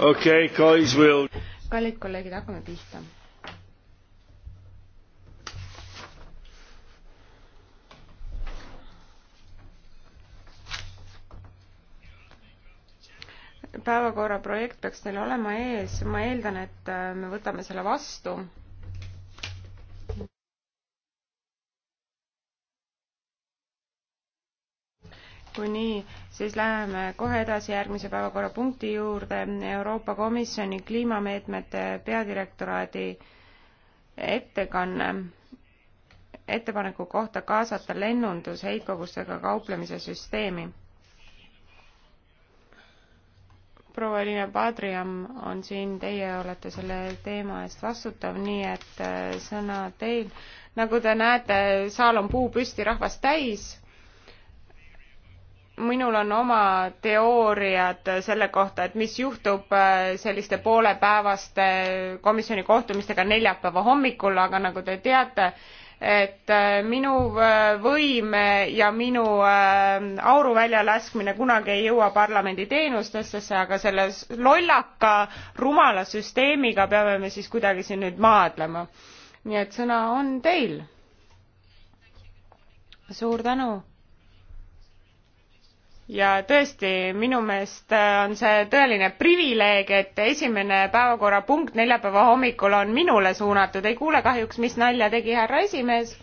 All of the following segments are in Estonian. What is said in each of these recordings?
okay, will... kallid kolleegid, hakkame pihta. päevakorra projekt peaks teil olema ees, ma eeldan, et äh, me võtame selle vastu kui nii, siis läheme kohe edasi järgmise päevakorrapunkti juurde, Euroopa Komisjoni kliimameetmete peadirektoraadi ettekanne ettepaneku kohta kaasata lennundus heitkogustega kauplemise süsteemi. proua Elina Padriam on siin, teie olete selle teema eest vastutav, nii et äh, sõna teil. nagu te näete, saal on puu püsti rahvast täis minul on oma teooriad selle kohta, et mis juhtub äh, selliste poolepäevaste komisjoni kohtumistega neljapäeva hommikul, aga nagu te teate, et äh, minu äh, võim ja minu auru väljalaskmine kunagi ei jõua parlamendi teenustesse, aga selle lollaka rumala süsteemiga peame me siis kuidagi siin nüüd maadlema. nii et sõna on teil. suur tänu ja tõesti, minu meelest äh, on see tõeline privileeg, et esimene päevakorrapunkt neljapäeva hommikul on minule suunatud, ei kuule kahjuks, mis nalja tegi härra esimees.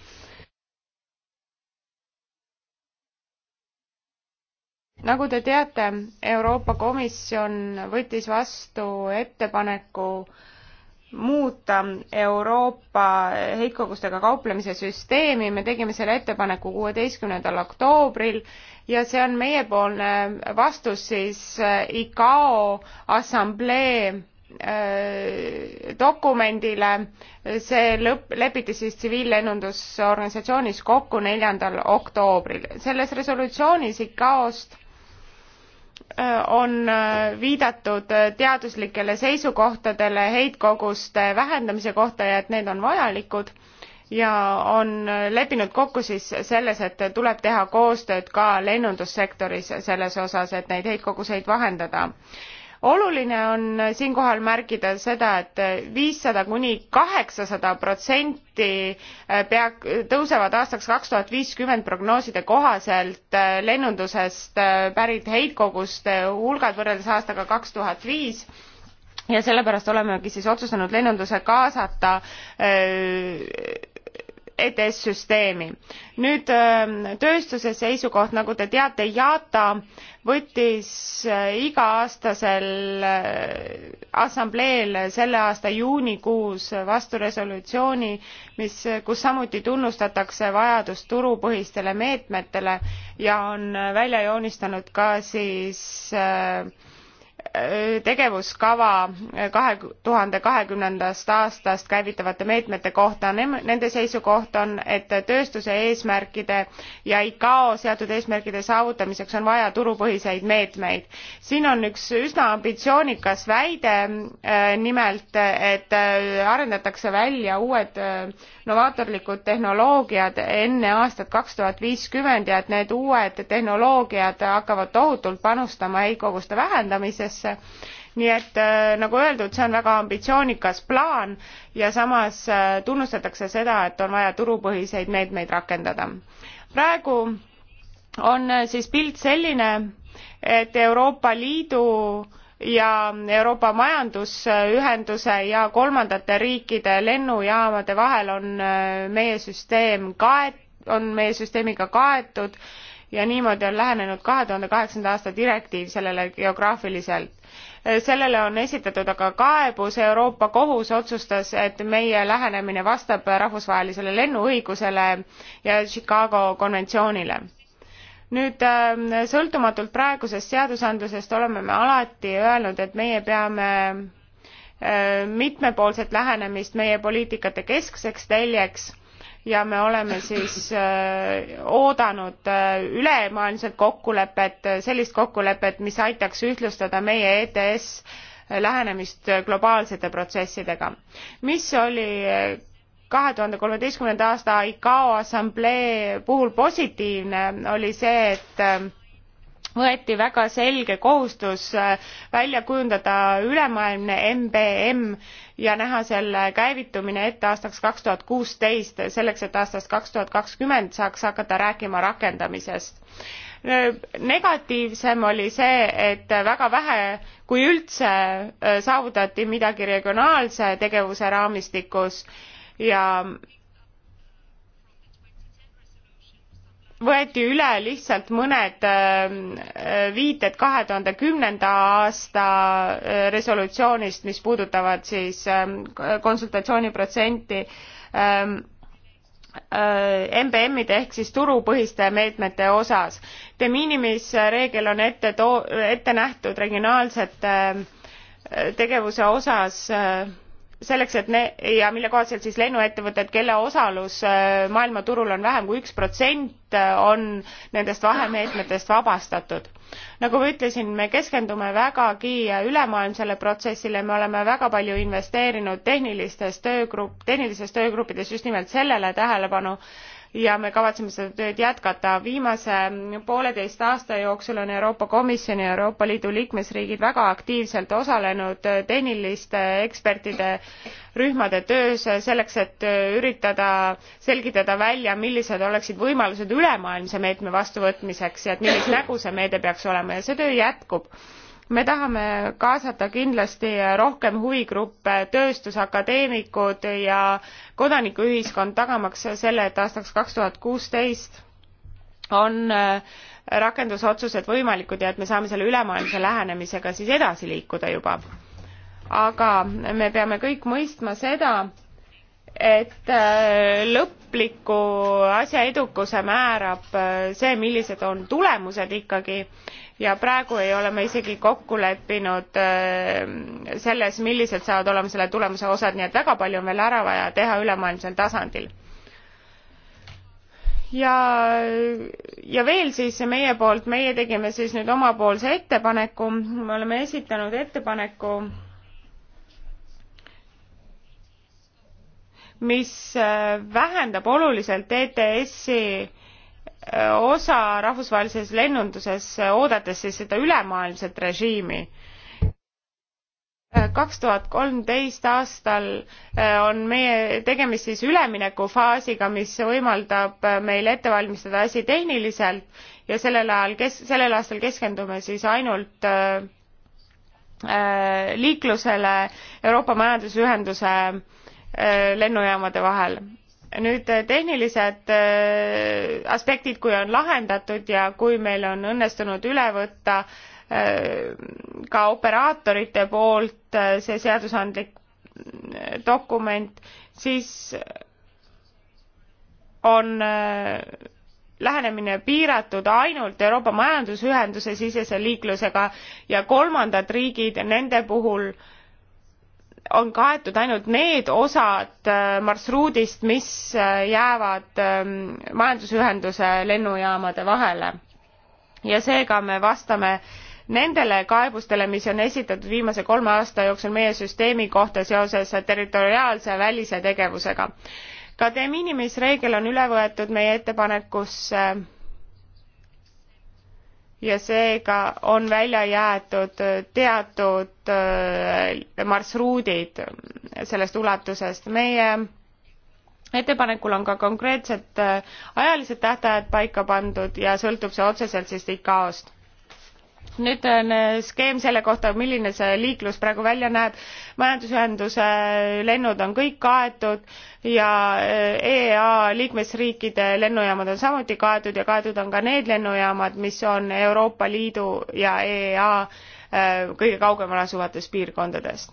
nagu te teate, Euroopa Komisjon võttis vastu ettepaneku äh, muuta Euroopa heitkogustega kauplemise süsteemi, me tegime selle ettepaneku kuueteistkümnendal oktoobril ja see on meiepoolne vastus siis eh, ICAO assamblee eh, dokumendile, see lõpp, lepiti siis tsiviillennundusorganisatsioonis kokku neljandal oktoobril. selles resolutsioonis ICAO-st Äh, on äh, viidatud äh, teaduslikele seisukohtadele heitkoguste vähendamise kohta ja et need on vajalikud ja on leppinud kokku siis selles, et tuleb teha koostööd ka lennundussektoris selles osas, et neid heitkoguseid vahendada oluline on siinkohal märkida seda, et viissada kuni kaheksasada protsenti äh, pea-, tõusevad aastaks kaks tuhat viiskümmend prognooside kohaselt äh, lennundusest äh, pärit heitkoguste hulgad võrreldes aastaga kaks tuhat viis ja sellepärast olemegi siis otsustanud lennunduse kaasata öö, ETS süsteemi. nüüd ähm, tööstuse seisukoht, nagu te teate, IATA võttis äh, iga-aastasel äh, assambleel selle aasta juunikuus vastu resolutsiooni, mis, kus samuti tunnustatakse vajadust turupõhistele meetmetele ja on äh, välja joonistanud ka siis äh, tegevuskava kahe tuhande kahekümnendast aastast käivitavate meetmete kohta. Nende seisukoht on, et tööstuse eesmärkide ja ICAO seatud eesmärkide saavutamiseks on vaja turupõhiseid meetmeid. siin on üks üsna ambitsioonikas väide, äh, nimelt, et äh, arendatakse välja uued äh, novaatorlikud tehnoloogiad enne aastat kaks tuhat viiskümmend ja et need uued tehnoloogiad hakkavad tohutult panustama heitkoguste vähendamisesse sisse nii et äh, nagu öeldud see on väga ambitsioonikas plaan ja samas äh, tunnustatakse seda et on vaja turupõhiseid meetmeid rakendada praegu on äh, siis pilt selline et euroopa liidu ja euroopa majandusühenduse ja kolmandate riikide lennujaamade vahel on meie süsteem kaet- on meie süsteemiga kaetud ja niimoodi on lähenenud kahe tuhande kaheksanda aasta direktiiv sellele geograafiliselt. sellele on esitatud aga kaebus, Euroopa Kohus otsustas, et meie lähenemine vastab rahvusvahelisele lennuõigusele ja Chicago konventsioonile nüüd äh, sõltumatult praegusest seadusandlusest oleme me alati öelnud, et meie peame äh, mitmepoolset lähenemist meie poliitikate keskseks teljeks ja me oleme siis äh, oodanud äh, ülemaailmset kokkulepet, äh, sellist kokkulepet, mis aitaks ühtlustada meie ETS lähenemist globaalsete protsessidega. mis oli kahe tuhande kolmeteistkümnenda aasta ICAO assamblee puhul positiivne, oli see, et võeti väga selge kohustus äh, välja kujundada ülemaailmne mbm ja näha selle käivitumine ette aastaks 2016 selleks et aastast 2020 saaks hakata rääkima rakendamisest äh, negatiivsem oli see et väga vähe kui üldse äh, saavutati midagi regionaalse tegevuse raamistikus ja võeti üle lihtsalt mõned ähm, äh, viited kahe tuhande kümnenda aasta äh, resolutsioonist, mis puudutavad siis ähm, konsultatsiooniprotsenti MBM-ide ähm, äh, ehk siis turupõhiste meetmete osas. De minimis reegel on ette too-, ette nähtud regionaalsete tegevuse osas selleks et ne- ja mille kohaselt siis lennuettevõtted kelle osalus äh, maailmaturul on vähem kui üks protsent äh, on nendest vahemeetmetest vabastatud nagu ma ütlesin me keskendume vägagi äh, ülemaailmsele protsessile me oleme väga palju investeerinud tehnilistes töögrupp tehnilistes töögruppides just nimelt sellele tähelepanu ja me kavatseme seda tööd jätkata. viimase pooleteist aasta jooksul on Euroopa Komisjon ja Euroopa Liidu liikmesriigid väga aktiivselt osalenud tehniliste ekspertide rühmade töös selleks, et üritada selgitada välja, millised oleksid võimalused ülemaailmse meetme vastuvõtmiseks ja et millist nägu see meede peaks olema ja see töö jätkub me tahame kaasata kindlasti rohkem huvigruppe, tööstus, akadeemikud ja kodanikuühiskond, tagamaks selle, et aastaks kaks tuhat kuusteist on äh, rakendusotsused võimalikud ja et me saame selle ülemaailmse lähenemisega siis edasi liikuda juba. aga me peame kõik mõistma seda, et äh, lõpliku asja edukuse määrab äh, see, millised on tulemused ikkagi ja praegu ei ole me isegi kokku leppinud äh, selles, millised saavad olema selle tulemuse osad, nii et väga palju on veel ära vaja teha ülemaailmsel tasandil. ja, ja veel siis meie poolt, meie tegime siis nüüd omapoolse ettepaneku, me oleme esitanud ettepaneku mis äh, vähendab oluliselt ETS-i osa rahvusvahelises lennunduses, oodates siis seda ülemaailmset režiimi. kaks tuhat kolmteist aastal eh, on meie tegemist siis üleminekufaasiga, mis võimaldab eh, meil ette valmistada asi tehniliselt ja sellel ajal kes-, sellel aastal keskendume siis ainult eh, liiklusele Euroopa Majandusühenduse lennujaamade vahel nüüd äh, tehnilised äh, aspektid, kui on lahendatud ja kui meil on õnnestunud üle võtta äh, ka operaatorite poolt see seadusandlik dokument, siis on lähenemine piiratud ainult Euroopa Majandusühenduse sisese liiklusega ja kolmandad riigid, nende puhul äh, on kaetud ainult need osad äh, marsruudist, mis äh, jäävad ähm, majandusühenduse lennujaamade vahele. ja seega me vastame nendele kaebustele, mis on esitatud viimase kolme aasta jooksul meie süsteemi kohta seoses territoriaalse välise tegevusega. ka de minimis reegel on üle võetud meie ettepanekusse ja seega on välja jäetud teatud äh, marsruudid sellest ulatusest. meie ettepanekul on ka konkreetsed äh, ajalised tähtajad paika pandud ja sõltub see otseselt siis ICAO-st nüüd on äh, skeem selle kohta, milline see liiklus praegu välja näeb. majandusühenduse äh, lennud on kõik kaetud ja äh, EEA liikmesriikide lennujaamad on samuti kaetud ja kaetud on ka need lennujaamad, mis on Euroopa Liidu ja EEA kõige kaugemal asuvates piirkondades.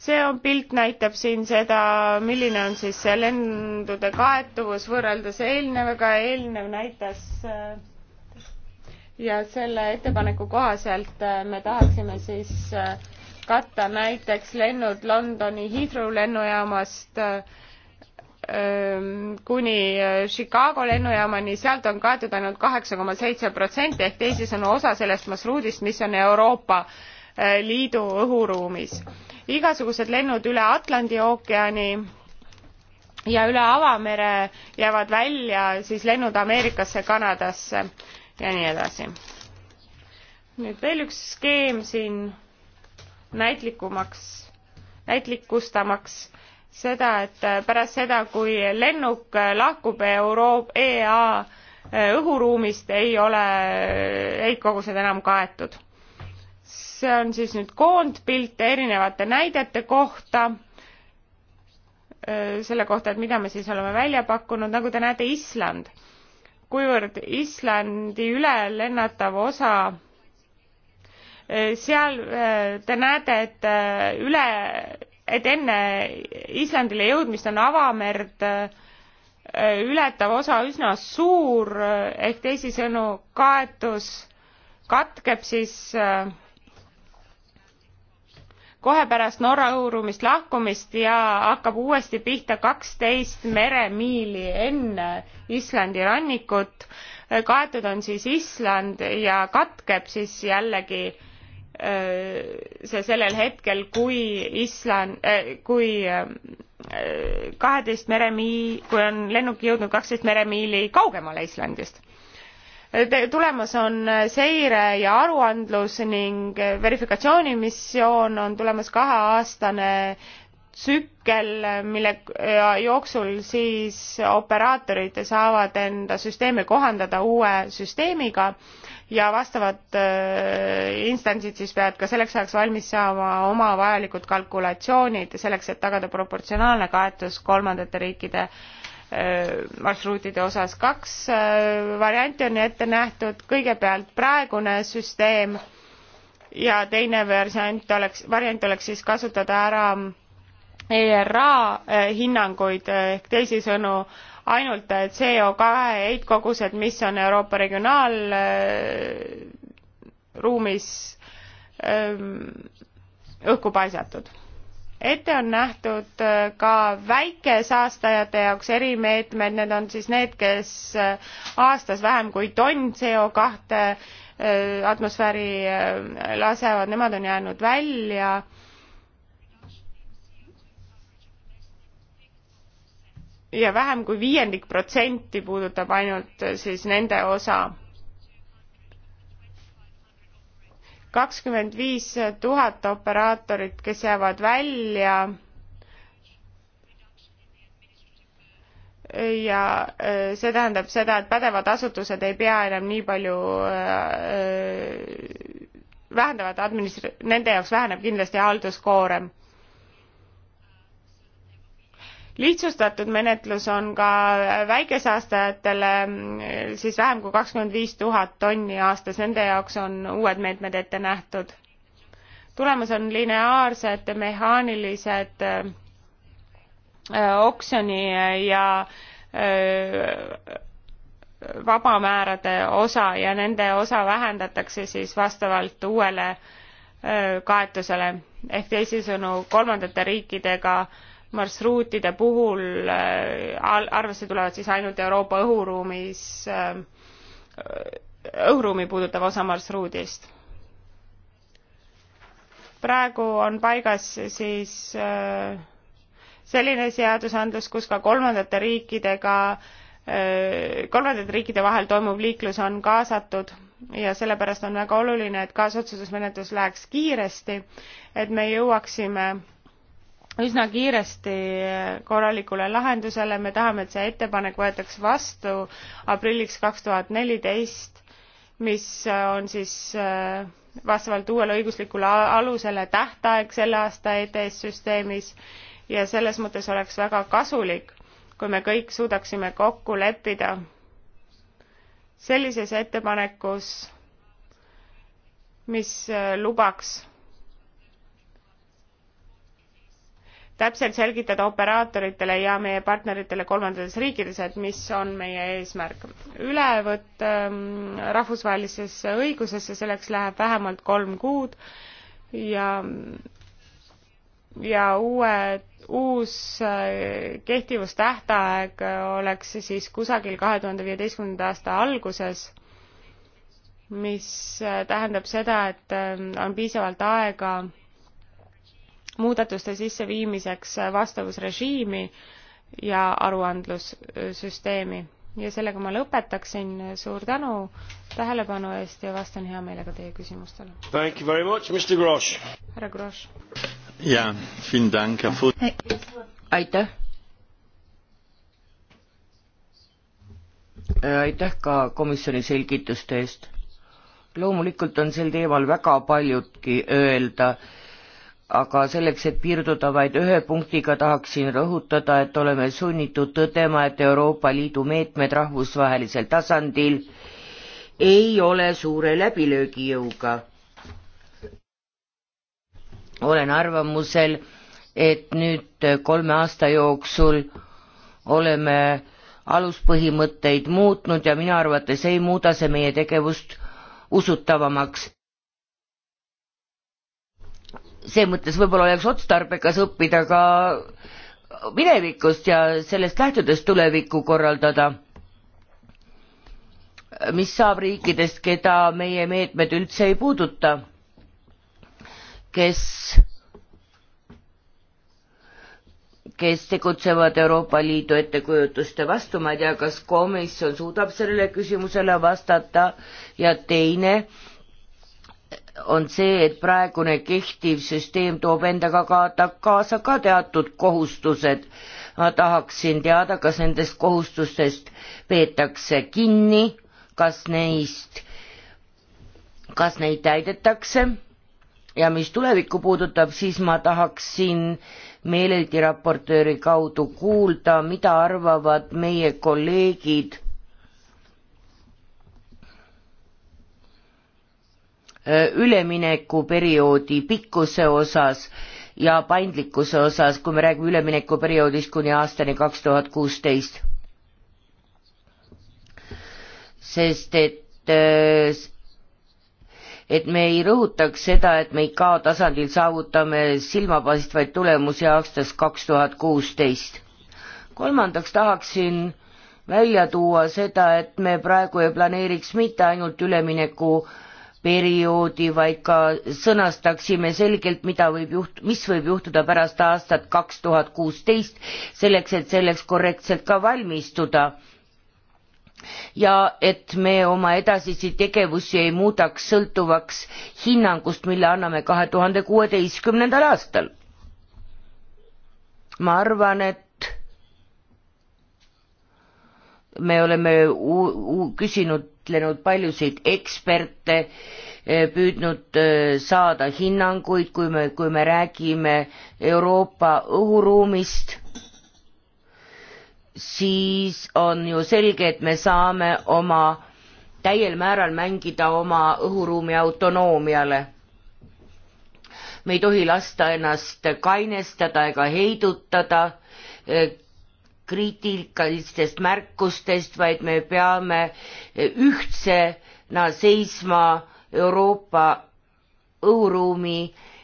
see on pilt, näitab siin seda, milline on siis see lendude kaetuvus võrreldes eelnevaga, eelnev näitas ja selle ettepaneku kohaselt äh, me tahaksime siis äh, katta näiteks lennud Londoni Heathrow lennujaamast äh, ähm, kuni Chicago lennujaamani, sealt on kaetud ainult kaheksa koma seitse protsenti ehk teisisõnu osa sellest marsruudist, mis on Euroopa Liidu õhuruumis. igasugused lennud üle Atlandi ookeani ja üle avamere jäävad välja siis lennud Ameerikasse, Kanadasse ja nii edasi. nüüd veel üks skeem siin näitlikumaks, näitlikustamaks seda, et pärast seda, kui lennuk lahkub Euroop-, EA eh, õhuruumist, ei ole heitkogused enam kaetud. see on siis nüüd koondpilt erinevate näidete kohta, eh, selle kohta, et mida me siis oleme välja pakkunud, nagu te näete, Island kuivõrd Islandi üle lennatav osa eh, seal eh, te näete, et eh, üle, et enne Islandile jõudmist on avamerd ületav osa üsna suur ehk teisisõnu kaetus katkeb siis äh, kohe pärast Norra õhuruumist lahkumist ja hakkab uuesti pihta kaksteist meremiili enne Islandi rannikut. kaetud on siis Island ja katkeb siis jällegi see sellel hetkel, kui Island, kui kaheteist meremii-, kui on lennuk jõudnud kaksteist meremiili kaugemale Islandist tulemas on äh, seire ja aruandlus ning äh, verifikatsioonimissioon on tulemas kaheaastane tsükkel, mille äh, jooksul siis operaatorid saavad enda süsteemi kohandada uue süsteemiga ja vastavad instantsid siis peavad ka selleks ajaks valmis saama oma vajalikud kalkulatsioonid selleks, et tagada proportsionaalne kaetus kolmandate riikide äh, Äh, marsruutide osas. kaks äh, varianti on ette nähtud, kõigepealt praegune süsteem ja teine variant oleks, variant oleks siis kasutada ära ERA äh, hinnanguid ehk teisisõnu ainult CO2 heitkogused, mis on Euroopa regionaalruumis ähm, õhku paisatud ette on nähtud äh, ka väikesaastajate jaoks erimeetmed, need on siis need, kes äh, aastas vähem kui tonn CO kahte äh, atmosfääri lasevad, nemad on jäänud välja ja vähem kui viiendik protsenti puudutab ainult siis nende osa. kakskümmend viis tuhat operaatorit, kes jäävad välja ja äh, see tähendab seda, et pädevad asutused ei pea enam nii palju äh, vähendavad administr-, nende jaoks väheneb kindlasti halduskoorem lihtsustatud menetlus on ka väikesaastajatele siis vähem kui kakskümmend viis tuhat tonni aastas, nende jaoks on uued meetmed ette nähtud. tulemas on lineaarsed mehaanilised äh, oksjoni ja äh, vabamäärade osa ja nende osa vähendatakse siis vastavalt uuele äh, kaetusele ehk teisisõnu kolmandate riikidega äh, marsruutide puhul äh, arvesse tulevad siis ainult Euroopa õhuruumis, äh, õhuruumi puudutav osa marsruudist. praegu on paigas siis äh, selline seadusandlus, kus ka kolmandate riikidega, kolmandate riikide vahel toimuv liiklus on kaasatud ja sellepärast on väga oluline, et kaasotsustusmenetlus läheks kiiresti, et me jõuaksime üsna kiiresti korralikule lahendusele, me tahame, et see ettepanek võetaks vastu aprilliks kaks tuhat neliteist, mis on siis äh, vastavalt uuele õiguslikule alusele tähtaeg selle aasta ETS süsteemis ja selles mõttes oleks väga kasulik, kui me kõik suudaksime kokku leppida sellises ettepanekus, mis äh, lubaks täpselt selgitada operaatoritele ja meie partneritele kolmandates riikides, et mis on meie eesmärk. ülevõtt ähm, rahvusvahelisesse õigusesse, selleks läheb vähemalt kolm kuud ja ja uue, uus äh, kehtivustähtaeg oleks siis kusagil kahe tuhande viieteistkümnenda aasta alguses, mis äh, tähendab seda, et ähm, on piisavalt aega muudatuste sisseviimiseks vastavusrežiimi ja aruandlussüsteemi. ja sellega ma lõpetaksin, suur tänu tähelepanu eest ja vastan hea meelega teie küsimustele. härra Grosch. jaa, aitäh. Äh, aitäh ka komisjoni selgituste eest. loomulikult on sel teemal väga paljutki öelda aga selleks, et piirduda vaid ühe punktiga, tahaksin rõhutada, et oleme sunnitud tõdema, et Euroopa Liidu meetmed rahvusvahelisel tasandil ei ole suure läbilöögijõuga. olen arvamusel, et nüüd kolme aasta jooksul oleme aluspõhimõtteid muutnud ja minu arvates ei muuda see meie tegevust usutavamaks see mõttes võib-olla oleks otstarbekas õppida ka minevikust ja sellest lähtudes tulevikku korraldada, mis saab riikidest, keda meie meetmed üldse ei puuduta, kes, kes tegutsevad Euroopa Liidu ettekujutuste vastu, ma ei tea, kas komisjon suudab sellele küsimusele vastata ja teine äh, on see, et praegune kehtiv süsteem toob endaga ka, kaasa ka teatud kohustused. ma tahaksin teada, kas nendest kohustustest peetakse kinni, kas neist, kas neid täidetakse ja mis tulevikku puudutab, siis ma tahaksin meeleldi raportööri kaudu kuulda, mida arvavad meie kolleegid üleminekuperioodi pikkuse osas ja paindlikkuse osas, kui me räägime üleminekuperioodist kuni aastani kaks tuhat kuusteist. sest et, et me ei rõhutaks seda, et me IKA tasandil saavutame silmapaistvaid tulemusi aastast kaks tuhat kuusteist. kolmandaks tahaksin välja tuua seda, et me praegu ei planeeriks mitte ainult ülemineku äh, perioodi, vaid ka sõnastaksime selgelt, mida võib juht-, mis võib juhtuda pärast aastat kaks tuhat kuusteist, selleks et selleks korrektselt ka valmistuda. ja et me oma edasisi tegevusi ei muudaks sõltuvaks hinnangust, mille anname kahe tuhande kuueteistkümnendal aastal. ma arvan, et me oleme küsinud käsitlenud paljusid eksperte, eh, püüdnud eh, saada hinnanguid, kui me, kui me räägime Euroopa õhuruumist, siis on ju selge, et me saame oma, täiel määral mängida oma õhuruumi autonoomiale. me ei tohi lasta ennast kainestada ega heidutada eh, kriitikalistest märkustest, vaid me peame ühtsena seisma Euroopa õhuruumi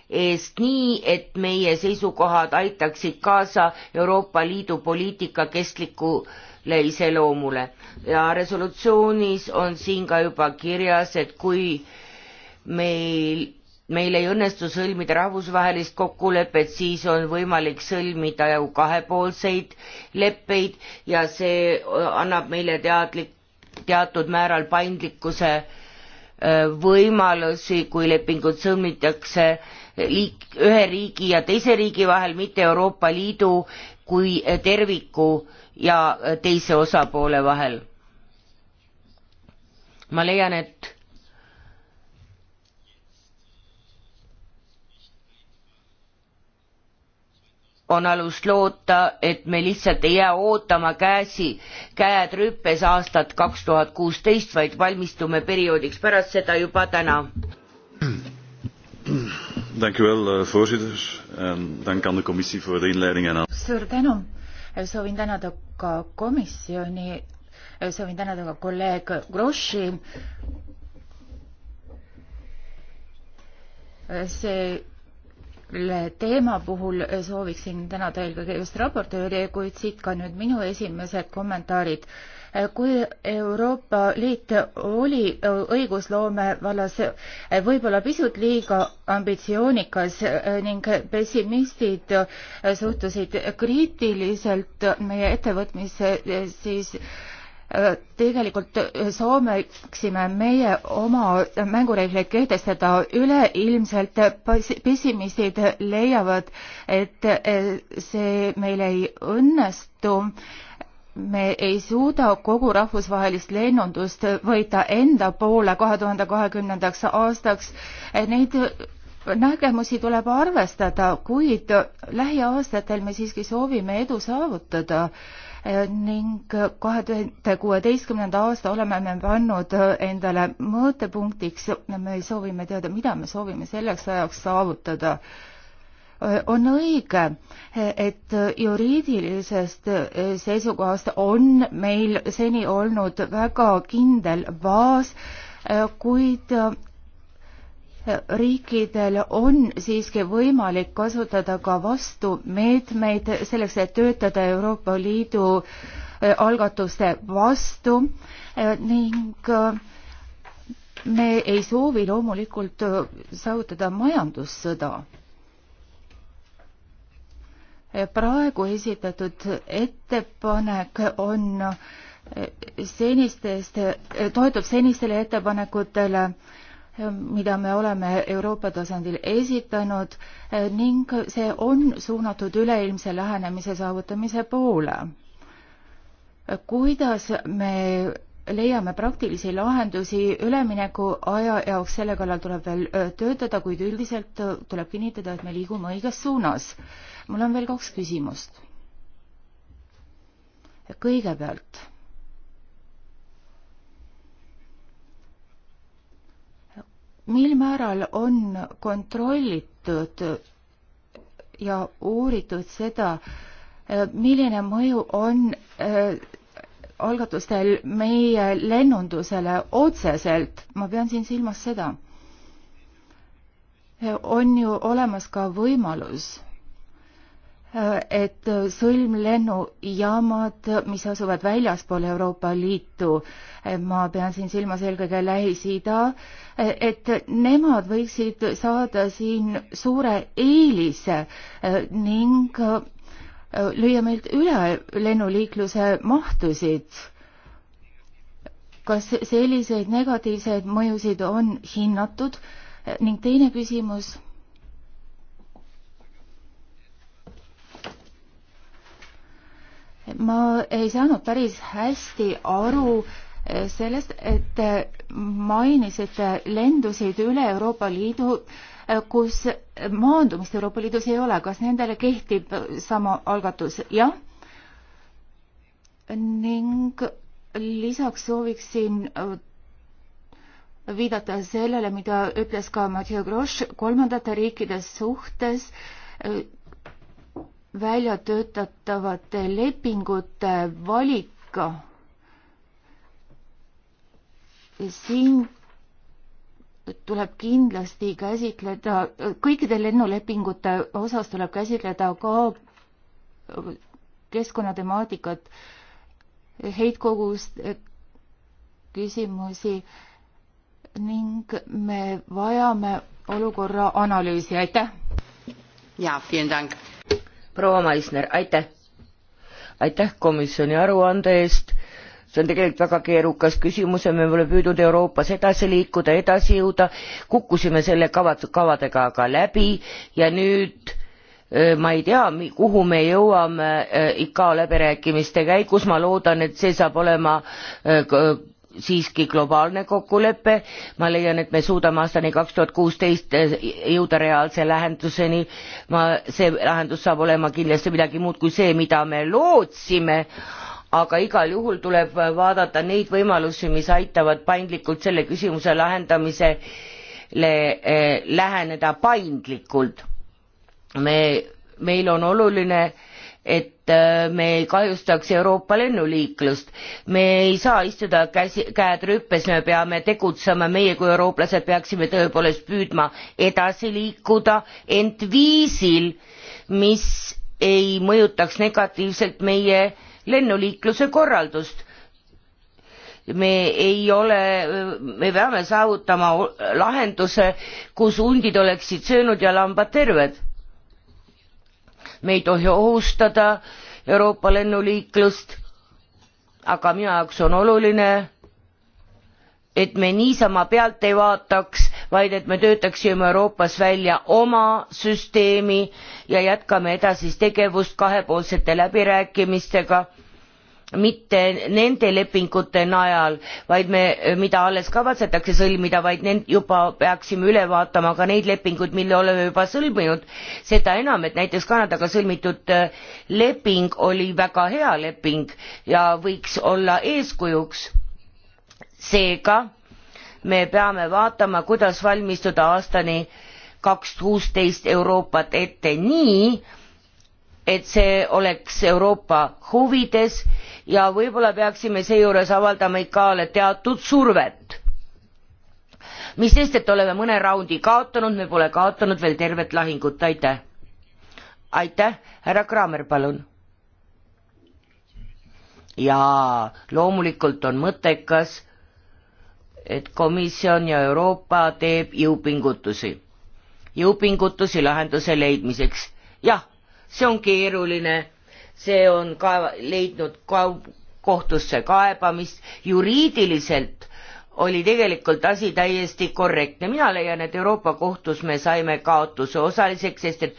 eest nii, et meie seisukohad aitaksid kaasa Euroopa Liidu poliitika kestlikule iseloomule. ja resolutsioonis on siin ka juba kirjas, et kui meil meil ei õnnestu sõlmida rahvusvahelist kokkulepet, siis on võimalik sõlmida ju kahepoolseid leppeid ja see äh, annab meile teadlik, teatud määral paindlikkuse äh, võimalusi, kui lepingud sõlmitakse liik-, ühe riigi ja teise riigi vahel, mitte Euroopa Liidu kui terviku ja teise osapoole vahel. ma leian, et on alust loota, et me lihtsalt ei jää ootama käsi, käed rüppes aastat kaks tuhat kuusteist, vaid valmistume perioodiks pärast seda juba täna. Eh, suur tänu, soovin tänada ka komisjoni, soovin tänada ka kolleeg Grossi. see teema puhul sooviksin tänada eelkõige just raportööri, kuid siit ka nüüd minu esimesed kommentaarid. kui Euroopa Liit oli õigusloome vallas võib-olla pisut liiga ambitsioonikas ning pessimistid suhtusid kriitiliselt meie ettevõtmisse, siis Äh, tegelikult äh, sooviksime meie oma mängureegleid kehtestada üleilmselt, pessimistid leiavad, et äh, see meil ei õnnestu, me ei suuda kogu rahvusvahelist lennundust võita enda poole kahe tuhande kahekümnendaks aastaks, neid nägemusi tuleb arvestada, kuid lähiaastatel me siiski soovime edu saavutada ning kahe tuhande kuueteistkümnenda aasta oleme me pannud endale mõõtepunktiks, me soovime teada, mida me soovime selleks ajaks saavutada on õige, et juriidilisest seisukohast on meil seni olnud väga kindel baas, kuid riikidel on siiski võimalik kasutada ka vastumeetmeid selleks, et töötada Euroopa Liidu äh, algatuste vastu äh, ning äh, me ei soovi loomulikult saavutada majandussõda. praegu esitatud ettepanek on senistest, toetub senistele ettepanekutele äh, mida me oleme Euroopa tasandil esitanud eh, ning see on suunatud üleilmse lähenemise saavutamise poole. kuidas me leiame praktilisi lahendusi ülemineku aja jaoks, selle kallal tuleb veel eh, töötada, kuid üldiselt eh, tuleb kinnitada, et me liigume õiges suunas. mul on veel kaks küsimust. kõigepealt mil määral on kontrollitud ja uuritud seda, milline mõju on äh, algatustel meie lennundusele otseselt, ma pean siin silmas seda, on ju olemas ka võimalus et sõlmlennujaamad, mis asuvad väljaspool Euroopa Liitu, ma pean siin silmas eelkõige Lähis-Ida, et nemad võiksid saada siin suure eelise ning lüüa meilt üle lennuliikluse mahtusid. kas selliseid negatiivseid mõjusid on hinnatud ning teine küsimus ma ei saanud päris hästi aru eh, sellest, et eh, mainisite eh, lendusid üle Euroopa Liidu, kus maandumist Euroopa Liidus ei ole, kas nendele kehtib sama algatus? jah. ning lisaks sooviksin viidata sellele, mida ütles ka Mathieu Grosch kolmandate riikide suhtes välja töötatavate lepingute valik. siin tuleb kindlasti käsitleda, kõikide lennulepingute osas tuleb käsitleda ka keskkonnatemaatikat, heitkogust, küsimusi ning me vajame olukorra analüüsi, aitäh! jaa, vielen Dank! proua Maisner, aitäh! aitäh komisjoni aruande eest, see on tegelikult väga keerukas küsimus ja me pole püüdnud Euroopas edasi liikuda, edasi jõuda, kukkusime selle kavat-, kavadega aga läbi ja nüüd ma ei tea, kuhu me jõuame ICAO läbirääkimiste käigus, ma loodan, et see saab olema siiski globaalne kokkulepe, ma leian, et me suudame aastani kaks tuhat kuusteist jõuda reaalse lahenduseni, ma, see lahendus saab olema kindlasti midagi muud kui see, mida me lootsime, aga igal juhul tuleb vaadata neid võimalusi, mis aitavad paindlikult selle küsimuse lahendamisele eh, läheneda paindlikult. me, meil on oluline äh, et äh, me ei kahjustaks Euroopa lennuliiklust. me ei saa istuda käsi, käed rüppes, me peame tegutsema, meie kui eurooplased peaksime tõepoolest püüdma edasi liikuda, ent viisil, mis ei mõjutaks negatiivselt meie lennuliikluse korraldust me ei ole me peame saavutama lahenduse kus hundid oleksid söönud ja lambad terved me ei tohi ohustada euroopa lennuliiklust aga minu jaoks on oluline et me niisama pealt ei vaataks vaid et me töötaksime euroopas välja oma süsteemi ja jätkame edasist tegevust kahepoolsete läbirääkimistega mitte nende lepingute najal vaid me mida alles kavatsetakse sõlmida vaid need juba peaksime üle vaatama ka neid lepinguid mille oleme juba sõlminud seda enam et näiteks kanadaga sõlmitud äh, leping oli väga hea leping ja võiks olla eeskujuks seega me peame vaatama kuidas valmistuda aastani 2016 euroopat ette nii et see oleks euroopa huvides ja võib-olla peaksime seejuures avaldama icale teatud survet mis sest et oleme mõne raundi kaotanud me pole kaotanud veel tervet lahingut aitäh aitäh härra kramer palun jaa loomulikult on mõttekas et komisjon ja euroopa teeb jõupingutusi jõupingutusi lahenduse leidmiseks jah see on keeruline, see on ka leidnud ka kohtusse kaebamist, juriidiliselt oli tegelikult asi täiesti korrektne, mina leian, et Euroopa kohtus me saime kaotuse osaliseks, sest et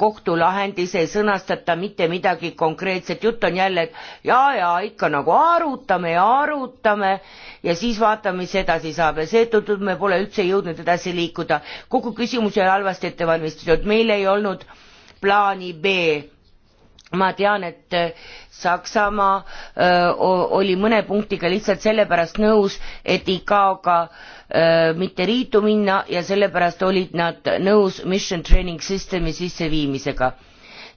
kohtulahendis ei sõnastata mitte midagi konkreetset, jutt on jälle, et jaa, jaa, ikka nagu arutame ja arutame ja siis vaatame, mis edasi saab ja seetõttu me pole üldse jõudnud edasi liikuda. kogu küsimus oli halvasti ette valmistatud, meil ei olnud äh, plaani B ma tean, et äh, Saksamaa äh, oli mõne punktiga lihtsalt sellepärast nõus, et ICAO-ga äh, mitte liitu minna ja sellepärast olid nad nõus mission training system'i sisseviimisega.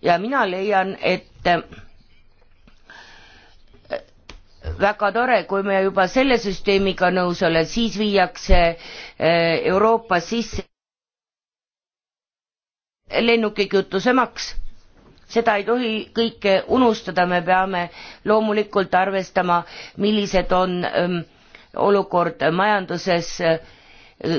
ja mina leian, et väga tore, kui me juba selle süsteemiga nõus oleme, siis viiakse Euroopas sisse lennukikütuse maks seda ei tohi kõike unustada me peame loomulikult arvestama millised on öö, ähm, olukord majanduses äh,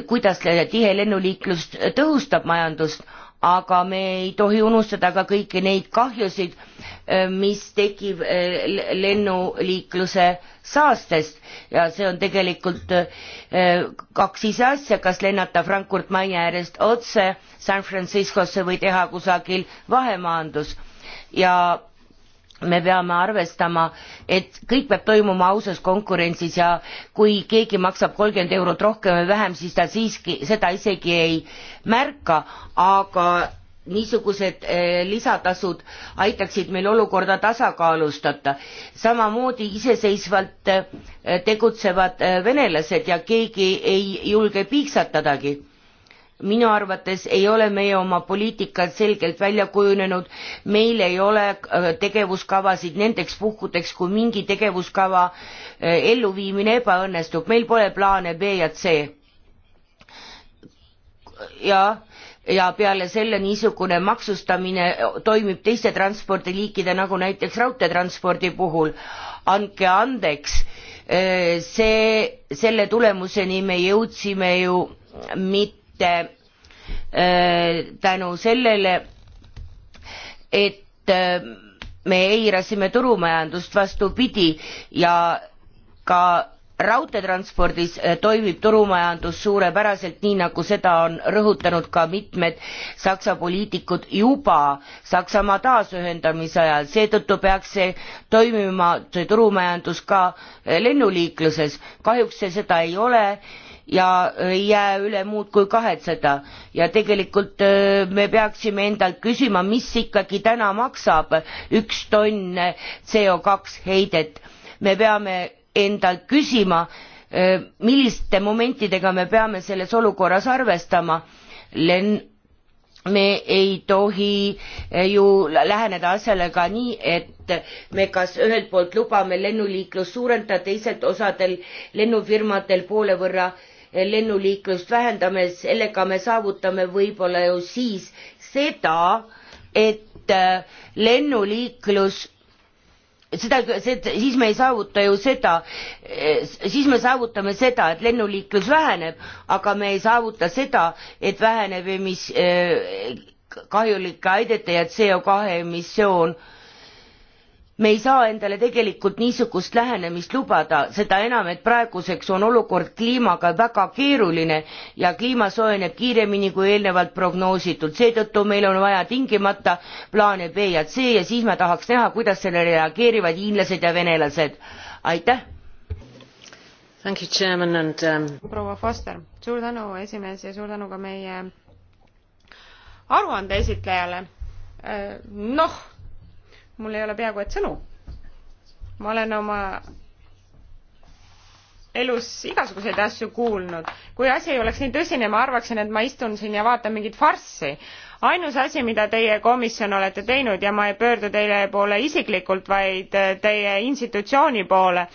kuidas tihe lennuliiklus tõhustab majandust aga me ei tohi unustada ka kõiki neid kahjusid, äh, mis tekib äh, lennuliikluse saastest ja see on tegelikult äh, kaks ise asja, kas lennata Frankfurt Maine äärest otse San Franciscosse või teha kusagil vahemaandus ja me peame arvestama, et kõik peab toimuma ausas konkurentsis ja kui keegi maksab kolmkümmend eurot rohkem või vähem, siis ta siiski seda isegi ei märka, aga niisugused eh, lisatasud aitaksid meil olukorda tasakaalustada. samamoodi iseseisvalt eh, tegutsevad eh, venelased ja keegi ei julge piiksatadagi minu arvates ei ole meie oma poliitikad selgelt välja kujunenud, meil ei ole äh, tegevuskavasid nendeks puhkudeks, kui mingi tegevuskava äh, elluviimine ebaõnnestub, meil pole plaane B ja C. jah ja peale selle niisugune maksustamine toimib teiste transpordiliikide nagu näiteks raudteetranspordi puhul. andke andeks, äh, see, selle tulemuseni me jõudsime ju mitte mitte tänu sellele, et me eirasime turumajandust, vastupidi, ja ka raudteetranspordis toimib turumajandus suurepäraselt, nii nagu seda on rõhutanud ka mitmed Saksa poliitikud juba Saksamaa taasühendamise ajal, seetõttu peaks see toimima, see turumajandus ka lennuliikluses. kahjuks see seda ei ole ja ei jää üle muud kui kahetseda ja tegelikult äh, me peaksime endalt küsima, mis ikkagi täna maksab üks tonn äh, CO kaks heidet. me peame endalt küsima, äh, milliste momentidega me peame selles olukorras arvestama. Len-, me ei tohi ju läheneda asjale ka nii, et me kas ühelt poolt lubame lennuliiklust suurendada, teiselt osadel lennufirmadel poole võrra äh, lennuliiklust vähendame, sellega me saavutame võib-olla ju siis seda, et äh, lennuliiklus seda, siis me ei saavuta ju seda, äh, siis me saavutame seda, et lennuliiklus väheneb, aga me ei saavuta seda, et väheneb emis-, äh, kahjulike aidete ja CO2 emissioon me ei saa endale tegelikult niisugust lähenemist lubada seda enam et praeguseks on olukord kliimaga väga keeruline ja kliima soojeneb kiiremini kui eelnevalt prognoositud seetõttu meil on vaja tingimata plaane b ja c ja siis ma tahaks näha kuidas sellele reageerivad hiinlased ja venelased aitäh Thank you, Chairman, and, um... proua Foster, suur tänu esimees ja suur tänu ka meie aruande esitlejale. Äh, noh, mul ei ole peaaegu et sõnu. ma olen oma elus igasuguseid asju kuulnud. kui asi ei oleks nii tõsine, ma arvaksin, et ma istun siin ja vaatan mingit farssi. ainus asi, mida teie komisjon olete teinud ja ma ei pöördu teile poole isiklikult, vaid äh, teie institutsiooni poole,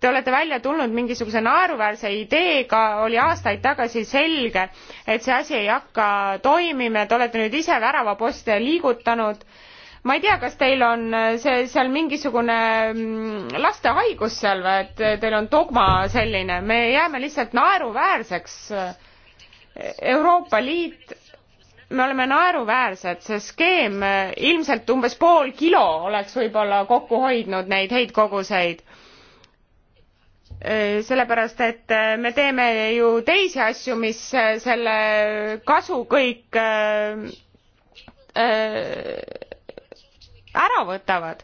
Te olete välja tulnud mingisuguse naeruväärse ideega, oli aastaid tagasi selge, et see asi ei hakka toimima ja te olete nüüd ise väravapostja liigutanud äh, ma ei tea, kas teil on äh, see seal mingisugune mm, lastehaigus seal või, et äh, teil on dogma selline, me jääme lihtsalt naeruväärseks. Äh, Euroopa Liit, me oleme naeruväärsed, see skeem ilmselt umbes pool kilo oleks võib-olla kokku hoidnud neid häid koguseid sellepärast et me teeme ju teisi asju mis selle kasu kõik äh, äh, ära võtavad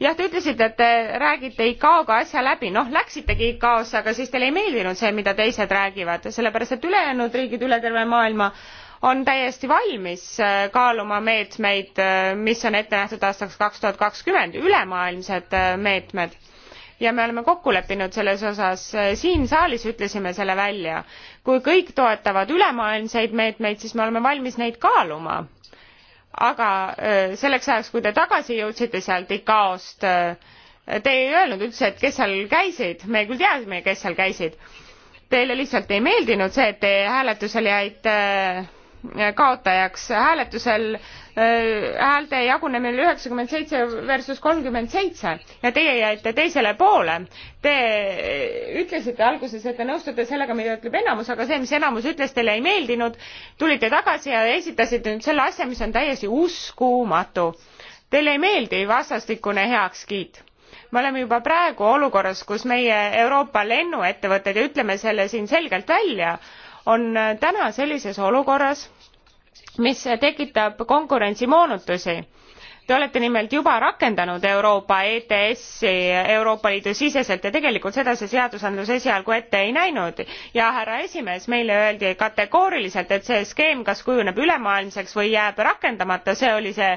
jah, te ütlesite, et te räägite ICAO-ga asja läbi, noh, läksitegi ICAO-sse, aga siis teile ei meeldinud see, mida teised räägivad, sellepärast et ülejäänud riigid üle terve maailma on täiesti valmis äh, kaaluma meetmeid, äh, mis on ette nähtud aastaks kaks tuhat kakskümmend, ülemaailmsed äh, meetmed. ja me oleme kokku leppinud selles osas, siin saalis ütlesime selle välja. kui kõik toetavad ülemaailmseid meetmeid, siis me oleme valmis neid kaaluma aga äh, selleks ajaks, kui te tagasi jõudsite sealt ICAO-st, äh, te ei öelnud üldse, et kes seal käisid, me küll teadsime, kes seal käisid. Teile lihtsalt ei meeldinud see, et te hääletusel jäite äh, kaotajaks hääletusel äh, häälte jagunemine oli üheksakümmend seitse versus kolmkümmend seitse ja teie jäite teisele poole. Te äh, ütlesite alguses, et te nõustute sellega, mida ütleb enamus, aga see, mis enamus ütles, teile ei meeldinud. tulite tagasi ja esitasite nüüd selle asja, mis on täiesti uskumatu. Teile ei meeldi vastastikune heakskiit me oleme juba praegu olukorras kus meie euroopa lennuettevõtted ja ütleme selle siin selgelt välja on täna sellises olukorras mis tekitab konkurentsimoonutusi te olete nimelt juba rakendanud euroopa etsi euroopa liidu siseselt ja tegelikult seda see seadusandlus esialgu ette ei näinud ja härra esimees meile öeldi kategooriliselt et see skeem kas kujuneb ülemaailmseks või jääb rakendamata see oli see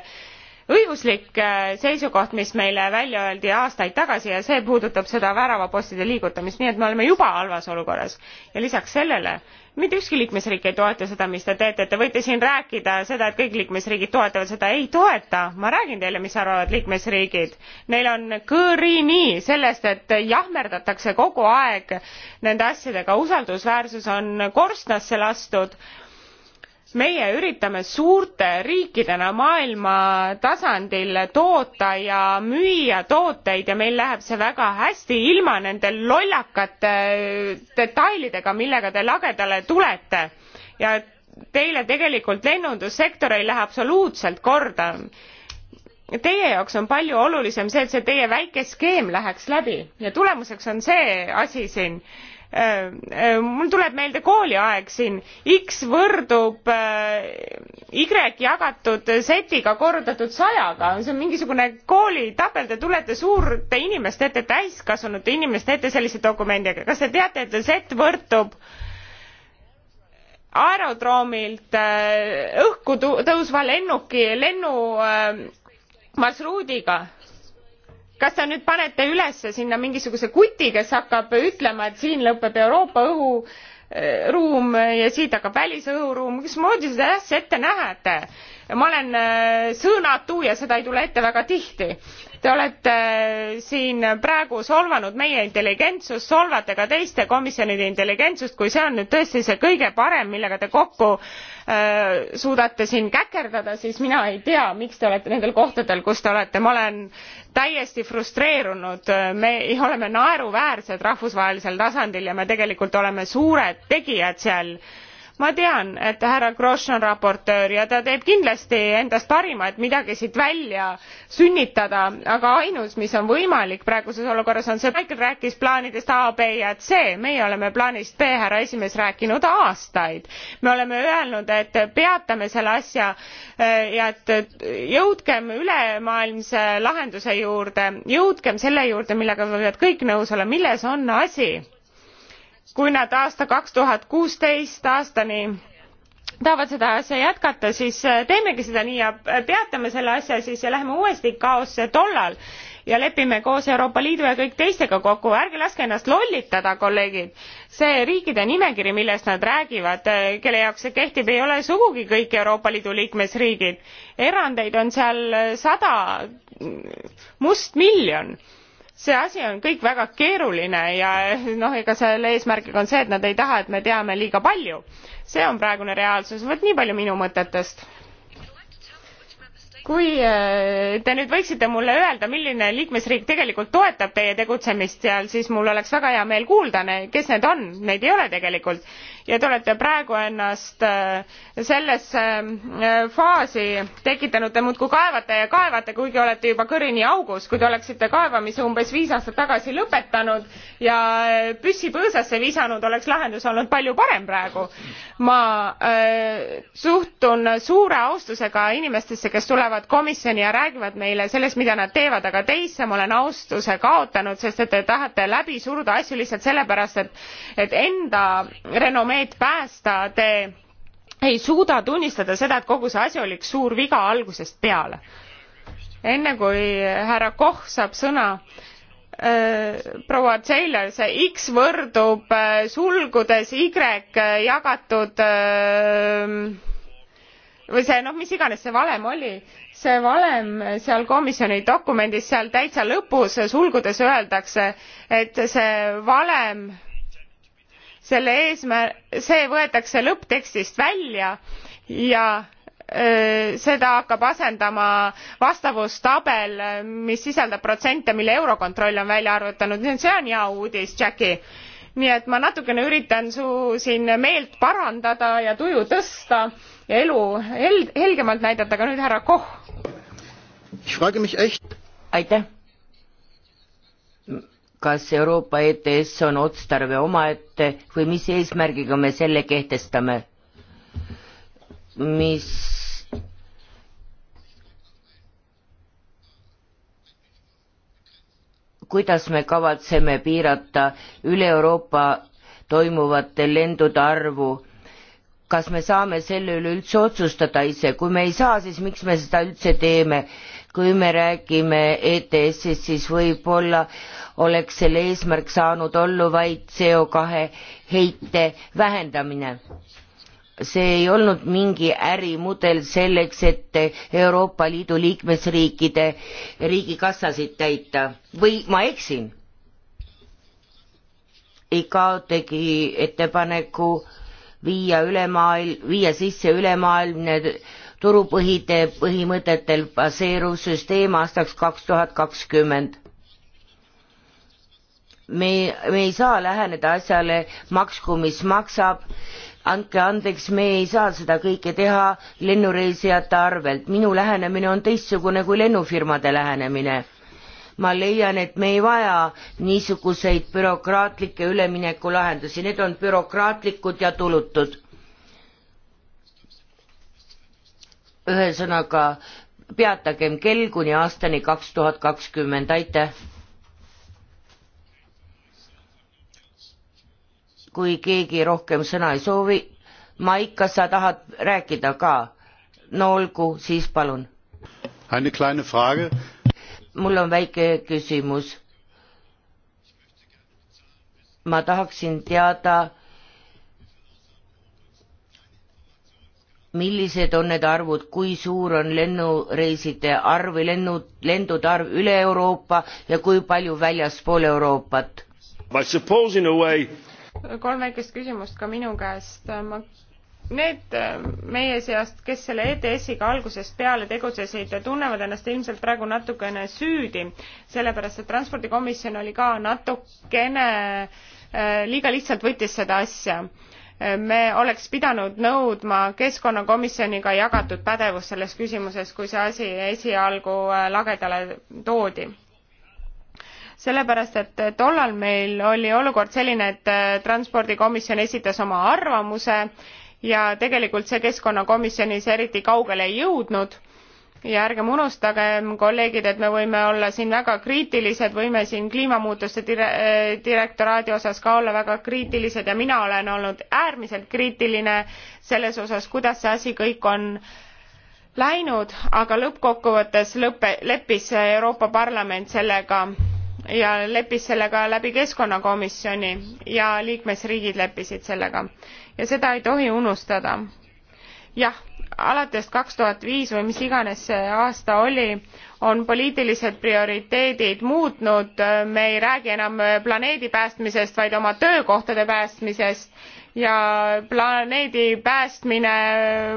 õiguslik äh, seisukoht mis meile välja öeldi aastaid tagasi ja see puudutab seda väravapostide liigutamist nii et me oleme juba halvas olukorras ja lisaks sellele mitte ükski liikmesriik ei toeta seda mis te teete te võite siin rääkida seda et kõik liikmesriigid toetavad seda ei toeta ma räägin teile mis arvavad liikmesriigid neil on kõrini sellest et jahmerdatakse kogu aeg nende asjadega usaldusväärsus on korstnasse lastud meie üritame suurte riikidena maailma tasandil toota ja müüa tooteid ja meil läheb see väga hästi ilma nende lollakate äh, detailidega millega te lagedale tulete ja teile tegelikult lennundussektor ei lähe absoluutselt korda teie jaoks on palju olulisem see et see teie väike skeem läheks läbi ja tulemuseks on see asi siin Äh, äh, mul tuleb meelde kooliaeg siin, X võrdub äh, Y jagatud setiga korrutatud sajaga, see on mingisugune koolitabel, te tulete suurte inimeste ette, täiskasvanute inimeste ette sellise dokumendiga, kas te teate, et set võrdub aerodroomilt õhku tõusva lennuki lennumarsruudiga? kas te nüüd panete üles sinna mingisuguse kuti kes hakkab ütlema et siin lõpeb euroopa õhuruum eh, ja siit hakkab välisõhuruum mismoodi seda asja ette näete ma olen eh, sõõnatu ja seda ei tule ette väga tihti Te olete siin praegu solvanud meie intelligentsust, solvate ka teiste komisjonide intelligentsust, kui see on nüüd tõesti see kõige parem, millega te kokku äh, suudate siin käkerdada, siis mina ei tea, miks te olete nendel kohtadel, kus te olete, ma olen täiesti frustreerunud, me oleme naeruväärsed rahvusvahelisel tasandil ja me tegelikult oleme suured tegijad seal äh, ma tean et härra grosch on raportöör ja ta teeb kindlasti endast parima et midagi siit välja sünnitada aga ainus mis on võimalik praeguses olukorras on see michael rääkis plaanidest a b ja c meie oleme plaanist b härra esimees rääkinud aastaid me oleme öelnud et peatame selle asja eh, ja et jõudkem ülemaailmse lahenduse juurde jõudkem selle juurde millega võivad kõik nõus olla milles on asi kui nad aasta kaks tuhat kuusteist aastani tahavad seda asja jätkata siis äh, teemegi seda nii ja peatame selle asja siis ja läheme uuesti kaosse tollal ja lepime koos euroopa liidu ja kõik teistega kokku ärge laske ennast lollitada kolleegid see riikide nimekiri millest nad räägivad äh, kelle jaoks see kehtib ei ole sugugi kõik euroopa liidu liikmesriigid erandeid on seal äh, sada mm, must miljon see asi on kõik väga keeruline ja noh, ega selle eesmärgiga on see, et nad ei taha, et me teame liiga palju. see on praegune reaalsus, vot nii palju minu mõtetest. kui äh, te nüüd võiksite mulle öelda, milline liikmesriik tegelikult toetab teie tegutsemist seal, siis mul oleks väga hea meel kuulda, kes need on, neid ei ole tegelikult ja te olete praegu ennast äh, sellesse äh, faasi tekitanud, te muudkui kaevate ja kaevate, kuigi olete juba kõrini augus, kui te oleksite kaevamise umbes viis aastat tagasi lõpetanud ja äh, püssi põõsasse visanud, oleks lahendus olnud palju parem praegu. ma äh, suhtun suure austusega inimestesse, kes tulevad komisjoni ja räägivad meile sellest, mida nad teevad, aga teisse ma olen austuse kaotanud, sest et te tahate läbi suruda asju lihtsalt sellepärast, et, et enda renomee planeet päästa, te ei suuda tunnistada seda, et kogu see asi oli üks suur viga algusest peale. enne kui härra Koch saab sõna, äh, proua Taylor, see X võrdub äh, sulgudes Y äh, jagatud või see noh, mis iganes see valem oli, see valem seal komisjoni dokumendis seal täitsa lõpus sulgudes öeldakse, et see valem selle eesmär- see võetakse lõpptekstist välja ja öö, seda hakkab asendama vastavustabel mis sisaldab protsente mille eurokontroll on välja arvutanud nii et see on hea uudis jackie nii et ma natukene üritan su siin meelt parandada ja tuju tõsta ja elu hel- helgemalt näidata aga nüüd härra koch aitäh kas Euroopa ETS on otstarve omaette või mis eesmärgiga me selle kehtestame? mis kuidas me kavatseme piirata üle Euroopa toimuvate lendude arvu, kas me saame selle üle üldse otsustada ise, kui me ei saa, siis miks me seda üldse teeme, kui me räägime ETS-ist, siis võib-olla oleks selle eesmärk saanud olla vaid CO2 heite vähendamine. see ei olnud mingi ärimudel selleks, et Euroopa Liidu liikmesriikide riigikassasid täita või ma eksin? ICAO tegi ettepaneku viia ülemaailm, viia sisse ülemaailmne turupõhide põhimõtetel baseeruv süsteem aastaks kaks tuhat kakskümmend me, me ei saa läheneda asjale maksku, mis maksab, andke andeks, me ei saa seda kõike teha lennureisijate arvelt, minu lähenemine on teistsugune kui lennufirmade lähenemine. ma leian, et me ei vaja niisuguseid bürokraatlikke üleminekulahendusi, need on bürokraatlikud ja tulutud. ühesõnaga peatagem kell kuni aastani kaks tuhat kakskümmend, aitäh. kui keegi rohkem sõna ei soovi, Maik, kas sa tahad rääkida ka? no olgu, siis palun. mul on väike küsimus. ma tahaksin teada millised on need arvud, kui suur on lennureiside arv või lennu, lendude arv üle Euroopa ja kui palju väljaspool Euroopat? Way... kolm väikest küsimust ka minu käest. ma, need äh, meie seast, kes selle ETS-iga algusest peale tegutsesid, tunnevad ennast ilmselt praegu natukene süüdi, sellepärast et transpordikomisjon oli ka natukene äh, liiga lihtsalt võttis seda asja me oleks pidanud nõudma keskkonnakomisjoniga jagatud pädevust selles küsimuses kui see asi esialgu äh, lagedale toodi sellepärast et tollal meil oli olukord selline et äh, transpordikomisjon esitas oma arvamuse ja tegelikult see keskkonnakomisjonis eriti kaugele ei jõudnud ja ärgem unustagem, kolleegid, et me võime olla siin väga kriitilised, võime siin kliimamuutuste dire-, eh, direktoraadi osas ka olla väga kriitilised ja mina olen olnud äärmiselt kriitiline selles osas, kuidas see asi kõik on läinud, aga lõppkokkuvõttes lõppe, leppis Euroopa Parlament sellega ja leppis sellega läbi Keskkonnakomisjoni ja liikmesriigid leppisid sellega. ja seda ei tohi unustada. jah alates kaks tuhat viis või mis iganes see aasta oli, on poliitilised prioriteedid muutnud, me ei räägi enam planeedi päästmisest, vaid oma töökohtade päästmisest ja planeedi päästmine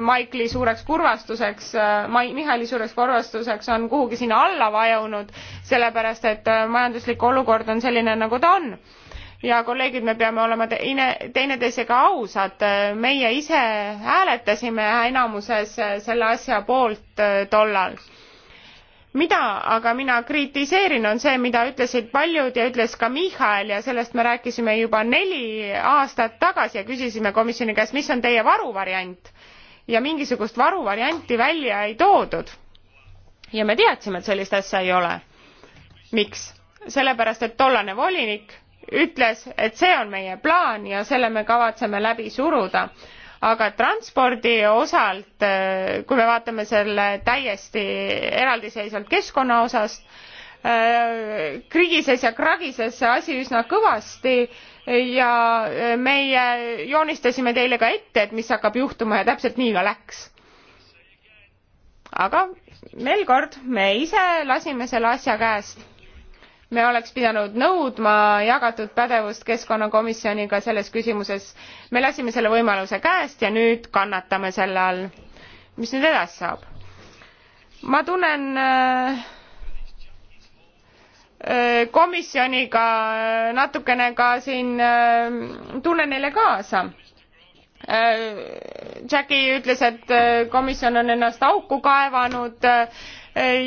Maikli suureks kurvastuseks, Mai-, Mihhaili suureks kurvastuseks on kuhugi sinna alla vajunud, sellepärast et majanduslik olukord on selline, nagu ta on ja kolleegid, me peame olema teine, teineteisega ausad, meie ise hääletasime enamuses selle asja poolt äh, tollal mida aga mina kritiseerin on see mida ütlesid paljud ja ütles ka michael ja sellest me rääkisime juba neli aastat tagasi ja küsisime komisjoni käest mis on teie varuvariant ja mingisugust varuvarianti välja ei toodud ja me teadsime et sellist asja ei ole miks sellepärast et tollane volinik ütles, et see on meie plaan ja selle me kavatseme läbi suruda. aga transpordi osalt, kui me vaatame selle täiesti eraldiseisvalt keskkonna osast, krigises ja kragises see asi üsna kõvasti ja meie joonistasime teile ka ette, et mis hakkab juhtuma ja täpselt nii ka läks. aga veel kord, me ise lasime selle asja käest me oleks pidanud nõudma jagatud pädevust keskkonnakomisjoniga selles küsimuses me lasime selle võimaluse käest ja nüüd kannatame selle all mis nüüd edasi saab ma tunnen äh, äh, komisjoniga natukene ka siin äh, tunnen neile kaasa Jackie ütles, et komisjon on ennast auku kaevanud.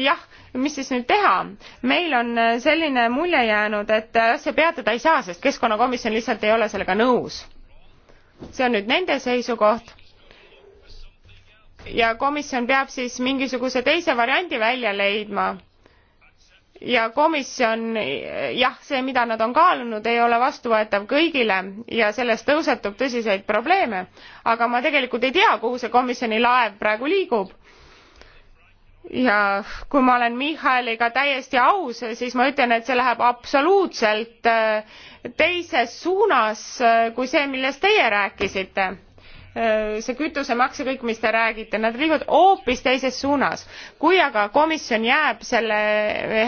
jah, mis siis nüüd teha? meil on äh, selline mulje jäänud, et äh, asja peatada ei saa, sest keskkonnakomisjon lihtsalt ei ole sellega nõus. see on nüüd nende seisukoht. ja komisjon peab siis mingisuguse teise variandi välja leidma ja komisjon jah see mida nad on kaalunud ei ole vastuvõetav kõigile ja sellest tõusetub tõsiseid probleeme aga ma tegelikult ei tea kuhu see komisjoni laev praegu liigub ja kui ma olen Michaliga täiesti aus, siis ma ütlen, et see läheb absoluutselt äh, teises suunas äh, kui see, millest teie rääkisite. Äh, see kütusemaks ja kõik, mis te räägite, nad liiguvad hoopis teises suunas. kui aga komisjon jääb selle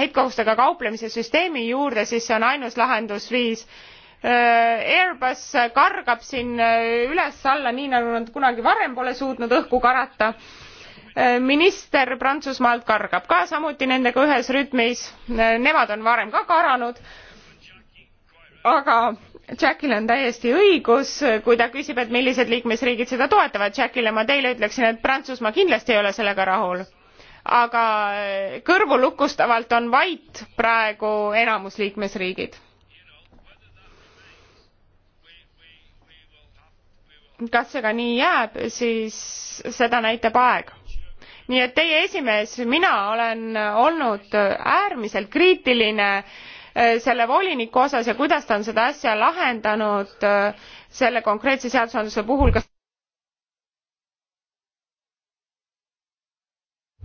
heitkogustega kauplemise süsteemi juurde, siis see on ainus lahendusviis Airbus kargab siin üles-alla, nii nagu nad kunagi varem pole suutnud õhku karata Eh, minister Prantsusmaalt kargab ka samuti nendega ühes rütmis, eh, nemad on varem ka karanud, aga Jackil on täiesti õigus, kui ta küsib, et millised liikmesriigid seda toetavad. Jackile ma teile ütleksin, et Prantsusmaa kindlasti ei ole sellega rahul. aga eh, kõrvulukustavalt on vait praegu enamus liikmesriigid. kas see ka nii jääb, siis seda näitab aeg nii et teie esimees, mina olen olnud äärmiselt kriitiline äh, selle voliniku osas ja kuidas ta on seda asja lahendanud äh, selle konkreetse seadusandluse puhul, kas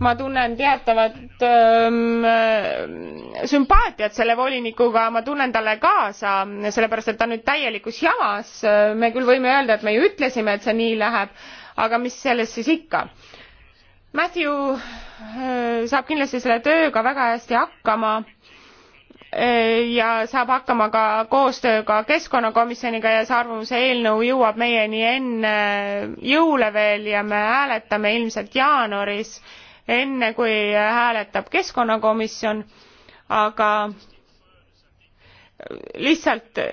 ma tunnen teatavat ähm, äh, sümpaatiat selle volinikuga, ma tunnen talle kaasa, sellepärast et ta on nüüd täielikus jamas, me küll võime öelda, et me ju ütlesime, et see nii läheb, aga mis sellest siis ikka äh, Matthew äh, saab kindlasti selle tööga väga hästi hakkama äh, ja saab hakkama ka koostööga keskkonnakomisjoniga ja see arvamuse eelnõu jõuab meieni enne jõule veel ja me hääletame ilmselt jaanuaris enne kui hääletab keskkonnakomisjon aga lihtsalt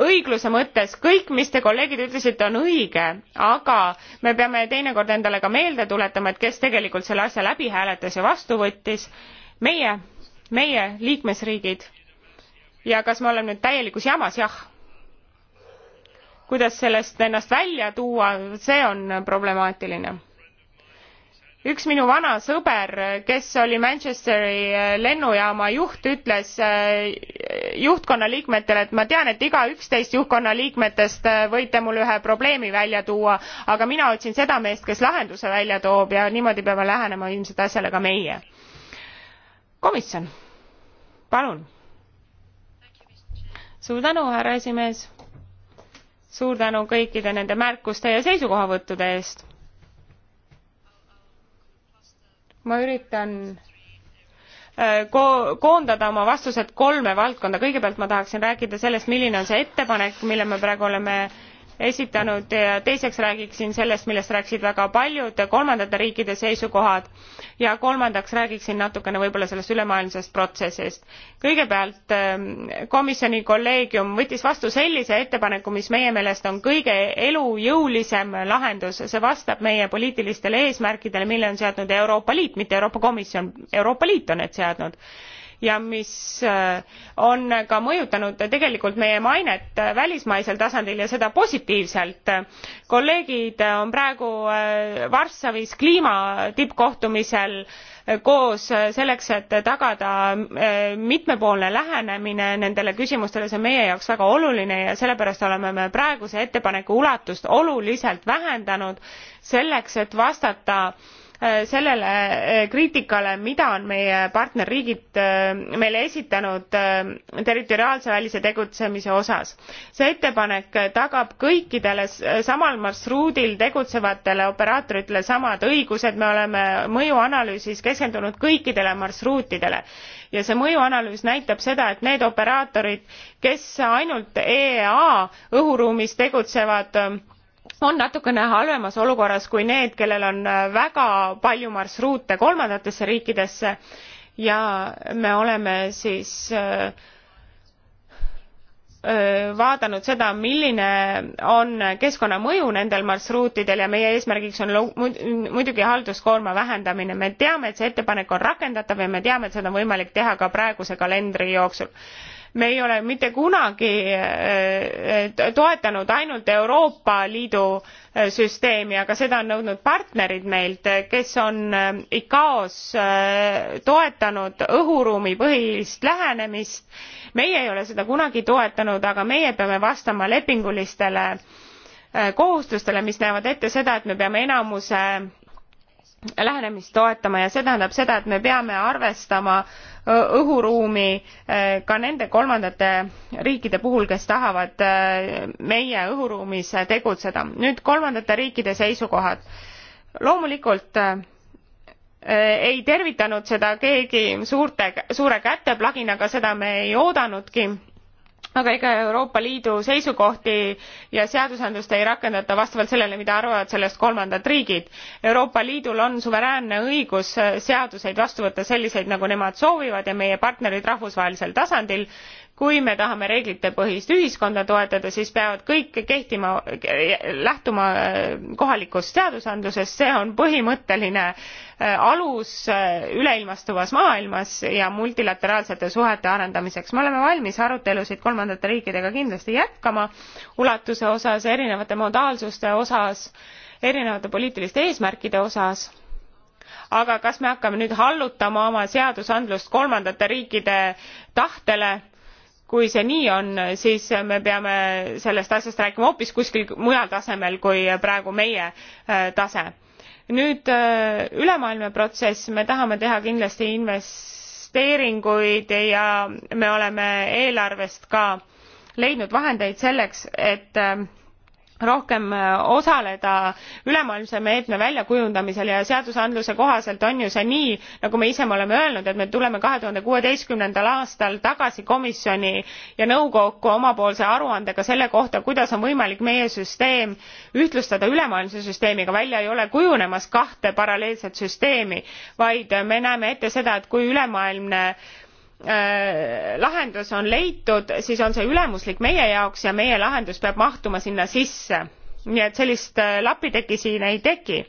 õigluse mõttes kõik mis te kolleegid ütlesite on õige aga me peame teinekord endale ka meelde tuletama et kes tegelikult selle asja läbi hääletas ja vastu võttis meie meie liikmesriigid ja kas me oleme nüüd täielikus jamas jah kuidas sellest ennast välja tuua see on problemaatiline üks minu vana sõber kes oli manchesteri äh, lennujaama juht ütles äh, juhtkonna liikmetele et ma tean et igaüks teist juhtkonna liikmetest äh, võite mul ühe probleemi välja tuua aga mina otsin seda meest kes lahenduse välja toob ja niimoodi peame lähenema ilmselt asjale ka meie komisjon palun suur tänu härra esimees suur tänu kõikide nende märkuste ja seisukohavõttude eest ma üritan äh, ko- koondada oma vastused kolme valdkonda kõigepealt ma tahaksin rääkida sellest milline on see ettepanek mille me praegu oleme esitanud ja teiseks räägiksin sellest millest rääkisid väga paljud kolmandate riikide seisukohad ja kolmandaks räägiksin natukene võib-olla sellest ülemaailmsest protsessist. kõigepealt ähm, komisjoni kolleegium võttis vastu sellise ettepaneku mis meie meelest on kõige elujõulisem lahendus see vastab meie poliitilistele eesmärkidele mille on seadnud euroopa liit mitte euroopa komisjon euroopa liit on need seadnud ja mis äh, on ka mõjutanud tegelikult meie mainet äh, välismaisel tasandil ja seda positiivselt. kolleegid äh, on praegu varssavis kliima tippkohtumisel koos selleks et tagada mitmepoolne lähenemine nendele küsimustele see on meie jaoks väga oluline ja sellepärast oleme me praeguse ettepaneku ulatust oluliselt vähendanud selleks et vastata Äh, sellele äh, kriitikale, mida on meie partnerriigid äh, meile esitanud territoriaalse välise tegutsemise osas. see ettepanek tagab kõikidele samal marsruudil tegutsevatele operaatoritele samad õigused, me oleme mõjuanalüüsis keskendunud kõikidele marsruutidele ja see mõjuanalüüs näitab seda, et need operaatorid, kes ainult EEA õhuruumis tegutsevad, on natukene halvemas olukorras kui need kellel on äh, väga palju marsruute kolmandatesse riikidesse ja me oleme siis äh, äh, vaadanud seda milline on keskkonnamõju nendel marsruutidel ja meie eesmärgiks on muidugi halduskoorma vähendamine me teame et see ettepanek on rakendatav ja me teame et seda on võimalik teha ka praeguse kalendri jooksul me ei ole mitte kunagi äh, äh, toetanud ainult euroopa liidu äh, süsteemi aga seda on nõudnud partnerid meilt kes on icaos toetanud õhuruumipõhist lähenemist meie ei ole seda kunagi toetanud aga meie peame vastama lepingulistele kohustustele mis näevad ette seda et me peame enamuse lähenemist toetama ja see tähendab seda, et me peame arvestama õhuruumi ka nende kolmandate riikide puhul, kes tahavad meie õhuruumis tegutseda. nüüd kolmandate riikide seisukohad. loomulikult ei tervitanud seda keegi suurte, suure käteplaginaga, seda me ei oodanudki aga ega Euroopa Liidu seisukohti ja seadusandlust ei rakendata vastavalt sellele, mida arvavad sellest kolmandad riigid. Euroopa Liidul on suveräänne õigus seaduseid vastu võtta selliseid, nagu nemad soovivad ja meie partnerid rahvusvahelisel tasandil kui me tahame reeglitepõhist ühiskonda toetada siis peavad kõik kehtima lähtuma äh, kohalikust seadusandlusest see on põhimõtteline äh, alus äh, üleilmastuvas maailmas ja multilateraalsete suhete arendamiseks me oleme valmis arutelusid kolmandate riikidega kindlasti jätkama ulatuse osas erinevate modaalsuste osas erinevate poliitiliste eesmärkide osas aga kas me hakkame nüüd hallutama oma seadusandlust kolmandate riikide tahtele kui see nii on, siis me peame sellest asjast rääkima hoopis kuskil mujal tasemel kui praegu meie äh, tase. nüüd äh, ülemaailmne protsess, me tahame teha kindlasti investeeringuid ja me oleme eelarvest ka leidnud vahendeid selleks, et äh, rohkem äh, osaleda ülemaailmse meetme väljakujundamisel ja seadusandluse kohaselt on ju see nii nagu me ise me oleme öelnud et me tuleme 2016. aastal tagasi komisjoni ja nõukokku omapoolse aruandega selle kohta kuidas on võimalik meie süsteem ühtlustada ülemaailmse süsteemiga välja ei ole kujunemas kahte paralleelset süsteemi vaid me näeme ette seda et kui ülemaailmne Äh, lahendus on leitud siis on see ülemuslik meie jaoks ja meie lahendus peab mahtuma sinna sisse nii et sellist äh, lapiteki siin ei teki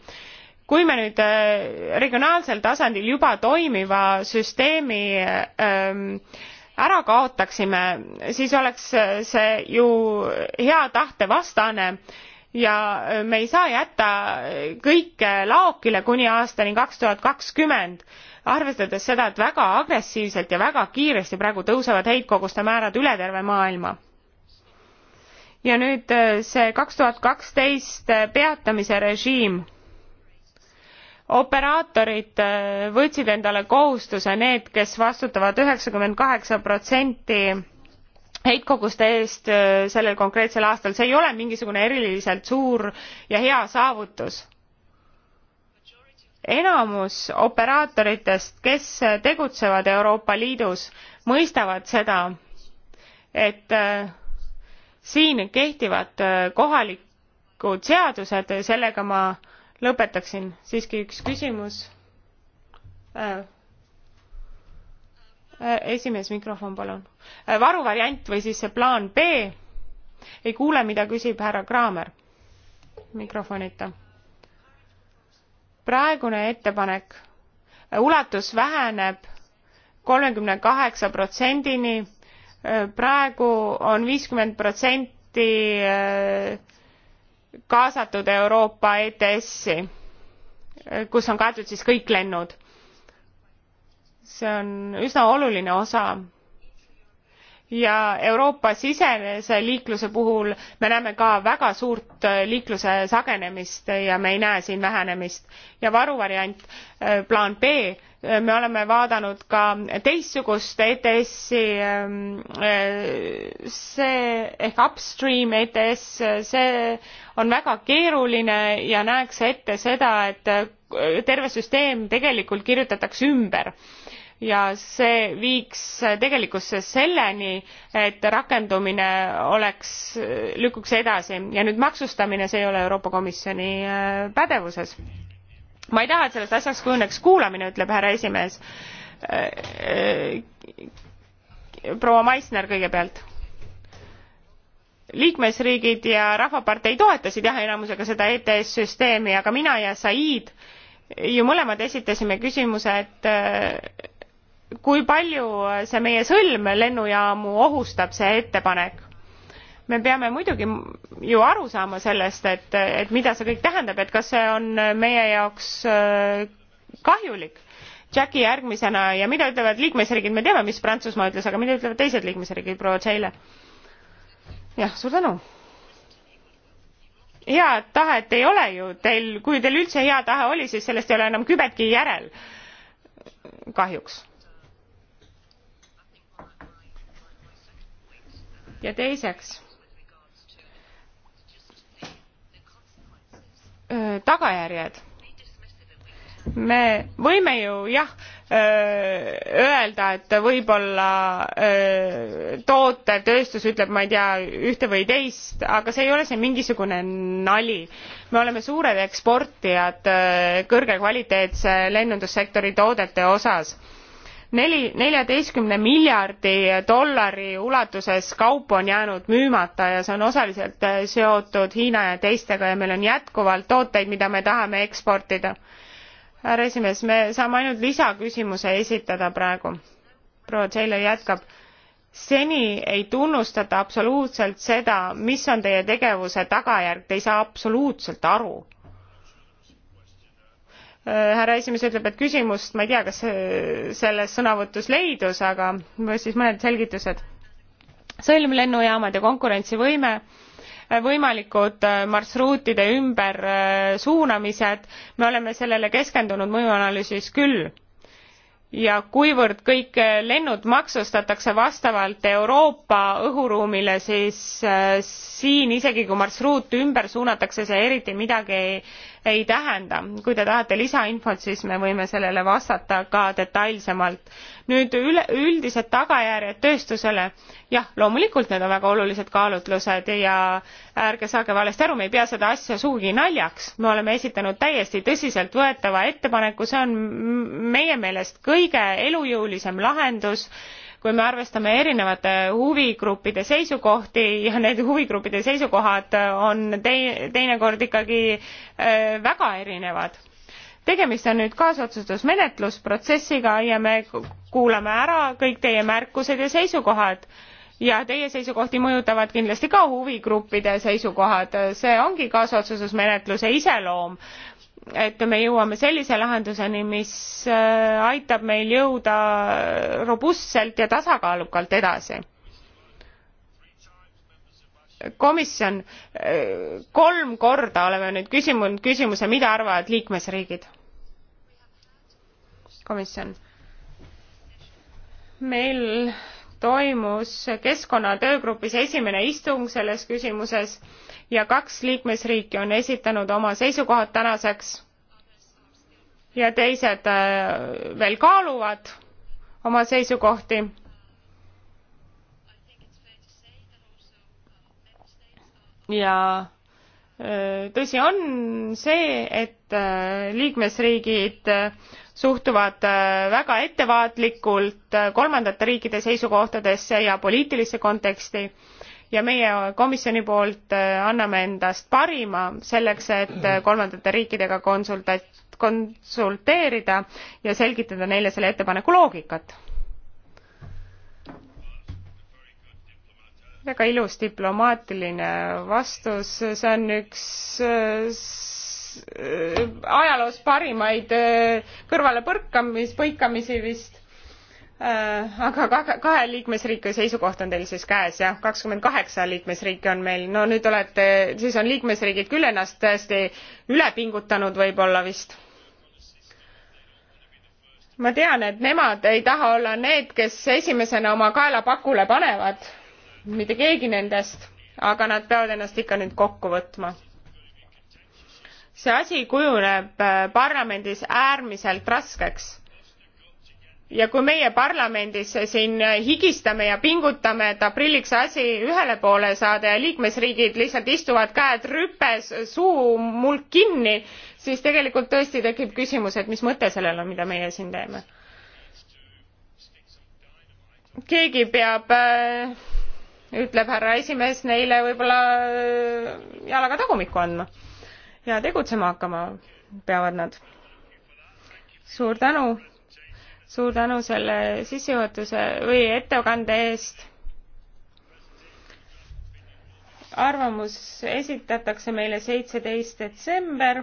kui me nüüd äh, regionaalsel tasandil juba toimiva süsteemi ähm, ära kaotaksime siis oleks see ju hea tahte vastane ja me ei saa jätta kõike laokile kuni aastani kaks tuhat kakskümmend arvestades seda et väga agressiivselt ja väga kiiresti praegu tõusevad heitkoguste määrad üle terve maailma ja nüüd äh, see kaks tuhat kaksteist äh, peatamise režiim operaatorid äh, võtsid endale kohustuse need kes vastutavad üheksakümmend kaheksa protsenti heitkoguste eest sellel konkreetsel aastal see ei ole mingisugune eriliselt suur ja hea saavutus enamus operaatoritest, kes tegutsevad Euroopa Liidus, mõistavad seda, et äh, siin kehtivad äh, kohalikud seadused, sellega ma lõpetaksin. siiski üks küsimus. Äh, esimees mikrofon, palun. varuvariant või siis see plaan B? ei kuule, mida küsib härra Kraamer mikrofonita praegune ettepanek äh, ulatus väheneb kolmekümne kaheksa protsendini äh, praegu on viiskümmend protsenti äh, kaasatud euroopa ets-i kus on kaetud siis kõik lennud see on üsna oluline osa ja Euroopa sisenese liikluse puhul me näeme ka väga suurt äh, liikluse sagenemist ja me ei näe siin vähenemist ja varuvariant äh, plaan B äh, me oleme vaadanud ka teistsugust ETS-i ähm, see ehk upstream ETS see on väga keeruline ja näeks ette seda et terve süsteem tegelikult kirjutatakse ümber ja see viiks tegelikkusse selleni, et rakendumine oleks, lükkuks edasi ja nüüd maksustamine, see ei ole Euroopa Komisjoni äh, pädevuses. ma ei taha, et sellest asjast kujuneks kuulamine, ütleb härra esimees. Äh, äh, proua Maisner kõigepealt liikmesriigid ja rahvapartei toetasid jah enamusega seda ets süsteemi aga mina ja said ju mõlemad esitasime küsimuse et kui palju see meie sõlmlennujaamu ohustab, see ettepanek? me peame muidugi ju aru saama sellest, et, et mida see kõik tähendab, et kas see on meie jaoks äh, kahjulik. Jackie järgmisena ja mida ütlevad liikmesriigid, me teame, mis Prantsusmaa ütles, aga mida ütlevad teised liikmesriigid, proua Tšeile? jah, suur tänu head tahet ei ole ju teil kui teil üldse hea tahe oli siis sellest ei ole enam kübetki järel kahjuks ja teiseks äh, tagajärjed. me võime ju jah äh, öelda, et võib-olla äh, tootev tööstus ütleb, ma ei tea, ühte või teist, aga see ei ole siin mingisugune nali. me oleme suured eksportijad kõrgekvaliteetse lennundussektori toodete osas neli, neljateistkümne miljardi dollari ulatuses kaupu on jäänud müümata ja see on osaliselt äh, seotud Hiina ja teistega ja meil on jätkuvalt tooteid, mida me tahame eksportida. härra esimees, me saame ainult lisaküsimuse esitada praegu. proua Taylor jätkab. seni ei tunnustata absoluutselt seda, mis on teie tegevuse tagajärg, te ei saa absoluutselt aru Äh, härra esimees ütleb, et küsimust ma ei tea, kas äh, selles sõnavõtus leidus, aga siis mõned selgitused. sõlmlennujaamad ja konkurentsivõime, äh, võimalikud marsruutide ümbersuunamised, me oleme sellele keskendunud mõjuanalüüsis küll ja kuivõrd kõik lennud maksustatakse vastavalt euroopa õhuruumile siis siin isegi kui marsruut ümber suunatakse see eriti midagi ei, ei tähenda. kui te tahate lisainfot, siis me võime sellele vastata ka detailsemalt. nüüd üle, üldised tagajärjed tööstusele. jah, loomulikult need on väga olulised kaalutlused ja ärge saage valesti aru, me ei pea seda asja sugugi naljaks. me oleme esitanud täiesti tõsiseltvõetava ettepaneku, see on meie meelest kõige elujõulisem lahendus kui me arvestame erinevate huvigruppide seisukohti ja need huvigruppide seisukohad on tei- teinekord ikkagi äh, väga erinevad tegemist on nüüd kaasotsustusmenetlusprotsessiga ja me kuulame ära kõik teie märkused ja seisukohad ja teie seisukohti mõjutavad kindlasti ka huvigruppide seisukohad see ongi kaasotsustusmenetluse iseloom et me jõuame sellise lahenduseni, mis äh, aitab meil jõuda robustselt ja tasakaalukalt edasi. komisjon, äh, kolm korda oleme nüüd küsinud küsimuse, mida arvavad liikmesriigid? komisjon. meil toimus keskkonnatöögrupis esimene istung selles küsimuses ja kaks liikmesriiki on esitanud oma seisukohad tänaseks ja teised äh, veel kaaluvad oma seisukohti. ja äh, tõsi on see, et äh, liikmesriigid suhtuvad väga ettevaatlikult kolmandate riikide seisukohtadesse ja poliitilisse konteksti ja meie komisjoni poolt äh, anname endast parima selleks, et äh, kolmandate riikidega konsultat-, konsulteerida ja selgitada neile selle ettepaneku loogikat. väga ilus diplomaatiline vastus, see on üks äh, ajaloos parimaid kõrvalepõrkamis, põikamisi vist Äh, aga kahe liikmesriigi seisukoht on teil siis käes jah kakskümmend kaheksa liikmesriiki on meil no nüüd olete siis on liikmesriigid küll ennast tõesti üle pingutanud võibolla vist ma tean et nemad ei taha olla need kes esimesena oma kaela pakule panevad mitte keegi nendest aga nad peavad ennast ikka nüüd kokku võtma see asi kujuneb äh, parlamendis äärmiselt raskeks ja kui meie parlamendis siin higistame ja pingutame et aprilliks asi ühele poole saada ja liikmesriigid lihtsalt istuvad käed rüpes suu mulk kinni siis tegelikult tõesti tekib küsimus et mis mõte sellel on mida meie siin teeme keegi peab äh, ütleb härra esimees neile võibolla äh, jalaga tagumikku andma ja tegutsema hakkama peavad nad suur tänu suur tänu selle sissejuhatuse või ettekande eest. arvamus esitatakse meile seitseteist detsember.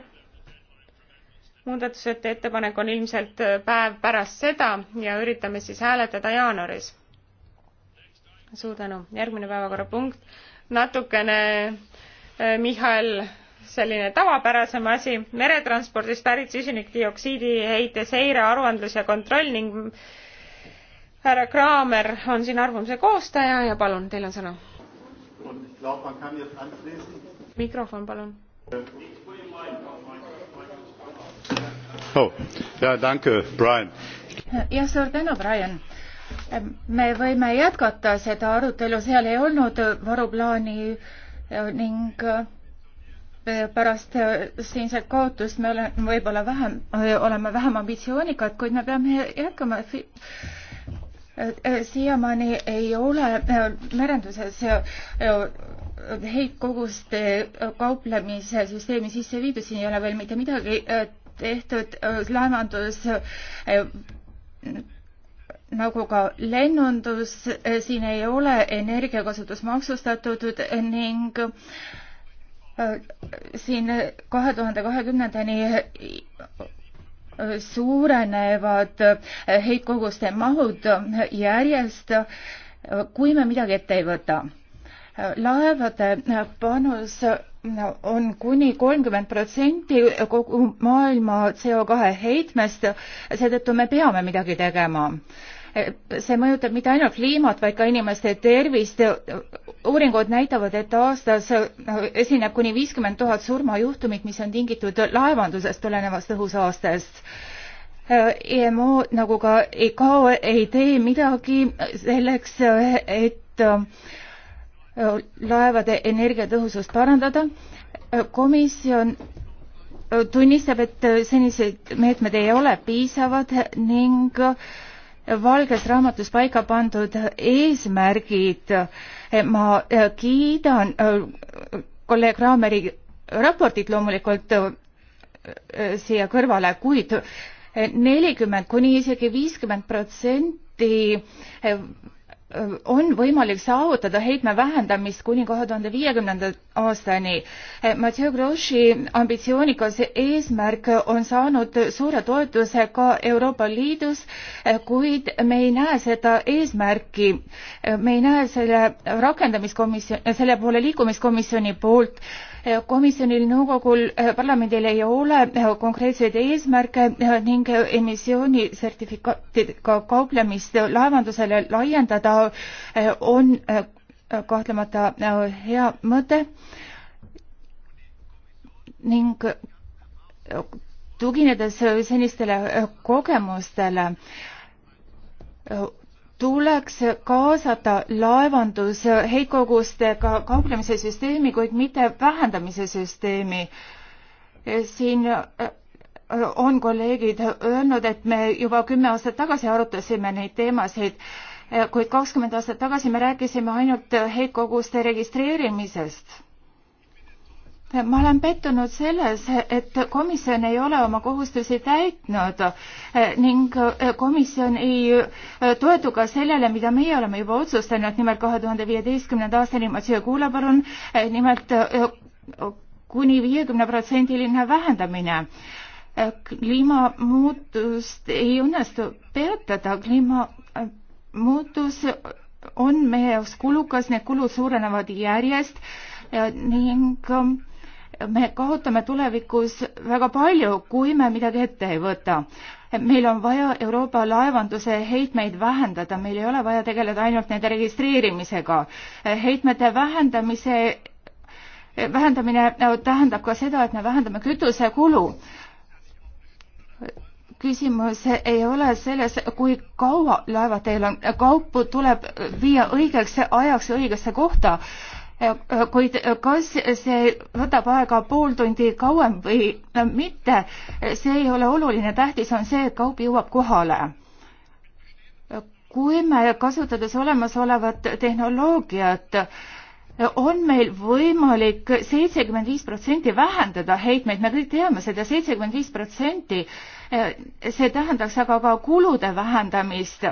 muudatusete ettepanek on ilmselt päev pärast seda ja üritame siis hääletada jaanuaris. suur tänu, järgmine päevakorrapunkt natukene eh, Mihhail selline tavapärasem asi. meretranspordist pärit süsinikdioksiidi heite seire, aruandlus ja kontroll ning härra Kraamer on siin arvamuse koostaja ja palun, teil on sõna. mikrofon, palun. Oh, jah, suur tänu, Brian me võime jätkata seda arutelu, seal ei olnud varuplaani ning pärast äh, siinset kaotust me oleme võib-olla vähem, äh, oleme vähem ambitsioonikad, kuid me peame jätkama. Äh, siiamaani ei ole merenduses heitkoguste kauplemise süsteemi sisse viidud, siin ei ole veel mitte midagi tehtud, laevandus nagu ka lennundus, siin ei ole energiakasutus maksustatud ning äh, Äh, siin kahe tuhande kahekümnendani äh, suurenevad äh, heitkoguste mahud järjest, kui me midagi ette ei võta. laevade panus on kuni kolmkümmend protsenti kogu maailma CO kahe heitmest, seetõttu me peame midagi tegema see mõjutab mitte ainult kliimat, vaid ka inimeste tervist. uuringud näitavad, et aastas esineb kuni viiskümmend tuhat surmajuhtumit, mis on tingitud laevandusest tulenevast õhusaastest. EMO nagu ka ICAO ei tee midagi selleks, et laevade energiatõhusust parandada. komisjon tunnistab, et senised meetmed ei ole piisavad ning äh, valges raamatus paika pandud eesmärgid. ma kiidan äh, kolleeg Raameri raportit loomulikult äh, siia kõrvale, kuid äh, nelikümmend kuni isegi viiskümmend protsenti on võimalik saavutada heitme vähendamist kuni kahe tuhande viiekümnenda aastani. Mathieu Grossi ambitsioonikas eesmärk on saanud suure toetuse ka Euroopa Liidus, kuid me ei näe seda eesmärki, me ei näe selle rakendamiskomisjon, selle poole liikumiskomisjoni poolt komisjonil, nõukogul, eh, parlamendil ei ole eh, konkreetseid eesmärke eh, ning emissiooni sertifikaatidega kauplemist laevandusele laiendada on kahtlemata hea mõte ning tuginedes senistele kogemustele tuleks kaasata laevandus heitkogustega kauplemise süsteemi, kuid mitte vähendamise süsteemi. siin äh, on kolleegid öelnud, et me juba kümme aastat tagasi arutasime neid teemasid, äh, kuid kakskümmend aastat tagasi me rääkisime ainult heitkoguste registreerimisest ma olen pettunud selles, et komisjon ei ole oma kohustusi täitnud eh, ning eh, komisjon ei eh, toetu ka sellele, mida meie oleme juba otsustanud, nimelt kahe tuhande viieteistkümnenda aastani, ma siia kuula palun, nimelt kuni viiekümne protsendiline vähendamine kliimamuutust ei õnnestu peatada, kliimamuutus on meie jaoks kulukas, need kulud suurenevad järjest ning me kaotame tulevikus väga palju, kui me midagi ette ei võta. meil on vaja Euroopa laevanduse heitmeid vähendada, meil ei ole vaja tegeleda ainult nende registreerimisega. heitmete vähendamise, vähendamine tähendab ka seda, et me vähendame kütusekulu. küsimus ei ole selles, kui kaua laevateel on, kaupu tuleb viia õigeks ajaks ja õigesse kohta Äh, kuid äh, kas see võtab aega pool tundi kauem või äh, mitte, see ei ole oluline, tähtis on see, et kaup jõuab kohale. kui me kasutades olemasolevat tehnoloogiat on meil võimalik seitsekümmend viis protsenti vähendada heitmeid, me kõik teame seda, seitsekümmend viis protsenti, see tähendaks aga ka kulude vähendamist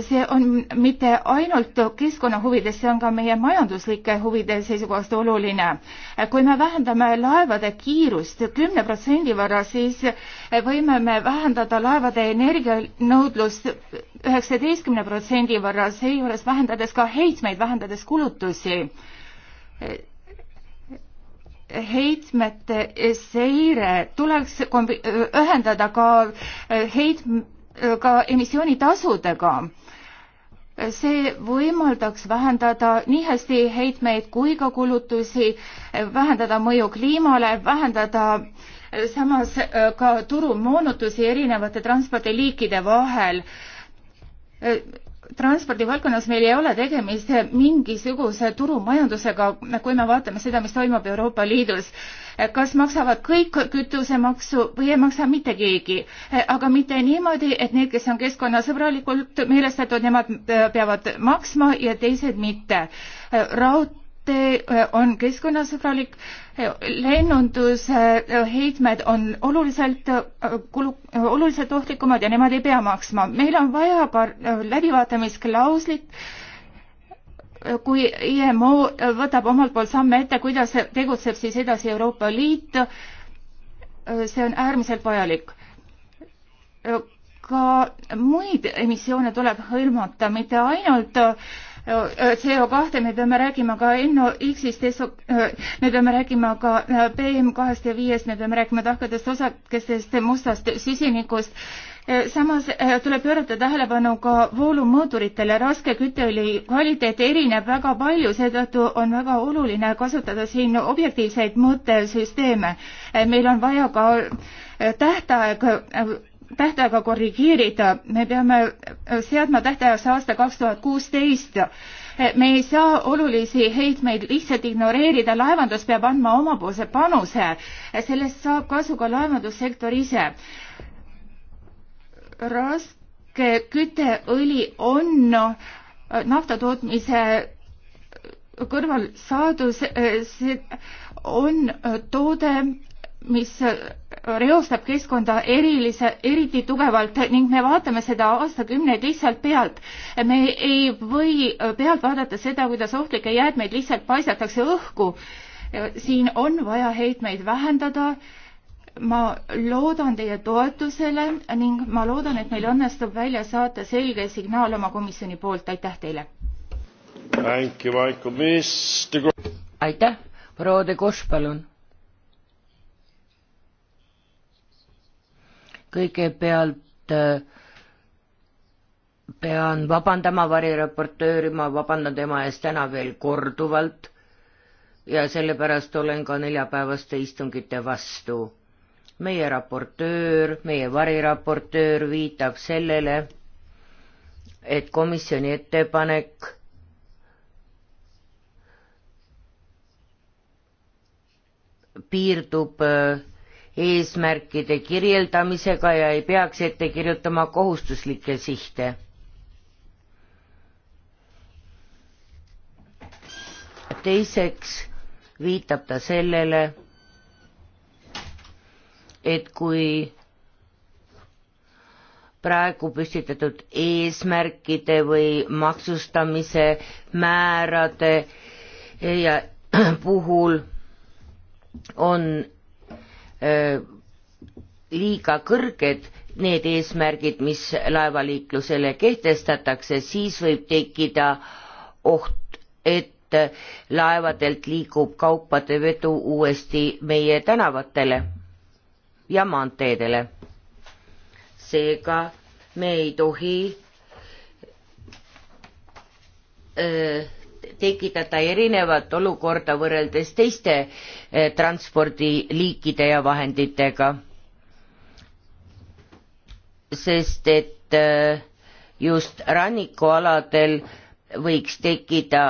see on mitte ainult keskkonna huvides, see on ka meie majanduslike huvide seisukohast oluline. kui me vähendame laevade kiirust kümne protsendi võrra, siis võime me vähendada laevade energianõudlust üheksateistkümne protsendi võrra, seejuures vähendades ka heitmeid, vähendades kulutusi heitmete seire tuleks ühendada ka heit-, ka emissioonitasudega see võimaldaks vähendada nii hästi heitmeid kui ka kulutusi, vähendada mõju kliimale, vähendada samas äh, ka turumoonutusi erinevate transpordiliikide vahel. Äh, transpordivaldkonnas meil ei ole tegemist mingisuguse turumajandusega, kui me vaatame seda, mis toimub Euroopa Liidus. kas maksavad kõik kütusemaksu või ei maksa mitte keegi, aga mitte niimoodi, et need, kes on keskkonnasõbralikult meelestatud, nemad peavad maksma ja teised mitte. raudtee on keskkonnasõbralik lennunduse äh, heitmed on oluliselt äh, kulu, äh, oluliselt ohtlikumad ja nemad ei pea maksma. meil on vaja par-, läbivaatamisklauslit, kui IMO võtab omalt poolt samme ette, kuidas tegutseb siis edasi Euroopa Liit, see on äärmiselt vajalik. ka muid emissioone tuleb hõlmata, mitte ainult äh, CO2, me peame rääkima ka NOx-ist, me peame rääkima ka äh, PM2-st ja viiest, me peame rääkima tahkadest osakestest, mustast süsinikust äh, samas äh, tuleb pöörata tähelepanu ka voolumõõduritele, raske kütteõli kvaliteet erineb väga palju, seetõttu on väga oluline kasutada siin objektiivseid mõõtesüsteeme. meil on vaja ka tähtaeg tähtaega korrigeerida, me peame äh, seadma tähtajaks aasta kaks tuhat kuusteist. Äh, me ei saa olulisi heitmeid lihtsalt ignoreerida, laevandus peab andma omapoolse panuse, äh, sellest saab kasu ka laevandussektor ise. raske kütteõli on nafta tootmise kõrval saadus, see on toode, mis reostab keskkonda erilise, eriti tugevalt ning me vaatame seda aastakümneid lihtsalt pealt. me ei või pealt vaadata seda, kuidas ohtlikke jäätmeid lihtsalt paisatakse õhku. siin on vaja heitmeid vähendada. ma loodan teie toetusele ning ma loodan, et meil õnnestub välja saata selge signaal oma komisjoni poolt. aitäh teile! aitäh, proua De Koš, palun kõigepealt äh, pean vabandama varireportööri, ma vabandan tema ees täna veel korduvalt ja sellepärast olen ka neljapäevaste istungite vastu. meie raportöör, meie variraportöör viitab sellele, et komisjoni ettepanek piirdub äh, eesmärkide kirjeldamisega ja ei peaks ette kirjutama kohustuslikke sihte. teiseks viitab ta sellele, et kui praegu püstitatud eesmärkide või maksustamise määrade ja puhul on liiga kõrged need eesmärgid, mis laevaliiklusele kehtestatakse, siis võib tekkida oht, et laevadelt liigub kaupade vedu uuesti meie tänavatele ja maanteedele. seega me ei tohi öö, tekitada erinevat olukorda võrreldes teiste eh, transpordiliikide ja vahenditega. sest et eh, just rannikualadel võiks tekkida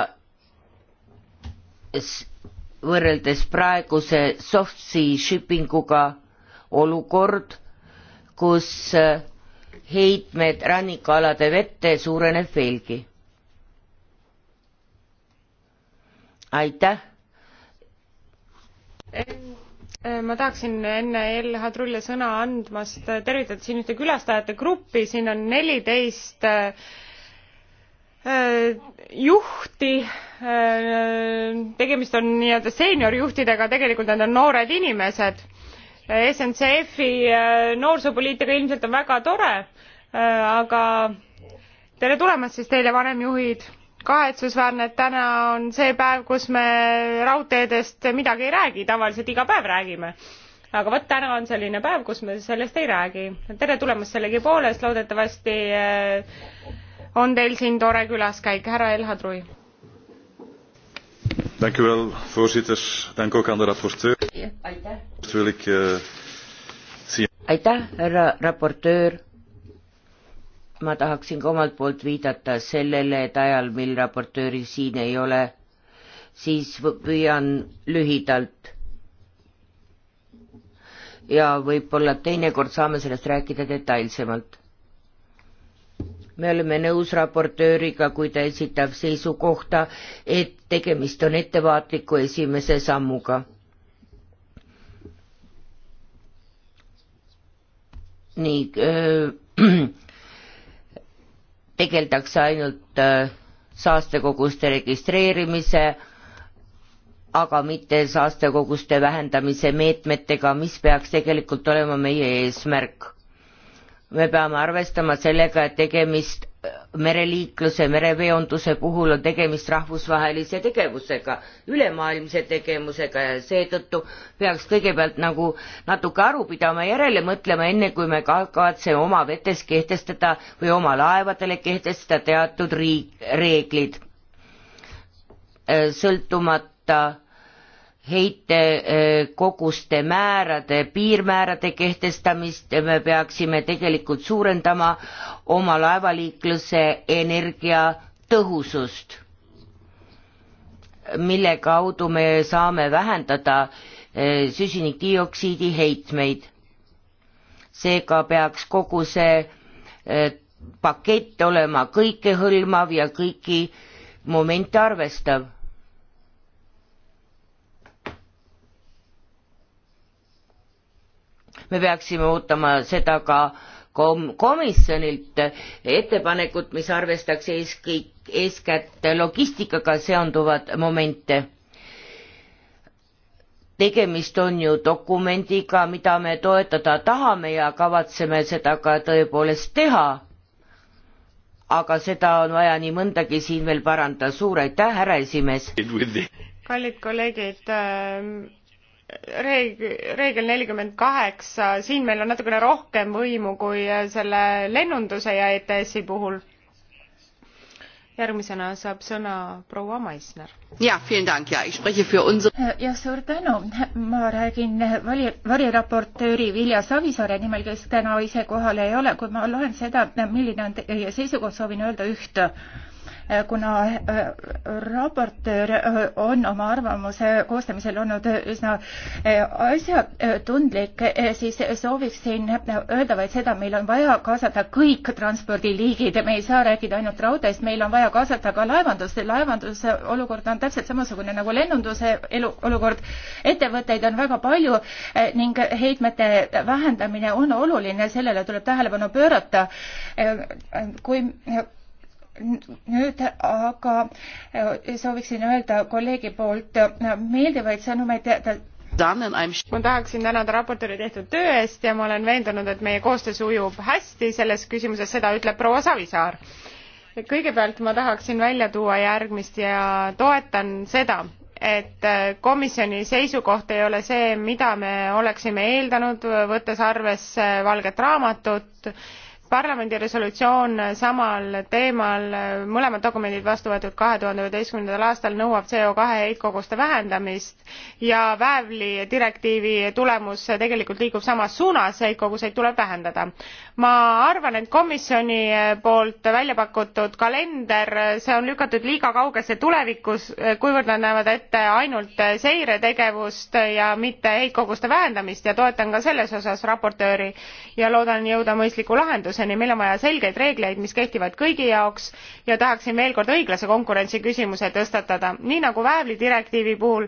võrreldes praeguse soft sea shipping uga olukord, kus eh, heitmed rannikualade vette suureneb veelgi aitäh. Äh, ma tahaksin enne LH Trulle sõna andmast tervitada siin ühte külastajate gruppi, siin on neliteist äh, juhti, äh, tegemist on nii-öelda seeniorjuhtidega, tegelikult nad on noored inimesed. SNCF-i noorsoopoliitika ilmselt on väga tore, aga tere tulemast siis teile, vanemjuhid kahetsusväärne, et täna on see päev, kus me raudteedest midagi ei räägi, tavaliselt iga päev räägime. aga vot täna on selline päev, kus me sellest ei räägi. tere tulemast sellegipoolest, loodetavasti eh, on teil siin tore külaskäik, härra Elhad Rui. Dank u wel, voorzitter. Dank ook aan de rapporteur. Aitäh. Eh, aitäh, härra raportöör ma tahaksin ka omalt poolt viidata sellele, et ajal, mil raportööril siin ei ole, siis püüan lühidalt. ja võib-olla teinekord saame sellest rääkida detailsemalt. me oleme nõus raportööriga, kui ta esitab seisukohta, et tegemist on ettevaatliku esimese sammuga nii öö, äh, tegeldakse ainult äh, saastekoguste registreerimise, aga mitte saastekoguste vähendamise meetmetega, mis peaks tegelikult olema meie eesmärk. me peame arvestama sellega, et tegemist mereliikluse, mereveonduse puhul on tegemist rahvusvahelise tegevusega, ülemaailmse tegevusega ja seetõttu peaks kõigepealt nagu natuke aru pidama, järele mõtlema, enne kui me kavatseme oma vetes kehtestada või oma laevadele kehtestada teatud riik, reeglid. sõltumata heitekoguste määrade, piirmäärade kehtestamist, me peaksime tegelikult suurendama oma laevaliikluse energiatõhusust, mille kaudu me saame vähendada süsinikdioksiidi heitmeid. seega peaks kogu see pakett olema kõikehõlmav ja kõiki momente arvestav me peaksime ootama seda ka kom- komisjonilt ettepanekut mis arvestaks eeskõik eeskätt logistikaga seonduvad momente tegemist on ju dokumendiga mida me toetada tahame ja kavatseme seda ka tõepoolest teha aga seda on vaja nii mõndagi siin veel parandada suur aitäh härra esimees kallid kolleegid äh reeg-, reegel nelikümmend kaheksa, siin meil on natukene rohkem võimu kui selle lennunduse ja ETS-i puhul. järgmisena saab sõna proua Maisner. jah, suur tänu. ma räägin vali-, variraportööri Vilja Savisaare nimel, kes täna ise kohal ei ole. kui ma loen seda, milline on teie seisukoht, soovin öelda üht Äh, kuna äh, raportöör äh, on oma arvamuse koostamisel olnud üsna asjatundlik, siis sooviksin öelda vaid seda, meil on vaja kaasata kõik transpordiliigid, me ei saa rääkida ainult raudteest, meil on vaja kaasata ka laevandust, laevanduse olukord on täpselt samasugune nagu lennunduse elu, olukord. ettevõtteid on väga palju ning heitmete vähendamine on oluline, sellele tuleb tähelepanu pöörata. kui nüüd aga äh, sooviksin öelda kolleegi poolt äh, meeldivaid sõnumeid ma tahaksin tänada raportööri tehtud töö eest ja ma olen veendunud et meie koostöö sujub hästi selles küsimuses seda ütleb proua savisaar kõigepealt ma tahaksin välja tuua järgmist ja toetan seda et äh, komisjoni seisukoht ei ole see mida me oleksime eeldanud võttes arvesse valget raamatut parlamendi resolutsioon samal teemal mõlemad dokumendid vastu võetud 2011. aastal nõuab co heitkoguste vähendamist ja väävli direktiivi tulemus tegelikult liigub samas suunas heitkoguseid tuleb vähendada. ma arvan et komisjoni poolt välja pakutud kalender see on lükatud liiga kaugesse tulevikus kuivõrd nad näevad ette ainult seiretegevust ja mitte heitkoguste vähendamist ja toetan ka selles osas raportööri ja loodan jõuda mõistliku lahenduseni õigluseni, meil on vaja selgeid reegleid, mis kehtivad kõigi jaoks ja tahaksin veel kord õiglase konkurentsi küsimuse tõstatada. nii nagu väävli direktiivi puhul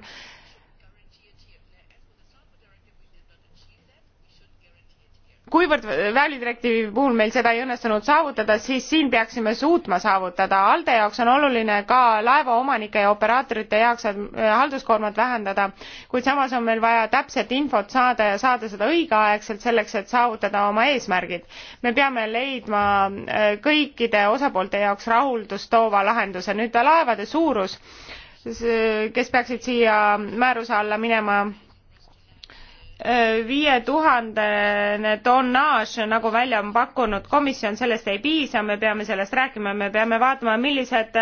kuivõrd väävlidirektiivi puhul meil seda ei õnnestunud saavutada siis siin peaksime suutma saavutada alde jaoks on oluline ka laevaomanike ja operaatorite jaoks äh, halduskoormat vähendada kuid samas on meil vaja täpset infot saada ja saada seda õigeaegselt selleks et saavutada oma eesmärgid me peame leidma äh, kõikide osapoolte jaoks rahuldust toova lahenduse nüüd laevade suurus kes peaksid siia määruse alla minema viie tuhandene tonnaaž, nagu välja on pakkunud komisjon, sellest ei piisa, me peame sellest rääkima, me peame vaatama, millised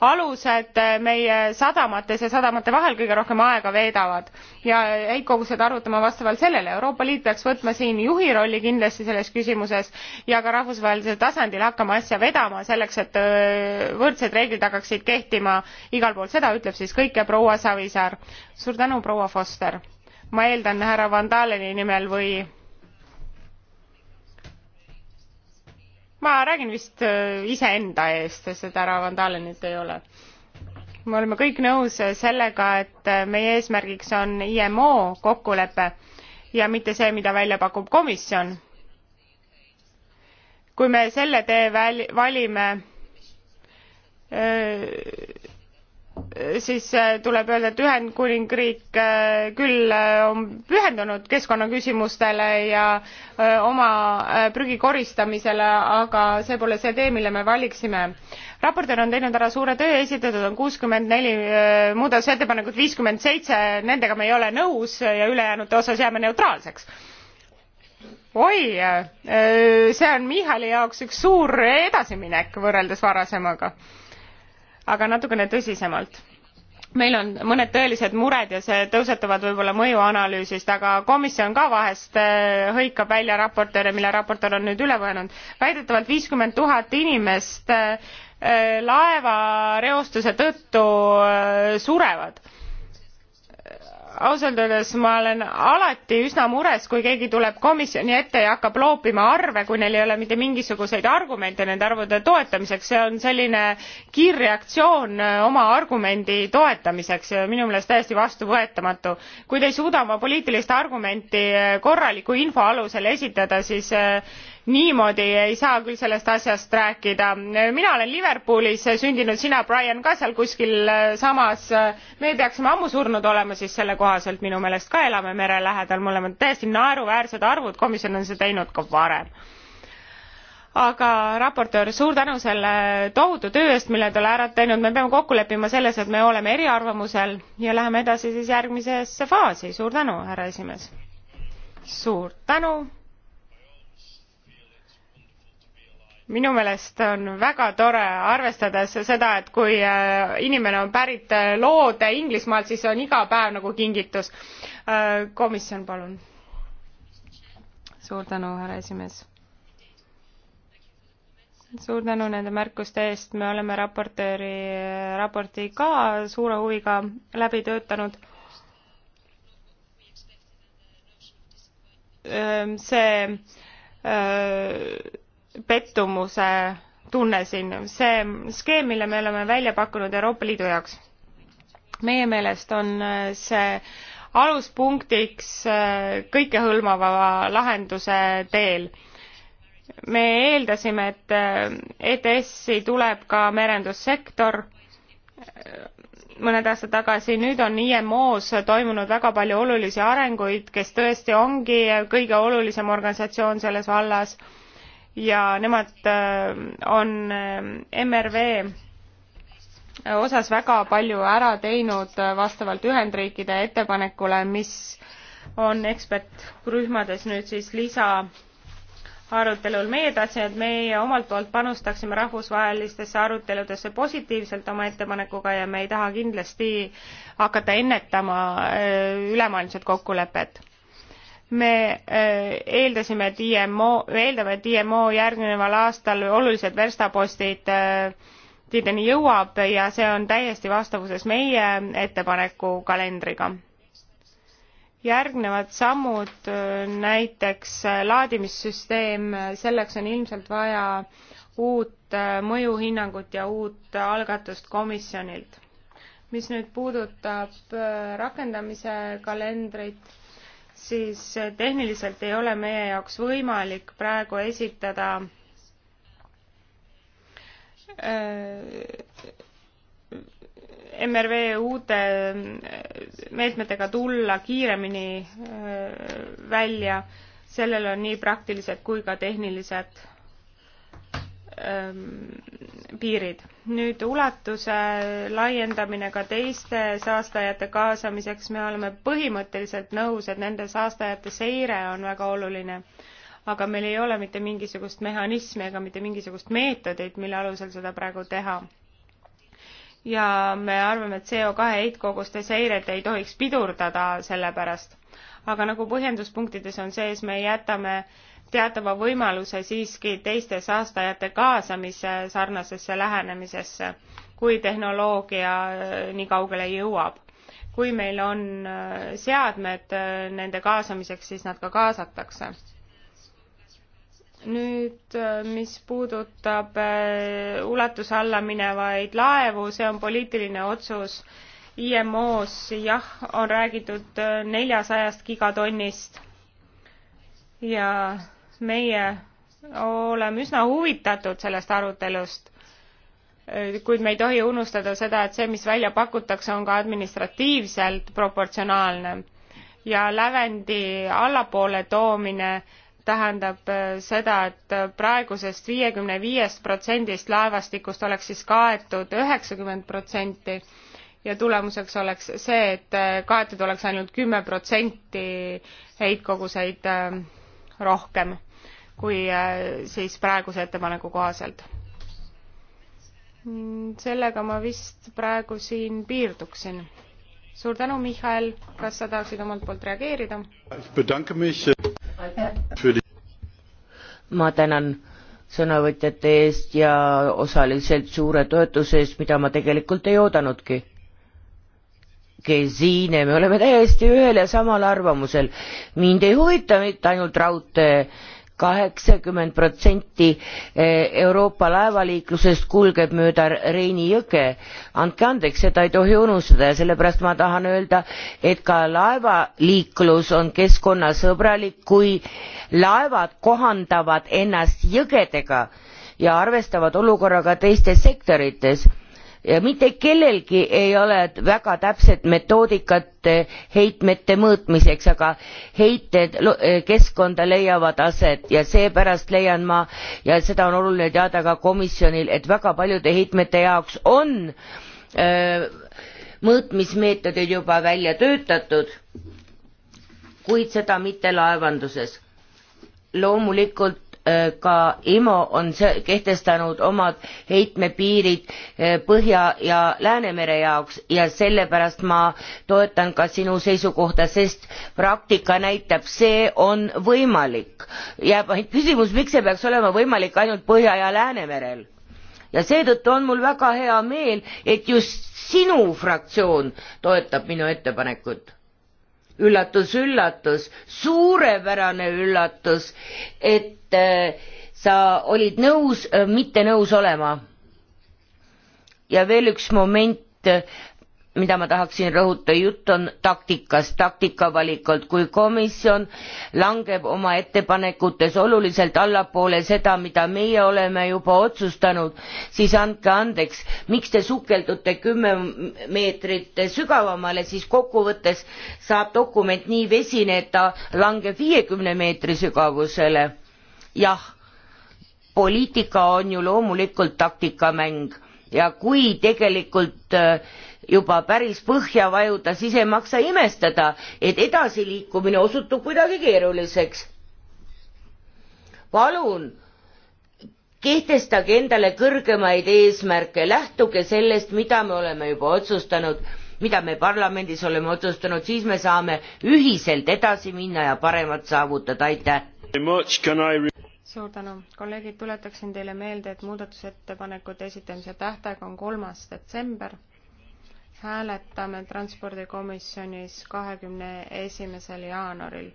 alused meie sadamates ja sadamate vahel kõige rohkem aega veedavad ja heitkogused arvutama vastavalt sellele. Euroopa Liit peaks võtma siin juhi rolli kindlasti selles küsimuses ja ka rahvusvahelisel tasandil hakkama asja vedama selleks, et äh, võrdsed reeglid hakkaksid kehtima igal pool, seda ütleb siis kõike proua Savisaar. suur tänu, proua Foster! ma eeldan härra Van Daleni nimel või ma räägin vist äh, iseenda eest, sest et härra Van Dalenit ei ole. me oleme kõik nõus sellega, et äh, meie eesmärgiks on IMO kokkulepe ja mitte see, mida välja pakub komisjon. kui me selle tee väl-, valime öö, äh, Äh, siis äh, tuleb öelda, et Ühendkuningriik äh, küll on pühendunud keskkonnaküsimustele ja oma prügi koristamisele, aga see pole see tee, mille me valiksime. raportöör on teinud ära suure töö, esitatud on kuuskümmend neli muudatusettepanekut, viiskümmend seitse, nendega me ei ole nõus ja ülejäänute osas jääme neutraalseks oi, see on Michali jaoks üks suur edasiminek võrreldes varasemaga aga natukene tõsisemalt meil on mõned tõelised mured ja see tõusetuvad võib-olla mõjuanalüüsist aga komisjon ka vahest äh, hõikab välja raportööre mille raportöör on nüüd üle võetud väidetavalt viiskümmend tuhat inimest äh, äh, laevareostuse tõttu surevad ausalt öeldes ma olen alati üsna mures kui keegi tuleb komisjoni ette ja hakkab loopima arve kui neil ei ole mitte mingisuguseid argumente nende arvude toetamiseks see on selline kiirreaktsioon äh, oma argumendi toetamiseks minu meelest täiesti vastuvõetamatu kui te ei suuda oma poliitilist argumenti äh, korraliku info alusel esitada siis äh, niimoodi ei saa küll sellest asjast rääkida mina olen liverpoolis sündinud sina brian ka seal kuskil samas me peaksime ammu surnud olema siis selle kohaselt minu meelest ka elame mere lähedal me oleme täiesti naeruväärsed arvud komisjon on seda teinud ka varem aga raportöör suur tänu selle tohutu töö eest mille te olete ära teinud me peame kokku leppima selles et me oleme eriarvamusel ja läheme edasi siis järgmisesse faasi suur tänu härra esimees suur tänu minu meelest on väga tore arvestades seda et kui äh, inimene on pärit äh, loode inglismaalt siis see on iga päev nagu kingitus äh, komisjon palun suur tänu härra esimees suur tänu nende märkuste eest me oleme raportööri raporti ka suure huviga läbi töötanud see pettumuse tunne siin, see skeem, mille me oleme välja pakkunud Euroopa Liidu jaoks. meie meelest on äh, see aluspunktiks äh, kõikehõlmava lahenduse teel. me eeldasime, et äh, ETS-i tuleb ka merendussektor mõned aastad tagasi, nüüd on IMO-s toimunud väga palju olulisi arenguid, kes tõesti ongi kõige olulisem organisatsioon selles vallas ja nemad äh, on äh, MRV äh, osas väga palju ära teinud vastavalt Ühendriikide ettepanekule, mis on ekspertrühmades nüüd siis lisa arutelul. meie tahtsime, et meie omalt poolt panustaksime rahvusvahelistesse aruteludesse positiivselt oma ettepanekuga ja me ei taha kindlasti hakata ennetama ülemaailmset kokkulepet me äh, eeldasime, et IMO, eeldame, et IMO järgneval aastal olulised verstapostid äh, tideni jõuab ja see on täiesti vastavuses meie ettepaneku kalendriga. järgnevad sammud, äh, näiteks laadimissüsteem, selleks on ilmselt vaja uut mõjuhinnangut ja uut algatust komisjonilt. mis nüüd puudutab rakendamise kalendrit siis tehniliselt ei ole meie jaoks võimalik praegu esitada äh, MRV uute meetmetega tulla kiiremini äh, välja, sellel on nii praktilised kui ka tehnilised ähm, piirid. nüüd ulatuse laiendamine ka teiste saastajate kaasamiseks, me oleme põhimõtteliselt nõus, et nende saastajate seire on väga oluline. aga meil ei ole mitte mingisugust mehhanismi ega mitte mingisugust meetodit, mille alusel seda praegu teha. ja me arvame, et CO2 heitkoguste seiret ei tohiks pidurdada selle pärast. aga nagu põhjenduspunktides on sees, me jätame äh, teatava võimaluse siiski teiste saastajate kaasamise sarnasesse lähenemisesse, kui tehnoloogia äh, nii kaugele jõuab. kui meil on äh, seadmed äh, nende kaasamiseks, siis nad ka kaasatakse nüüd, mis puudutab ulatuse alla minevaid laevu, see on poliitiline otsus. IMO-s jah, on räägitud neljasajast gigatonnist ja meie oleme üsna huvitatud sellest arutelust, kuid me ei tohi unustada seda, et see, mis välja pakutakse, on ka administratiivselt proportsionaalne ja lävendi allapoole toomine tähendab äh, seda, et praegusest viiekümne viiest protsendist laevastikust oleks siis kaetud üheksakümmend protsenti ja tulemuseks oleks see, et äh, kaetud oleks ainult kümme protsenti heitkoguseid äh, rohkem kui äh, siis praeguse ettepaneku kohaselt. Mm, sellega ma vist praegu siin piirduksin. suur tänu, Mihhail, kas sa tahaksid omalt poolt reageerida? Äh, ma tänan sõnavõtjate eest ja osaliselt suure toetuse eest, mida ma tegelikult ei oodanudki. Gesine, me oleme täiesti ühel ja samal arvamusel. mind ei huvita mitte ainult raudtee kaheksakümmend protsenti eh, euroopa laevaliiklusest kulgeb mööda reini jõge andke andeks seda ei tohi unustada ja sellepärast ma tahan öelda et ka laevaliiklus on keskkonnasõbralik kui laevad kohandavad ennast jõgedega ja arvestavad olukorraga teistes sektorites ja mitte kellelgi ei ole väga täpset metoodikat eh, heitmete mõõtmiseks aga heited eh, keskkonda leiavad aset ja seepärast leian ma ja seda on oluline teada ka komisjonil et väga paljude heitmete jaoks on öö, eh, mõõtmismeetodid juba välja töötatud kuid seda mitte laevanduses loomulikult Äh, ka IMO on kehtestanud omad heitmepiirid äh, Põhja ja Läänemere jaoks ja sellepärast ma toetan ka sinu seisukohta, sest praktika näitab, see on võimalik. jääb ainult küsimus, miks see peaks olema võimalik ainult Põhja ja Läänemerel? ja seetõttu on mul väga hea meel, et just sinu fraktsioon toetab minu ettepanekut üllatus-üllatus, suurepärane üllatus, et et äh, sa olid nõus äh, mitte nõus olema. ja veel üks moment, äh, mida ma tahaksin rõhuta, jutt on taktikast, taktikavalikult, kui komisjon langeb oma ettepanekutes oluliselt allapoole seda, mida meie oleme juba otsustanud, siis andke andeks, miks te sukeldute kümme meetrit sügavamale, siis kokkuvõttes saab dokument nii vesine, et ta langeb viiekümne meetri sügavusele jah, poliitika on ju loomulikult taktikamäng ja kui tegelikult äh, juba päris põhja vajuda, siis ei maksa imestada, et edasiliikumine osutub kuidagi keeruliseks. palun kehtestage endale kõrgemaid eesmärke, lähtuge sellest, mida me oleme juba otsustanud, mida me parlamendis oleme otsustanud, siis me saame ühiselt edasi minna ja paremat saavutada, aitäh! suur tänu. kolleegid, tuletaksin teile meelde, et muudatusettepanekute esitamise tähtaeg on kolmas detsember. hääletame transpordikomisjonis kahekümne esimesel jaanuaril.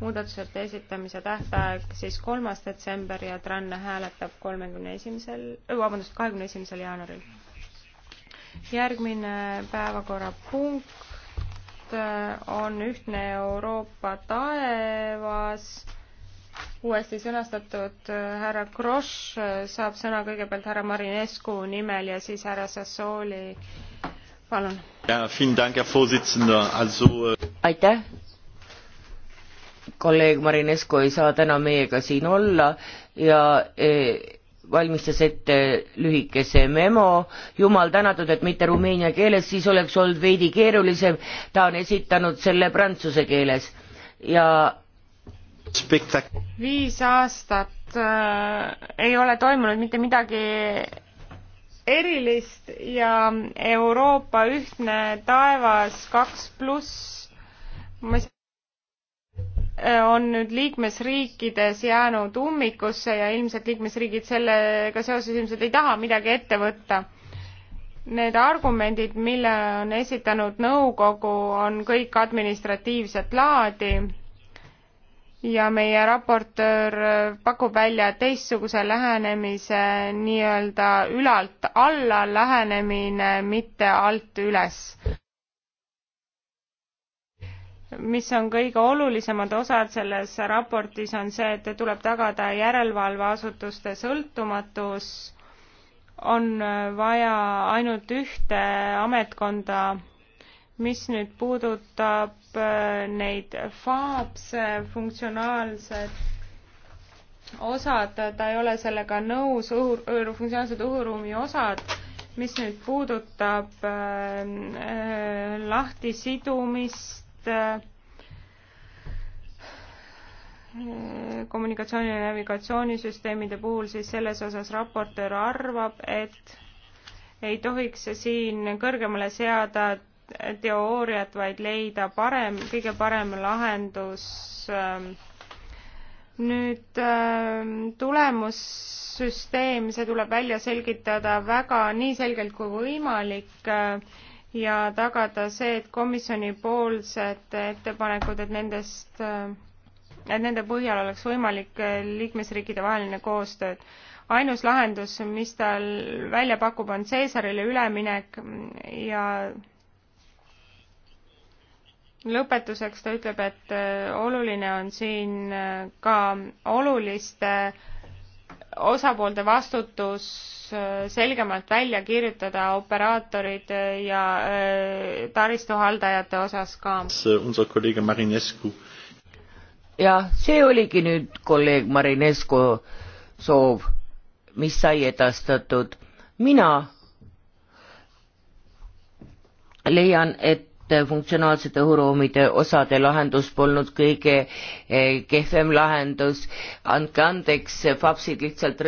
muudatusete esitamise tähtaeg siis kolmas detsember ja TRAN hääletab kolmekümne esimesel, äh, vabandust, kahekümne esimesel jaanuaril. järgmine päevakorrapunkt äh, on ühtne Euroopa taevas uuesti sõnastatud äh, härra Grosch äh, saab sõna kõigepealt härra Marinescu nimel ja siis härra Sassooli. palun. Äh, aitäh. kolleeg Marinescu ei saa täna meiega siin olla ja valmistas ette lühikese memo, jumal tänatud, et mitte rumeenia keeles, siis oleks olnud veidi keerulisem, ta on esitanud selle prantsuse keeles ja viis aastat äh, ei ole toimunud mitte midagi erilist ja Euroopa ühtne taevas kaks pluss äh, on nüüd liikmesriikides jäänud ummikusse ja ilmselt liikmesriigid sellega seoses ilmselt ei taha midagi ette võtta. Need argumendid, mille on esitanud nõukogu, on kõik administratiivset laadi ja meie raportöör pakub välja teistsuguse lähenemise, nii-öelda ülalt alla lähenemine, mitte alt üles. mis on kõige olulisemad osad selles raportis, on see, et tuleb tagada järelevalveasutuste sõltumatus, on vaja ainult ühte ametkonda mis nüüd puudutab äh, neid faabse funktsionaalsed osad, ta ei ole sellega nõus, õhu, funktsionaalsed õhuruumi osad, mis nüüd puudutab äh, äh, lahtisidumist äh,, kommunikatsiooni ja navigatsioonisüsteemide puhul, siis selles osas raportöör arvab, et ei tohiks siin kõrgemale seada teooriat, vaid leida parem, kõige parem lahendus. Ähm, nüüd ähm, tulemussüsteem, see tuleb välja selgitada väga nii selgelt kui võimalik äh, ja tagada see, et komisjonipoolsed ettepanekud, et nendest, äh, et nende põhjal oleks võimalik äh, liikmesriikide vaheline koostöö ainus lahendus, mis tal välja pakub, on Caesarile üleminek ja lõpetuseks ta ütleb, et äh, oluline on siin äh, ka oluliste osapoolte vastutus äh, selgemalt välja kirjutada operaatorid ja taristuhaldajate osas ka. jah, see oligi nüüd kolleeg Marinescu soov, mis sai edastatud. mina leian, et funktsionaalsete õhuruumide osade lahendus polnud kõige eh, kehvem lahendus. andke andeks, FAPSid lihtsalt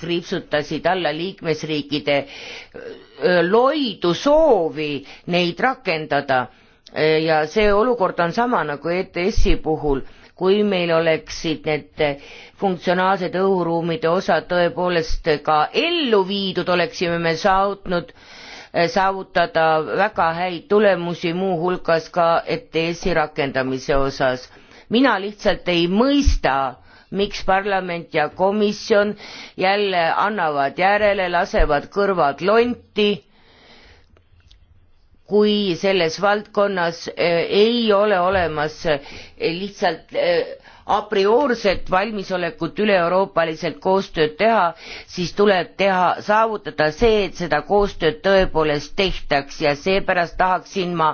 kriipsutasid alla liikmesriikide eh, loidu soovi neid rakendada eh, ja see olukord on sama nagu ETS-i puhul kui meil oleksid need funktsionaalsed õhuruumide osad tõepoolest ka ellu viidud, oleksime me saatnud äh, Eh, saavutada väga häid tulemusi, muuhulgas ka ETS-i rakendamise osas. mina lihtsalt ei mõista, miks parlament ja komisjon jälle annavad järele, lasevad kõrvad lonti, kui selles valdkonnas eh, ei ole olemas eh, lihtsalt a priorset valmisolekut üleeuroopaliselt koostööd teha, siis tuleb teha, saavutada see, et seda koostööd tõepoolest tehtaks ja seepärast tahaksin ma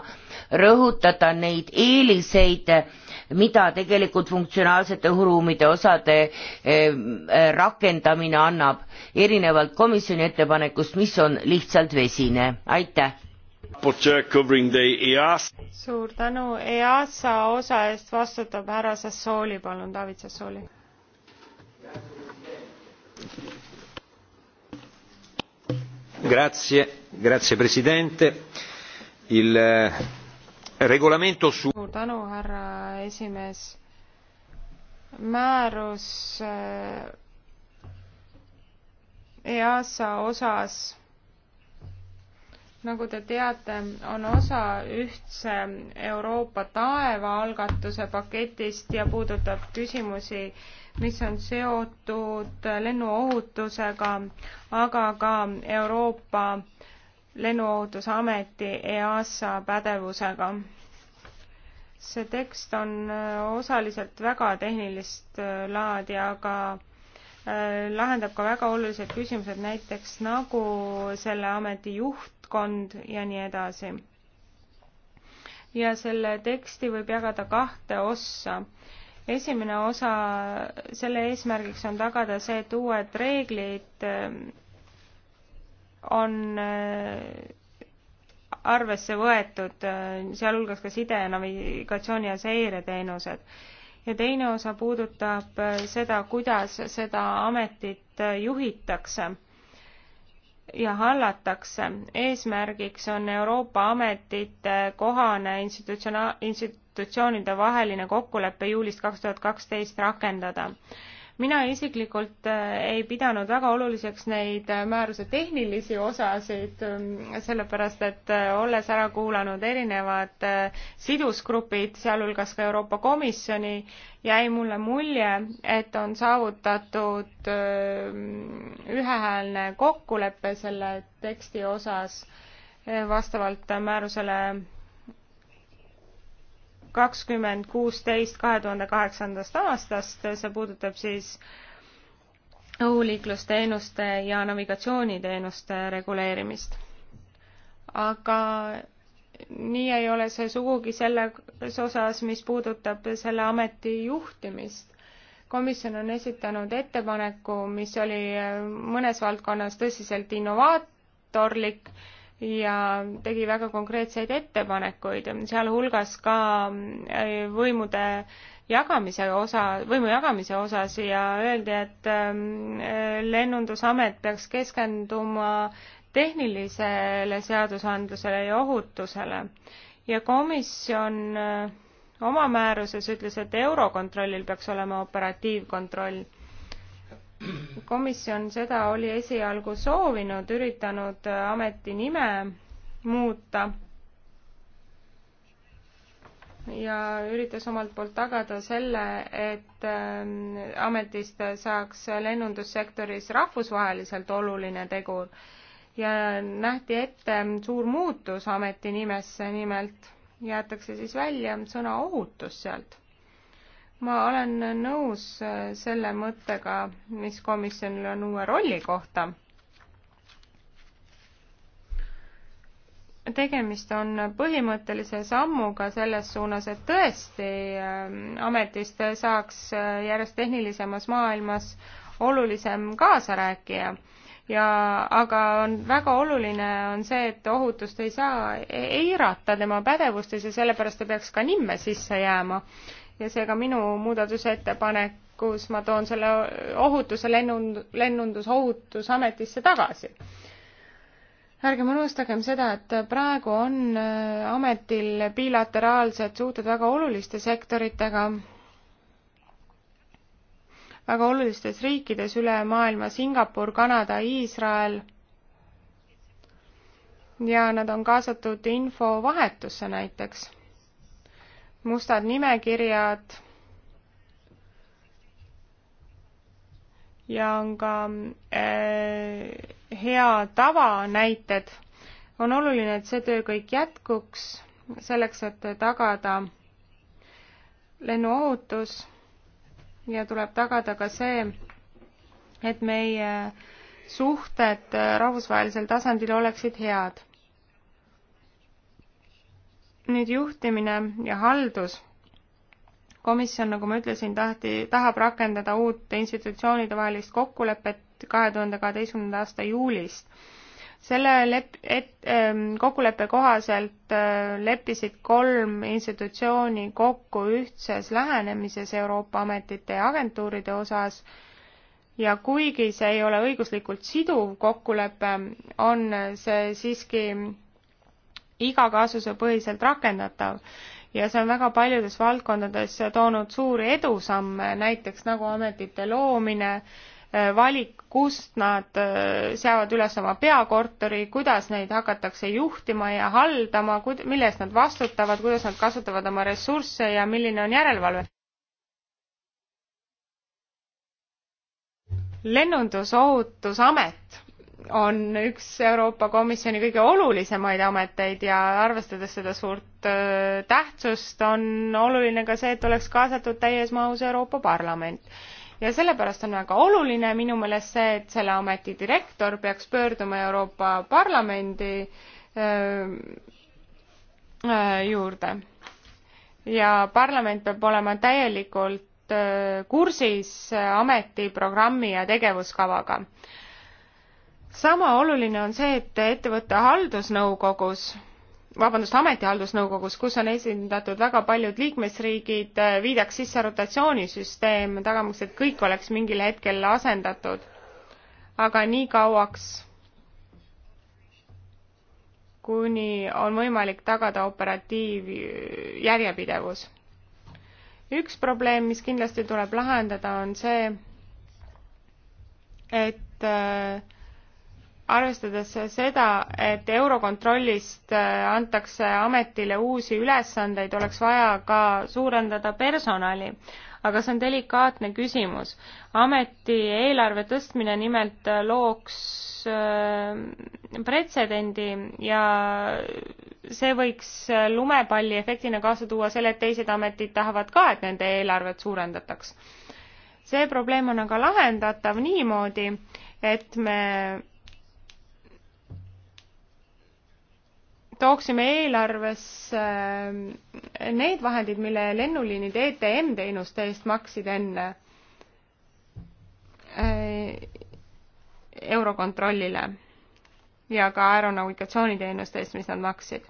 rõhutada neid eeliseid, mida tegelikult funktsionaalsete õhuruumide osade ehm, rakendamine annab, erinevalt komisjoni ettepanekust, mis on lihtsalt vesine. aitäh! raportöör covering the EAS. suur tänu, EASA osa eest vastutab härra Sassooli, palun, David Sassooli. Grazie, grazie presidente. Il eh, regolamento su. suur tänu, härra esimees. määrus EASA eh, e osas nagu te teate, on osa ühtse Euroopa taeva algatuse paketist ja puudutab küsimusi, mis on seotud lennuohutusega, aga ka Euroopa lennuohutusameti EASA pädevusega. see tekst on äh, osaliselt väga tehnilist äh, laadi, aga äh, lahendab ka väga olulised küsimused, näiteks nagu selle ameti juht keskkond ja nii edasi. ja selle teksti võib jagada kahte ossa esimene osa, selle eesmärgiks on tagada see, et uued reeglid äh, on äh, arvesse võetud, äh, sealhulgas ka side, navigatsiooni ja seireteenused. ja teine osa puudutab seda, kuidas seda ametit juhitakse ja hallatakse. eesmärgiks on Euroopa ametite kohane institutsiona-, institutsioonide vaheline kokkulepe juulist kaks tuhat kaksteist rakendada mina isiklikult äh, ei pidanud väga oluliseks neid äh, määruse tehnilisi osasid, ähm, sellepärast et äh, olles ära kuulanud erinevad sidusgrupid, sealhulgas ka Euroopa Komisjoni, jäi mulle mulje, et on saavutatud ühehäälne kokkulepe selle teksti osas vastavalt määrusele kakskümmend kuusteist kahe tuhande kaheksandast aastast, see puudutab siis õhuliiklusteenuste ja navigatsiooniteenuste reguleerimist. aga nii ei ole see sugugi selles osas, mis puudutab selle ameti juhtimist. komisjon on esitanud ettepaneku, mis oli mõnes valdkonnas tõsiselt innovaatorlik ja tegi väga konkreetseid ettepanekuid, sealhulgas ka äh, võimude jagamise osa, võimu jagamise osas ja öeldi, et ähm, äh, lennundusamet peaks keskenduma tehnilisele seadusandlusele ja ohutusele. ja komisjon äh, oma määruses ütles, et Eurokontrollil peaks olema operatiivkontroll komisjon seda oli esialgu soovinud, üritanud äh, ameti nime muuta ja üritas omalt poolt tagada selle, et ähm, ametist saaks lennundussektoris rahvusvaheliselt oluline tegur ja nähti ette suur muutus ameti nimesse, nimelt jäetakse siis välja sõna ohutus sealt ma olen nõus äh, selle mõttega, mis komisjonil on uue rolli kohta. tegemist on põhimõttelise sammuga selles suunas, et tõesti äh, ametist saaks äh, järjest tehnilisemas maailmas olulisem kaasarääkija ja aga on väga oluline on see, et ohutust ei saa e-, eirata, tema pädevustes ja sellepärast ta peaks ka nimme sisse jääma ja seega minu muudatusettepanekus ma toon selle ohutuse lennund-, lennundusohutusametisse tagasi. ärgem unustagem seda, et praegu on äh, ametil bilateraalsed suhted väga oluliste sektoritega, väga olulistes riikides üle maailma, Singapur, Kanada, Iisrael ja nad on kaasatud infovahetusse näiteks mustad nimekirjad ja on ka äh, hea tava näited. on oluline, et see töö kõik jätkuks selleks, et tagada lennuohutus ja tuleb tagada ka see, et meie suhted rahvusvahelisel tasandil oleksid head nüüd juhtimine ja haldus. komisjon, nagu ma ütlesin, tahti, tahab rakendada uut institutsioonide vahelist kokkulepet kahe tuhande kaheteistkümnenda aasta juulist. selle lep-, et-, ähm, kokkuleppe kohaselt äh, leppisid kolm institutsiooni kokku ühtses lähenemises Euroopa ametite ja agentuuride osas ja kuigi see ei ole õiguslikult siduv kokkulepe, on see siiski iga kaasuse põhiselt rakendatav ja see on väga paljudes valdkondades toonud suuri edusamme, näiteks nagu ametite loomine, eh, valik, kust nad eh, seavad üles oma peakorteri, kuidas neid hakatakse juhtima ja haldama, mille eest nad vastutavad, kuidas nad kasutavad oma ressursse ja milline on järelevalve. lennundusohutusamet on üks Euroopa Komisjoni kõige olulisemaid ameteid ja arvestades seda suurt tähtsust, on oluline ka see, et oleks kaasatud täies mahus Euroopa Parlament. ja sellepärast on väga oluline minu meelest see, et selle ameti direktor peaks pöörduma Euroopa Parlamendi öö, öö, juurde. ja parlament peab olema täielikult kursis ameti programmi ja tegevuskavaga sama oluline on see, et ettevõtte haldusnõukogus vabandust, ametihaldusnõukogus, kus on esindatud väga paljud liikmesriigid, viidaks sisse rotatsioonisüsteem, tagamaks, et kõik oleks mingil hetkel asendatud. aga nii kauaks, kuni on võimalik tagada operatiiv järjepidevus. üks probleem, mis kindlasti tuleb lahendada, on see, et äh, arvestades seda, et Eurokontrollist äh, antakse ametile uusi ülesandeid, oleks vaja ka suurendada personali. aga see on delikaatne küsimus. ameti eelarve tõstmine nimelt looks äh, pretsedendi ja see võiks lumepalli efektina kaasa tuua selle, et teised ametid tahavad ka, et nende eelarvet suurendataks. see probleem on aga lahendatav niimoodi, et me tooksime eelarvesse äh, need vahendid, mille lennuliinid ETM teenuste eest maksid enne äh, Eurokontrollile ja ka aeronautikatsiooniteenuste eest, mis nad maksid.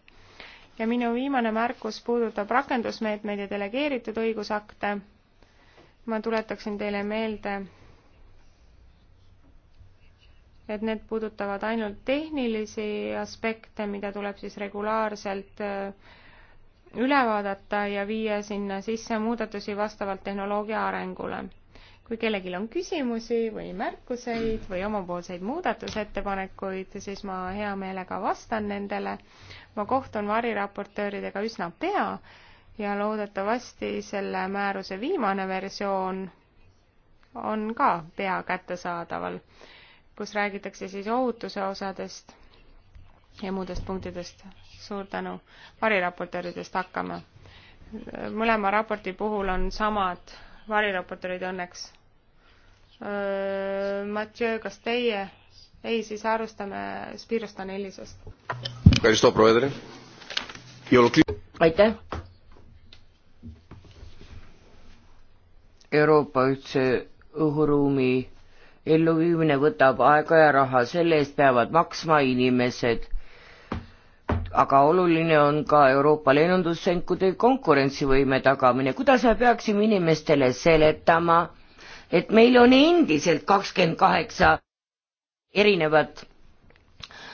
ja minu viimane märkus puudutab rakendusmeetmeid ja delegeeritud õigusakte. ma tuletaksin teile meelde, et need puudutavad ainult tehnilisi aspekte, mida tuleb siis regulaarselt äh, üle vaadata ja viia sinna sisse muudatusi vastavalt tehnoloogia arengule. kui kellelgi on küsimusi või märkuseid või omapoolseid muudatusettepanekuid, siis ma hea meelega vastan nendele. ma kohtun variraportööridega üsna pea ja loodetavasti selle määruse viimane versioon on ka pea kättesaadaval kus räägitakse siis ohutuse osadest ja muudest punktidest. suur tänu. variraportööridest hakkame. mõlema raporti puhul on samad variraportöörid õnneks. Mathieu, kas teie? ei, siis alustame Spiros Danelisest. aitäh. Euroopa üldse õhuruumi elluviimine võtab aega ja raha, selle eest peavad maksma inimesed. aga oluline on ka Euroopa lennundussenkude konkurentsivõime tagamine, kuidas me peaksime inimestele seletama, et meil on endiselt kakskümmend kaheksa erinevat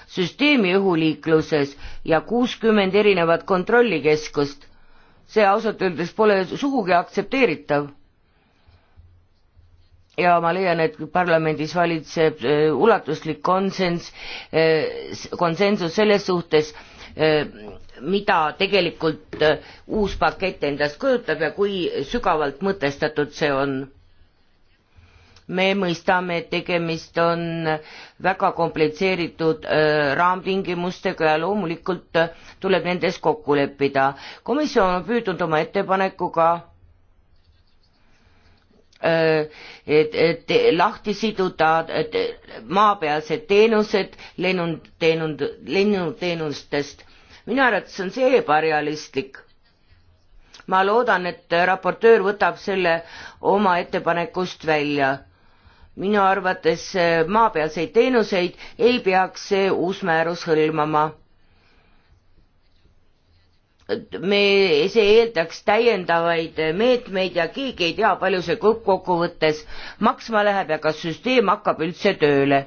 süsteemi õhuliikluses ja kuuskümmend erinevat kontrollikeskust. see ausalt öeldes pole sugugi aktsepteeritav ja ma leian, et parlamendis valitseb äh, ulatuslik konsens, äh, konsensus selles suhtes, äh, mida tegelikult uus pakett endast kujutab ja kui sügavalt mõtestatud see on me mõistame, et tegemist on väga komplitseeritud raamtingimustega ja loomulikult tuleb nendes kokku leppida. komisjon on püüdnud oma ettepanekuga Äh, et, et lahti siduda maapealsed teenused lennuteenund-, lennuteenustest. minu arvates on see ebarealistlik. ma loodan, et raportöör võtab selle oma ettepanekust välja. minu arvates maapealseid teenuseid ei peaks see uus määrus hõlmama me, see eeldaks täiendavaid meetmeid ja keegi ei tea, palju see kokkuvõttes maksma läheb ja kas süsteem hakkab üldse tööle.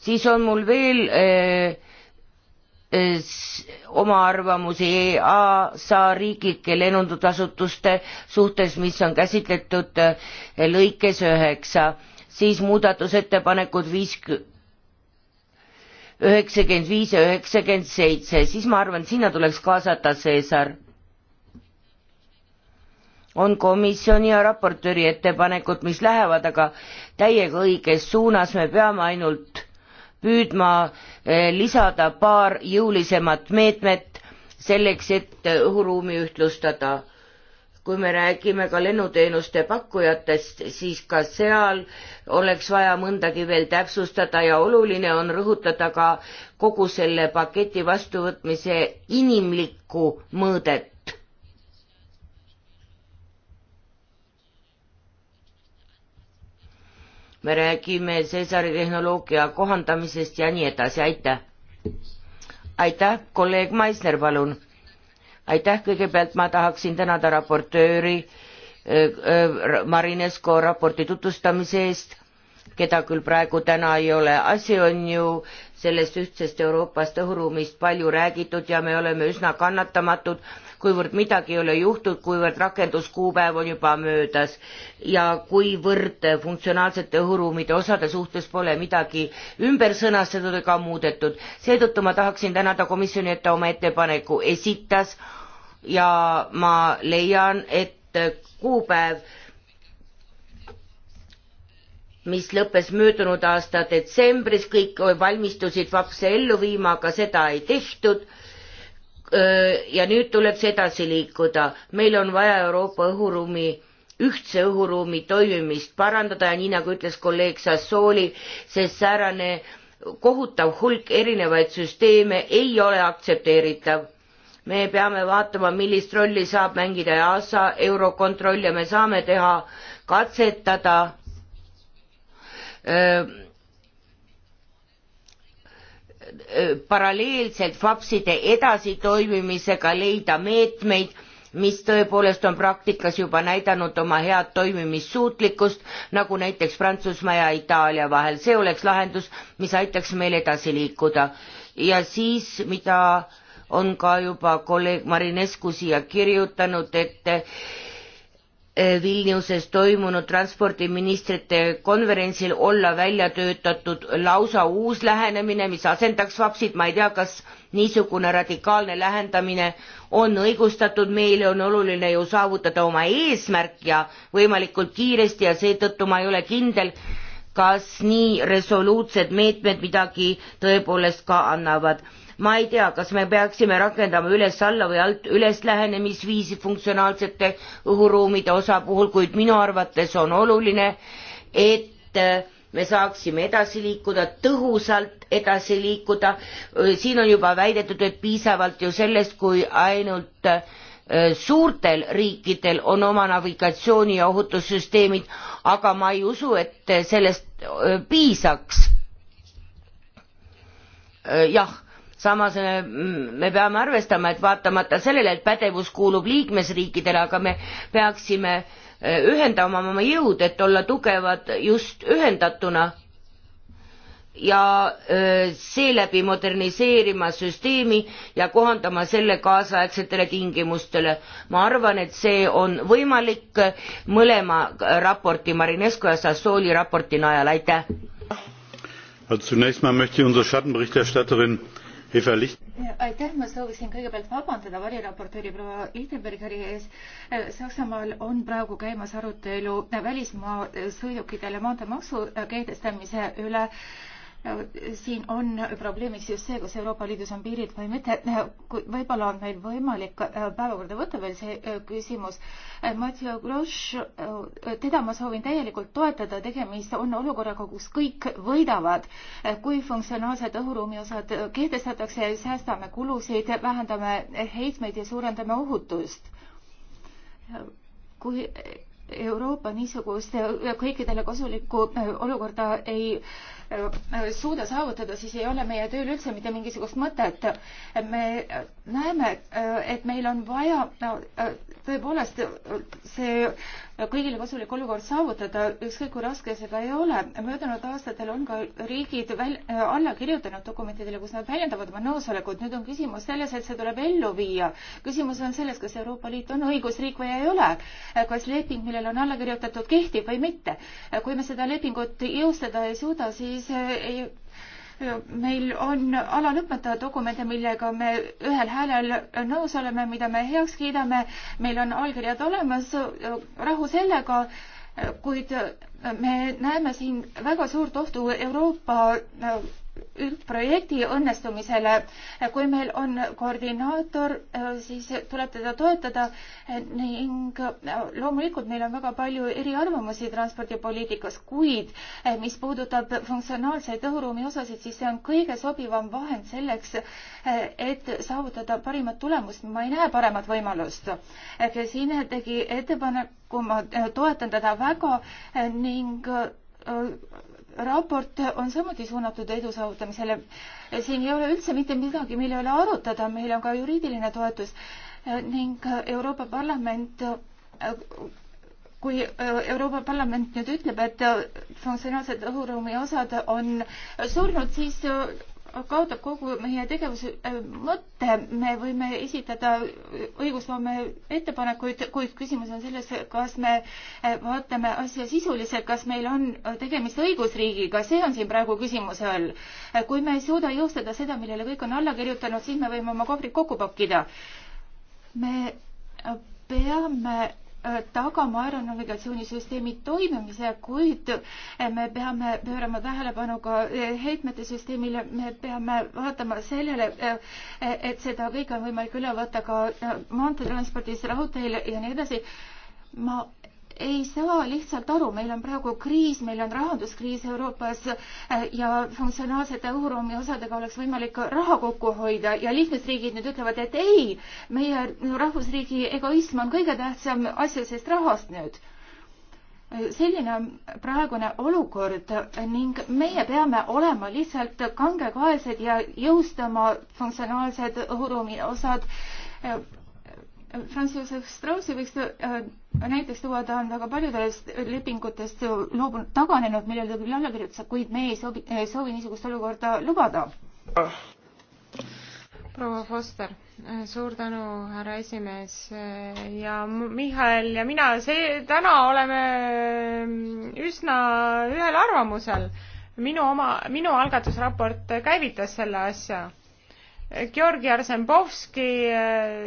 siis on mul veel öö, eh, eh, oma arvamusi EASA riiklike lennundusasutuste suhtes, mis on käsitletud eh, lõikes üheksa, siis muudatusettepanekud viis, üheksakümmend viis ja üheksakümmend seitse, siis ma arvan, sinna tuleks kaasata Caesar. on komisjoni ja raportööri ettepanekud, mis lähevad aga täiega õiges suunas, me peame ainult püüdma eh, lisada paar jõulisemat meetmet selleks, et eh, õhuruumi ühtlustada kui me räägime ka lennuteenuste pakkujatest, siis ka seal oleks vaja mõndagi veel täpsustada ja oluline on rõhutada ka kogu selle paketi vastuvõtmise inimlikku mõõdet. me räägime Cesari tehnoloogia kohandamisest ja nii edasi, aitäh. aitäh, kolleeg Maisner, palun aitäh, kõigepealt ma tahaksin tänada raportööri äh, äh, Marinesko raporti tutvustamise eest, keda küll praegu täna ei ole, asi on ju sellest ühtsest Euroopast õhuruumist palju räägitud ja me oleme üsna kannatamatud, kuivõrd midagi ei ole juhtunud, kuivõrd rakenduskuupäev on juba möödas ja kuivõrd funktsionaalsete õhuruumide osade suhtes pole midagi ümber sõnastatud ega muudetud. seetõttu ma tahaksin tänada komisjoni, et ta oma ettepaneku esitas ja ma leian, et kuupäev, mis lõppes möödunud aasta detsembris, kõik valmistusid vapse ellu viima, aga seda ei tehtud. ja nüüd tuleks edasi liikuda, meil on vaja Euroopa õhuruumi ühtse õhuruumi toimimist parandada ja nii nagu ütles kolleeg Sassooli, sest säärane kohutav hulk erinevaid süsteeme ei ole aktsepteeritav me peame vaatama, millist rolli saab mängida EASA, Eurokontroll ja me saame teha, katsetada öö, paralleelselt FAPSide edasitoimimisega leida meetmeid, mis tõepoolest on praktikas juba näidanud oma head toimimissuutlikkust, nagu näiteks Prantsusmaa ja Itaalia vahel. see oleks lahendus, mis aitaks meil edasi liikuda. ja siis, mida on ka juba kolleeg Marinescu siia kirjutanud, et eh, Vilniuses toimunud transpordiministrite konverentsil olla välja töötatud lausa uus lähenemine, mis asendaks vapsid, ma ei tea, kas niisugune radikaalne lähendamine on õigustatud, meile on oluline ju saavutada oma eesmärk ja võimalikult kiiresti ja seetõttu ma ei ole kindel, kas nii resoluutsed meetmed midagi tõepoolest ka annavad ma ei tea, kas me peaksime rakendama üles-alla või alt-üles lähenemisviisi funktsionaalsete õhuruumide osa puhul, kuid minu arvates on oluline, et äh, me saaksime edasi liikuda, tõhusalt edasi liikuda, äh, siin on juba väidetud, et piisavalt ju sellest, kui ainult äh, suurtel riikidel on oma navigatsiooni ja ohutussüsteemid, aga ma ei usu, et sellest piisaks. jah samas äh, me peame arvestama, et vaatamata sellele, et pädevus kuulub liikmesriikidele, aga me peaksime äh, ühendama oma jõud, et olla tugevad just ühendatuna ja äh, seeläbi moderniseerima süsteemi ja kohandama selle kaasaegsetele tingimustele. ma arvan, et see on võimalik mõlema raporti, Marinescu ja Sassooli raporti najal, aitäh. Zunächst mal möchte ich unsere Schattenberichterstatterin aitäh, ma sooviksin kõigepealt vabandada variraportööri proua Lichtenbergeri ees. Saksamaal on praegu käimas arutelu välismaa sõidukitele maanteemaksu kehtestamise üle siin on probleemiks just see, kas Euroopa Liidus on piirid või mitte. võib-olla on meil võimalik äh, päevakorda võtta veel see äh, küsimus. Äh, Mathieu Grosch, teda ma soovin täielikult toetada, tegemist on olukorraga, kus kõik võidavad. kui funktsionaalsed õhuruumi osad kehtestatakse, säästame kulusid, vähendame heitmeid ja suurendame ohutust. kui Euroopa niisugust kõikidele kasulikku äh, olukorda ei äh, suuda saavutada, siis ei ole meie tööl üldse mitte mingisugust mõtet. me näeme, äh, et meil on vaja no, tõepoolest see kõigile kasulik olukord saavutada, ükskõik kui raske see ka ei ole. möödunud aastatel on ka riigid väl, alla kirjutanud dokumentidele, kus nad väljendavad oma nõusolekut. nüüd on küsimus selles, et see tuleb ellu viia. küsimus on selles, kas Euroopa Liit on õigusriik või ei ole. kas leping, millele on alla kirjutatud, kehtib või mitte. kui me seda lepingut jõustada ei suuda, siis ei meil on ala lõpmata dokumente, millega me ühel häälel nõus oleme, mida me heaks kiidame, meil on allkirjad olemas, rahu sellega, kuid me näeme siin väga suurt ohtu Euroopa projekti õnnestumisele. kui meil on koordinaator, äh, siis tuleb teda toetada äh, ning äh, loomulikult meil on väga palju eriarvamusi transpordipoliitikas, kuid mis puudutab funktsionaalseid õhuruumi osasid, siis see on kõige sobivam vahend selleks, et saavutada parimat tulemust. ma ei näe paremat võimalust. Gesine tegi ettepaneku, ma toetan teda väga ning raport on samuti suunatud edu saavutamisele. siin ei ole üldse mitte midagi, mille üle arutada, meil on ka juriidiline toetus ning Euroopa Parlament kui Euroopa Parlament nüüd ütleb, et funktsionaalsed õhuruumi osad on surnud, siis kaotab kogu meie tegevuse äh, mõtte, me võime esitada õigusloome ettepanekuid, kuid küsimus on selles, kas me äh, vaatame asja sisuliselt, kas meil on äh, tegemist õigusriigiga, see on siin praegu küsimuse all. kui me ei suuda jõustada seda, millele kõik on alla kirjutanud, siis me võime oma kohvrid kokku pakkida. me peame Äh, tagama aeronavigatsioonisüsteemi toimimise, kuid äh, me peame pöörama tähelepanu ka äh, heitmete süsteemile, me peame vaatama sellele, et seda kõike on võimalik üle võtta ka maanteetranspordis, raudteel ja nii edasi. ma ei saa lihtsalt aru, meil on praegu kriis, meil on rahanduskriis Euroopas äh, ja funktsionaalsete õhuruumi osadega oleks võimalik raha kokku hoida ja liikmesriigid nüüd ütlevad, et ei, meie rahvusriigi egoism on kõige tähtsam asja seest rahast nüüd selline praegune olukord ning meie peame olema lihtsalt kangekaelsed ja jõustama funktsionaalsed õhuruumi osad äh, Franz Josef Straussi võiks äh, näiteks tuua ta on väga paljudest lepingutest loobunud, taganenud, millele ta küll alla kirjutas, kuid me ei soovi, soovi niisugust olukorda lubada. proua Foster, suur tänu, härra esimees ja Mihhail ja mina, see, täna oleme üsna ühel arvamusel. minu oma, minu algatusraport käivitas selle asja Georgi Arsenbovski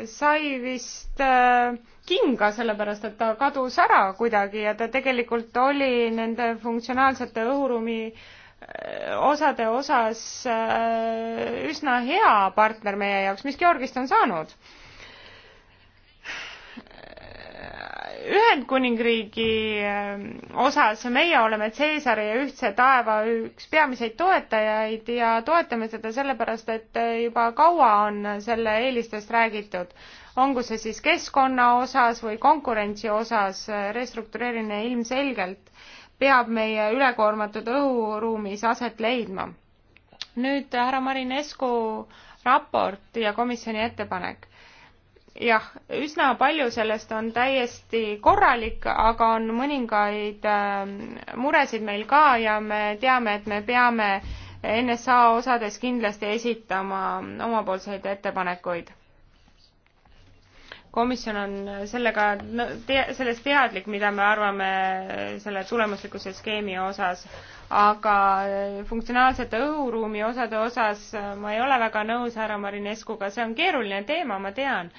sai vist äh, kinga, sellepärast et ta kadus ära kuidagi ja ta tegelikult oli nende funktsionaalsete õhuruumi äh, osade osas äh, üsna hea partner meie jaoks, mis Georgist on saanud. Ühendkuningriigi äh, osas meie oleme Caesari ja Ühtse taeva üks peamiseid toetajaid ja toetame seda sellepärast, et juba kaua on selle eelistest räägitud olgu see siis keskkonna osas või konkurentsi osas, äh, restruktureerimine ilmselgelt peab meie ülekoormatud õhuruumis aset leidma. nüüd äh, härra Marinescu raport ja komisjoni ettepanek. jah, üsna palju sellest on täiesti korralik, aga on mõningaid äh, muresid meil ka ja me teame, et me peame NSA osades kindlasti esitama omapoolseid ettepanekuid komisjon on sellega te, sellest teadlik, mida me arvame selle tulemuslikkuse skeemi osas, aga äh, funktsionaalsete õhuruumi osade osas äh, ma ei ole väga nõus härra Marinescuga, see on keeruline teema, ma tean.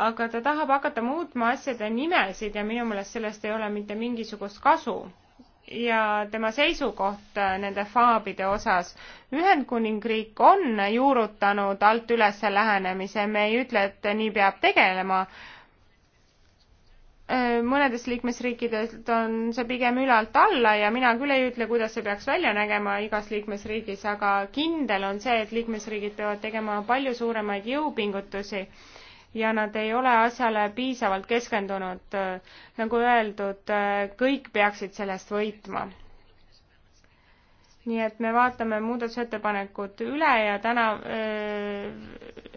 aga ta tahab hakata muutma asjade nimesid ja minu meelest sellest ei ole mitte mingisugust kasu ja tema seisukoht äh, nende faabide osas. Ühendkuningriik on juurutanud alt üles lähenemise, me ei ütle, et nii peab tegelema. Äh, mõnedes liikmesriikides on see pigem ülalt alla ja mina küll ei ütle, kuidas see peaks välja nägema igas liikmesriigis, aga kindel on see, et liikmesriigid peavad tegema palju suuremaid jõupingutusi ja nad ei ole asjale piisavalt keskendunud. nagu öeldud, kõik peaksid sellest võitma. nii et me vaatame muudatusettepanekud üle ja täna äh,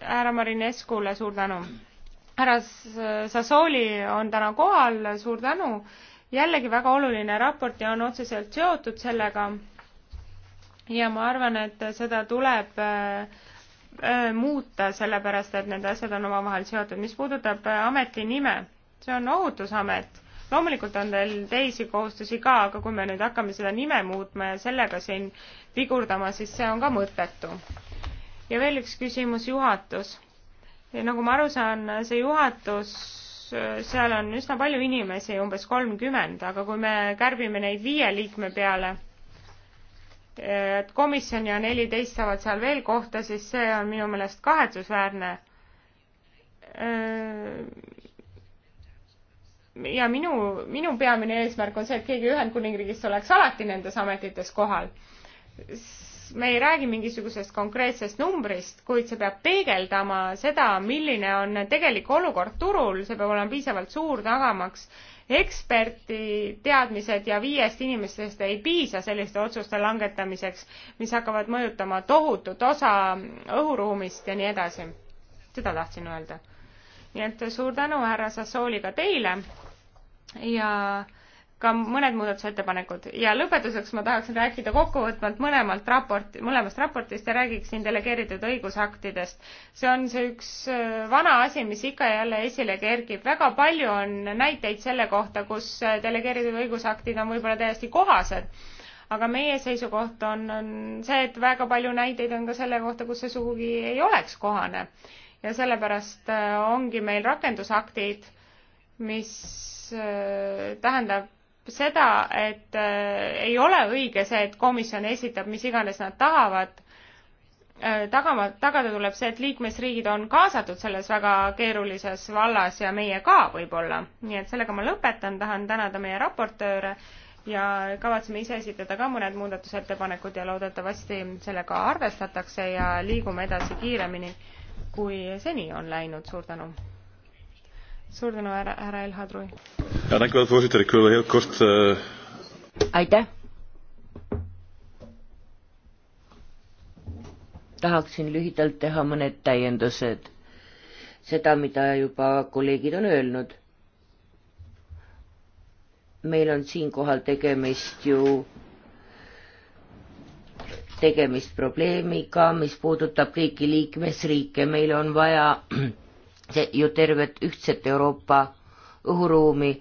härra Marineskule suur tänu. härra Sassooli on täna kohal, suur tänu. jällegi väga oluline raport ja on otseselt seotud sellega ja ma arvan, et seda tuleb äh, Äh, muuta, sellepärast et need asjad on omavahel seotud. mis puudutab äh, ameti nime, see on ohutusamet. loomulikult on teil teisi kohustusi ka, aga kui me nüüd hakkame seda nime muutma ja sellega siin vigurdama, siis see on ka mõttetu. ja veel üks küsimus, juhatus. ja nagu ma aru saan, see juhatus, äh, seal on üsna palju inimesi, umbes kolmkümmend, aga kui me kärbime neid viie liikme peale et komisjon ja neliteist saavad seal veel kohta, siis see on minu meelest kahetsusväärne. ja minu, minu peamine eesmärk on see, et keegi Ühendkuningriigist oleks alati nendes ametites kohal. me ei räägi mingisugusest konkreetsest numbrist, kuid see peab peegeldama seda, milline on tegelik olukord turul, see peab olema piisavalt suur, tagamaks äh, eksperti teadmised ja viiest inimestest ei piisa selliste otsuste langetamiseks, mis hakkavad mõjutama tohutut osa õhuruumist ja nii edasi. seda tahtsin öelda. nii et suur tänu, härra Sassooli, ka teile ja äh, ka mõned muudatusettepanekud ja lõpetuseks ma tahaksin rääkida kokkuvõtvalt mõlemalt raport, mõlemast raportist ja räägiksin delegeeritud õigusaktidest. see on see üks äh, vana asi, mis ikka ja jälle esile kergib. väga palju on näiteid selle kohta, kus äh, delegeeritud õigusaktid on võib-olla täiesti kohased, aga meie seisukoht on, on see, et väga palju näiteid on ka selle kohta, kus see sugugi ei oleks kohane. ja sellepärast äh, ongi meil rakendusaktid, mis tähendab seda, et äh, ei ole õige see, et komisjon esitab, mis iganes nad tahavad äh,, tagama, tagada tuleb see, et liikmesriigid on kaasatud selles väga keerulises vallas ja meie ka võib-olla. nii et sellega ma lõpetan, tahan tänada meie raportööre ja kavatseme ise esitada ka mõned muudatusettepanekud ja loodetavasti sellega arvestatakse ja liigume edasi kiiremini, kui seni on läinud. suur tänu! suur tänu, härra, härra El Hadrui. Eh, aitäh. tahaksin lühidalt teha mõned täiendused, seda, mida juba kolleegid on öelnud. meil on siinkohal tegemist ju tegemist probleemiga, mis puudutab kõiki liikmesriike, meil on vaja ju tervet ühtset Euroopa õhuruumi,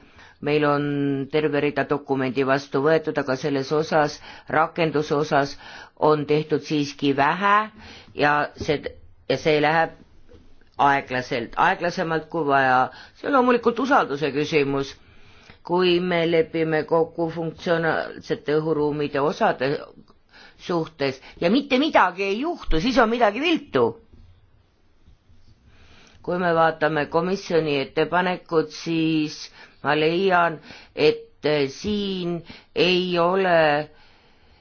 meil on terve rida dokumendi vastu võetud, aga selles osas, rakenduse osas on tehtud siiski vähe ja see, ja see läheb aeglaselt, aeglasemalt kui vaja. see on loomulikult usalduse küsimus. kui me lepime kokku funktsionaalsete õhuruumide osade suhtes ja mitte midagi ei juhtu, siis on midagi viltu kui me vaatame komisjoni ettepanekut, siis ma leian, et siin ei ole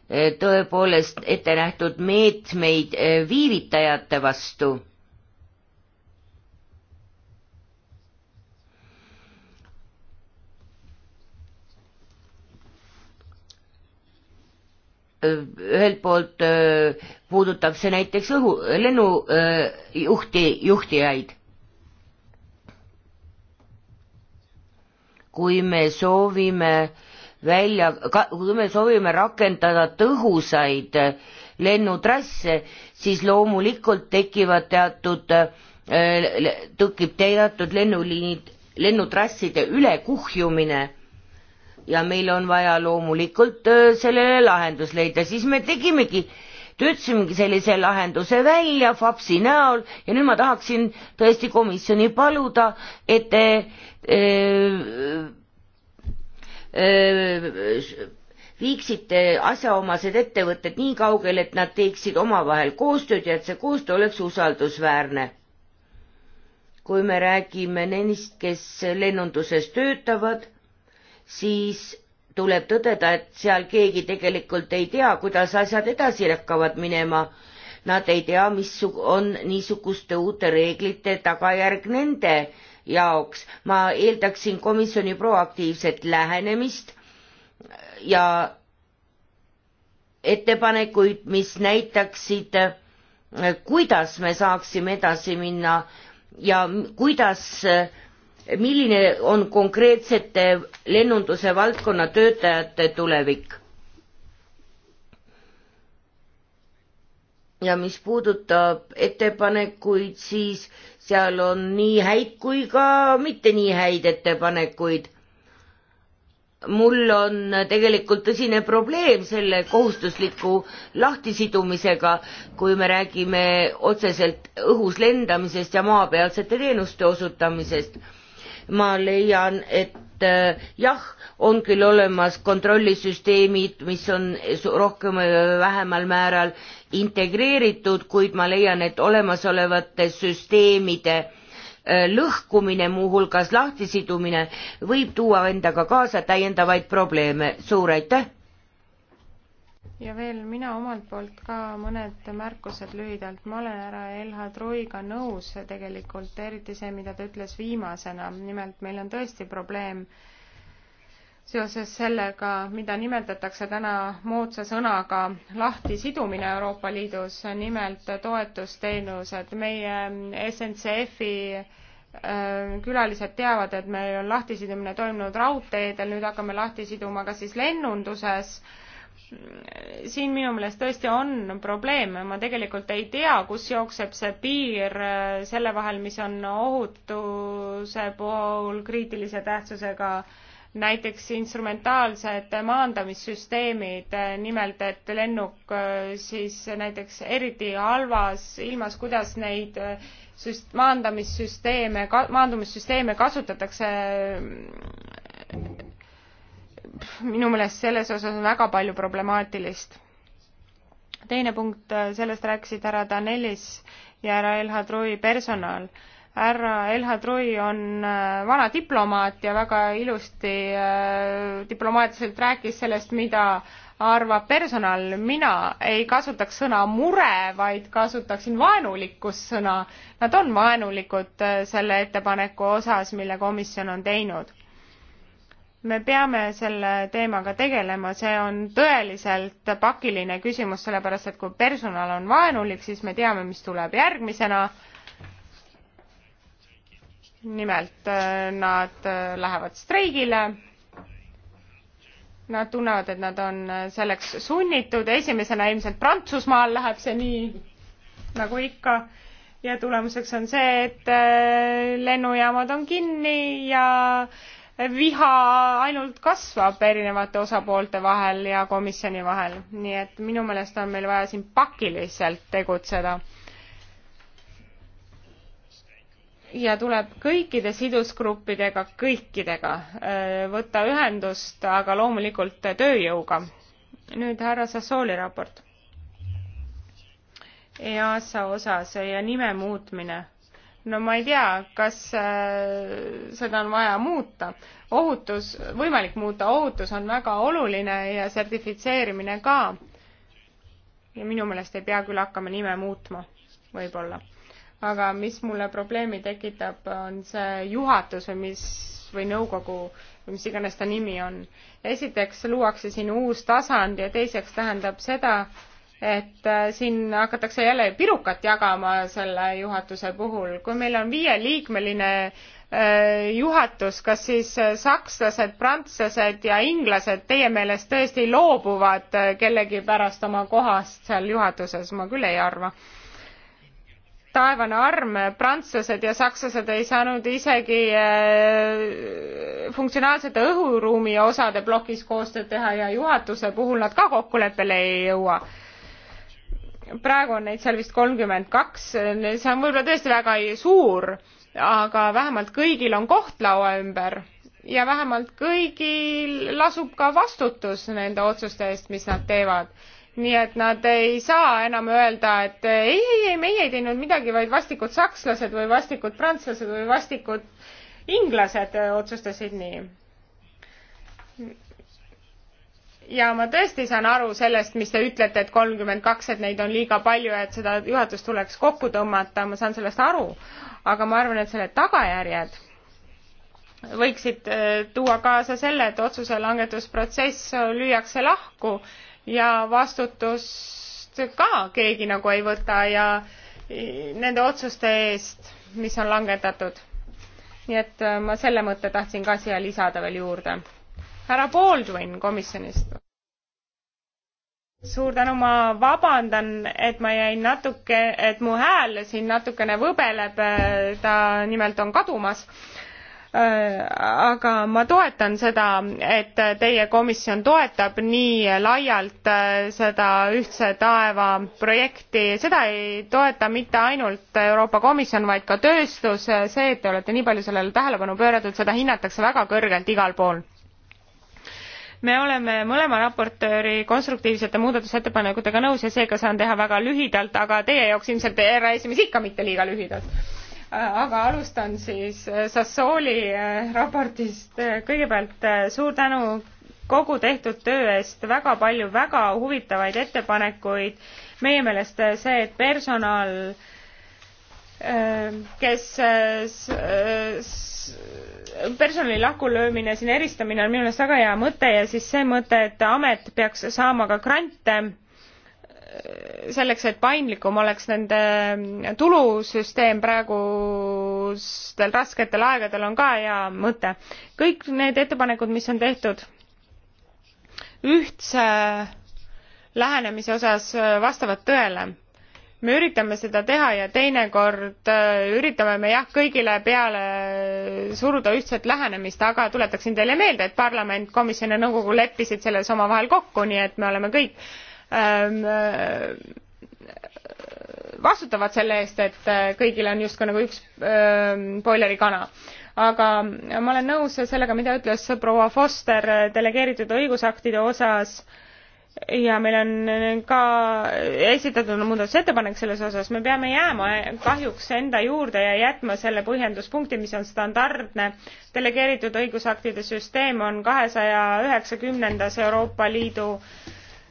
eh, tõepoolest ette nähtud meetmeid eh, viivitajate vastu. Eh, ühelt poolt puudutab see näiteks õhu, lennujuhti, juhtijaid kui me soovime välja, kui me soovime rakendada tõhusaid lennutrasse, siis loomulikult tekivad teatud, äh, tekib teatud lennuliinid, lennutrasside ülekuhjumine ja meil on vaja loomulikult äh, sellele lahendus leida, siis me tegimegi äh, töötasimegi sellise lahenduse välja FAPSi näol ja nüüd ma tahaksin tõesti komisjoni paluda, et te öö, e, öö, e, viiksite asjaomased ettevõtted nii kaugele, et nad teeksid omavahel koostööd ja et see koostöö oleks usaldusväärne. kui me räägime neist, kes lennunduses töötavad, siis tuleb tõdeda, et seal keegi tegelikult ei tea, kuidas asjad edasi hakkavad minema. Nad ei tea, mis on niisuguste uute reeglite tagajärg nende jaoks. ma eeldaksin komisjoni proaktiivset lähenemist ja ettepanekuid, mis näitaksid, kuidas me saaksime edasi minna ja kuidas äh, milline on konkreetsete lennunduse valdkonna töötajate tulevik? ja mis puudutab ettepanekuid, siis seal on nii häid kui ka mitte nii häid ettepanekuid. mul on tegelikult tõsine probleem selle kohustusliku lahtisidumisega, kui me räägime otseselt õhus lendamisest ja maapealsete teenuste osutamisest ma leian, et äh, jah, on küll olemas kontrollisüsteemid, mis on rohkem või vähemal määral integreeritud, kuid ma leian, et olemasolevate süsteemide äh, lõhkumine, muuhulgas lahtisidumine, võib tuua endaga kaasa täiendavaid probleeme. suur aitäh! ja veel mina omalt poolt ka mõned märkused lühidalt. ma olen härra Elha Troiga nõus tegelikult, eriti see, mida ta ütles viimasena. nimelt meil on tõesti probleem seoses sellega, mida nimetatakse täna moodsa sõnaga lahtisidumine Euroopa Liidus, nimelt toetusteenused. meie SNCF-i äh, külalised teavad, et meil on lahtisidumine toimunud raudteedel, nüüd hakkame lahti siduma ka siis lennunduses siin minu meelest tõesti on probleeme, ma tegelikult ei tea, kus jookseb see piir äh, selle vahel, mis on ohutuse puhul kriitilise tähtsusega näiteks instrumentaalsed maandamissüsteemid, äh, nimelt et lennuk äh, siis näiteks eriti halvas ilmas, kuidas neid süst-, maandamissüsteeme, maandumissüsteeme kasutatakse minu meelest selles osas on väga palju problemaatilist. teine punkt, äh, sellest rääkisid härra Danelis ja härra Elha Trui personal. härra Elha Trui on äh, vana diplomaat ja väga ilusti äh, diplomaatiliselt rääkis sellest, mida arvab personal, mina ei kasutaks sõna mure, vaid kasutaksin vaenulikkus sõna. Nad on vaenulikud selle ettepaneku osas, mille komisjon on teinud me peame selle teemaga tegelema, see on tõeliselt pakiline küsimus, sellepärast et kui personal on vaenulik, siis me teame, mis tuleb järgmisena. nimelt äh, nad äh, lähevad streigile. Nad tunnevad, et nad on äh, selleks sunnitud, esimesena ilmselt Prantsusmaal läheb see nii nagu ikka ja tulemuseks on see, et lennujaamad on kinni ja äh, viha ainult kasvab erinevate osapoolte vahel ja komisjoni vahel, nii et minu meelest on meil vaja siin pakiliselt tegutseda. ja tuleb kõikide sidusgruppidega, kõikidega äh, võtta ühendust, aga loomulikult tööjõuga. nüüd härra Sassooli raport EASA osas ja nime muutmine no ma ei tea, kas äh, seda on vaja muuta. ohutus, võimalik muuta, ohutus on väga oluline ja sertifitseerimine ka. ja minu meelest ei pea küll hakkama nime muutma, võib-olla. aga mis mulle probleemi tekitab, on see juhatus või mis, või nõukogu või mis iganes ta nimi on. esiteks luuakse siin uus tasand ja teiseks tähendab seda, et äh, siin hakatakse jälle pirukat jagama selle juhatuse puhul. kui meil on viieliikmeline äh, juhatus, kas siis äh, sakslased, prantslased ja inglased teie meelest tõesti loobuvad kellegipärast oma kohast seal juhatuses, ma küll ei arva. taevane arm, prantslased ja sakslased ei saanud isegi funktsionaalsete õhuruumi osade plokis koostööd teha ja juhatuse puhul nad ka kokkuleppele ei jõua praegu on neid seal vist kolmkümmend kaks, see on võib-olla tõesti väga suur, aga vähemalt kõigil on koht laua ümber ja vähemalt kõigil lasub ka vastutus nende otsuste eest, mis nad teevad. nii et nad ei saa enam öelda, et ei, ei, ei, meie ei teinud midagi, vaid vastikud sakslased või vastikud prantslased või vastikud inglased otsustasid nii ja ma tõesti saan aru sellest, mis te ütlete, et kolmkümmend kaks, et neid on liiga palju ja et seda juhatust tuleks kokku tõmmata, ma saan sellest aru, aga ma arvan, et selle tagajärjed võiksid äh, tuua kaasa selle, et otsuse langetusprotsess lüüakse lahku ja vastutust ka keegi nagu ei võta ja äh, nende otsuste eest, mis on langetatud. nii et äh, ma selle mõtte tahtsin ka siia lisada veel juurde. härra Baldwin komisjonist suur tänu, ma vabandan, et ma jäin natuke, et mu hääl siin natukene võbeleb, ta nimelt on kadumas äh, aga ma toetan seda et teie komisjon toetab nii laialt äh, seda ühtse taeva projekti seda ei toeta mitte ainult euroopa komisjon vaid ka tööstus see et te olete nii palju sellele tähelepanu pööranud seda hinnatakse väga kõrgelt igal pool me oleme mõlema raportööri konstruktiivsete muudatusettepanekutega nõus ja seega saan teha väga lühidalt aga teie jaoks ilmselt härra esimees ikka mitte liiga lühidalt aga alustan siis äh, Sassooli äh, raportist äh, kõigepealt suur tänu kogu tehtud töö eest väga palju väga huvitavaid ettepanekuid meie meelest see et personal kes personali lahkulöömine, siin eristamine on minu meelest väga hea mõte ja siis see mõte, et amet peaks saama ka grante äh, selleks, et paindlikum oleks nende tulusüsteem praegustel rasketel aegadel on ka hea mõte. kõik need ettepanekud, mis on tehtud ühtse lähenemise osas vastavad tõele me üritame seda teha ja teinekord äh, üritame me jah kõigile peale suruda ühtset lähenemist aga tuletaksin teile meelde et parlament komisjon ja nõukogu leppisid selles omavahel kokku nii et me oleme kõik ähm, äh, vastutavad selle eest et äh, kõigil on justkui nagu üks ähm, boileri kana aga ma olen nõus sellega mida ütles proua foster delegeeritud õigusaktide osas äh, ja meil on ka esitatud muudatusettepanek selles osas, me peame jääma kahjuks enda juurde ja jätma selle põhjenduspunkti, mis on standardne. delegeeritud õigusaktide süsteem on kahesaja üheksakümnendas Euroopa Liidu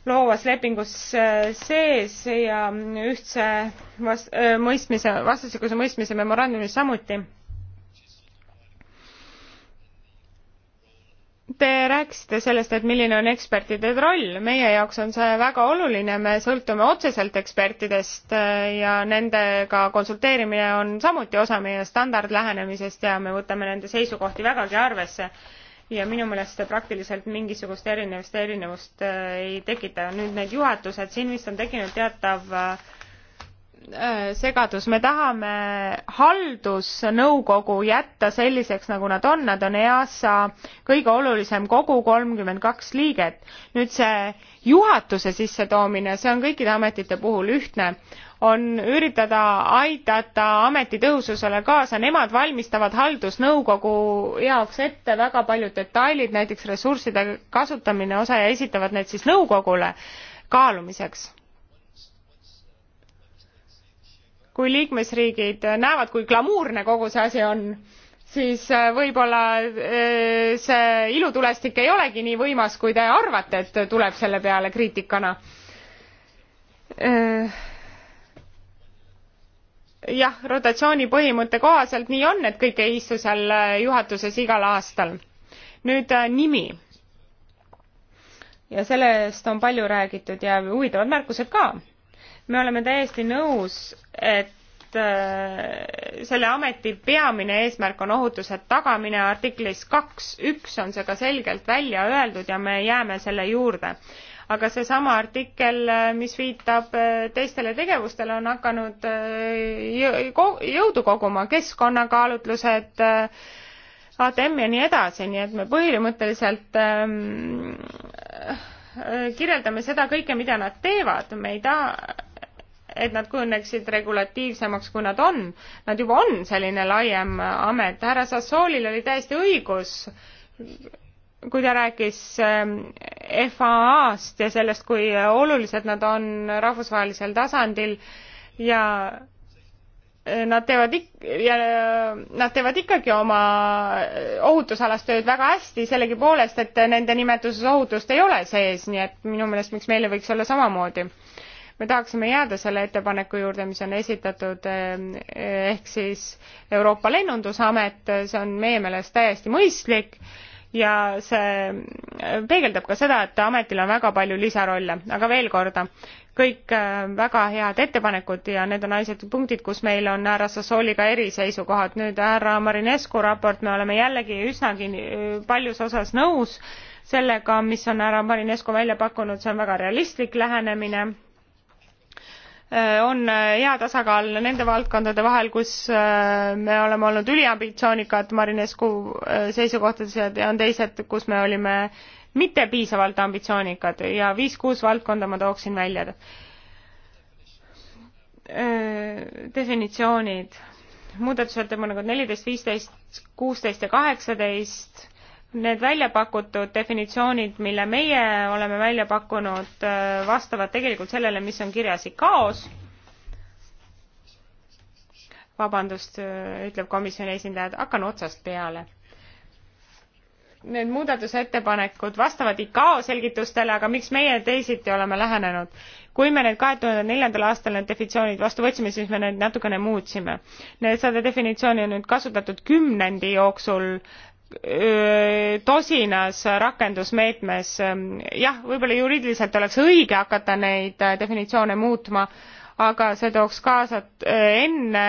loovas lepingus äh, sees ja ühtse vast-, äh, mõistmise, vastastikuse mõistmise memorandumis samuti Te rääkisite sellest, et milline on ekspertide roll, meie jaoks on see väga oluline, me sõltume otseselt ekspertidest äh, ja nendega konsulteerimine on samuti osa meie standardlähenemisest ja me võtame nende seisukohti vägagi arvesse. ja minu meelest see praktiliselt mingisugust erinevust, erinevust äh, ei tekita. nüüd need juhatused, siin vist on tekkinud teatav äh, Äh, segadus, me tahame haldusnõukogu jätta selliseks, nagu nad on, nad on EASA kõige olulisem kogu, kolmkümmend kaks liiget. nüüd see juhatuse sissetoomine, see on kõikide ametite puhul ühtne, on üritada aidata ameti tõhususele kaasa, nemad valmistavad haldusnõukogu jaoks ette väga paljud detailid, näiteks ressursside kasutamine, osa ja esitavad need siis nõukogule kaalumiseks kui liikmesriigid näevad kui glamuurne kogu see asi on siis äh, võib-olla äh, see ilutulestik ei olegi nii võimas kui te arvate et tuleb selle peale kriitikana äh, jah rotatsiooni põhimõtte kohaselt nii on et kõik ei istu seal juhatuses igal aastal nüüd nimi ja sellest on palju räägitud ja huvitavad märkused ka me oleme täiesti nõus, et äh, selle ameti peamine eesmärk on ohutuse tagamine, artiklis kaks üks on see ka selgelt välja öeldud ja me jääme selle juurde. aga seesama artikkel, äh, mis viitab äh, teistele tegevustele, on hakanud jõudu koguma, keskkonnakaalutlused, ATM ja nii edasi, nii et me põhimõtteliselt ähm, kirjeldame seda kõike, mida nad teevad, me ei taha et nad kujuneksid regulatiivsemaks, kui nad on. Nad juba on selline laiem amet. härra Sassoolil oli täiesti õigus, kui ta rääkis ähm, FAA-st ja sellest, kui olulised nad on rahvusvahelisel tasandil ja äh, nad teevad ik- ja äh, nad teevad ikkagi oma äh, ohutusalast tööd väga hästi sellegipoolest, et nende nimetuses ohutust ei ole sees, nii et minu meelest, miks meil ei võiks olla samamoodi me tahaksime jääda selle ettepaneku juurde, mis on esitatud, ehm, ehk siis Euroopa Lennundusamet, see on meie meelest täiesti mõistlik ja see peegeldab ka seda, et ametil on väga palju lisarolle, aga veel korda, kõik ehm, väga head ettepanekud ja need on ainsad punktid, kus meil on härra Sassooliga eriseisukohad. nüüd härra Marinescu raport, me oleme jällegi üsnagi ehm, paljus osas nõus sellega, mis on härra Marinescu välja pakkunud, see on väga realistlik lähenemine Äh, on äh, hea tasakaal nende valdkondade vahel, kus äh, me oleme olnud üliambitsioonikad Marinescu seisukohtades ja on teised, kus me olime mitte piisavalt ambitsioonikad ja viis-kuus valdkonda ma tooksin välja. definitsioonid, muudatusettepanekud neliteist, viisteist, kuusteist ja kaheksateist need välja pakutud definitsioonid, mille meie oleme välja pakkunud, äh, vastavad tegelikult sellele, mis on kirjas ICAO-s. vabandust, äh, ütleb komisjoni esindajad, hakkan otsast peale. Need muudatusettepanekud vastavad ICAO selgitustele, aga miks meie teisiti oleme lähenenud? kui me need kahe tuhande neljandal aastal need definitsioonid vastu võtsime, siis me need natukene muutsime. Need sada definitsiooni on nüüd kasutatud kümnendi jooksul äh, tosinas rakendusmeetmes jah võib-olla juriidiliselt oleks õige hakata neid äh, definitsioone muutma aga see tooks kaasa äh, enne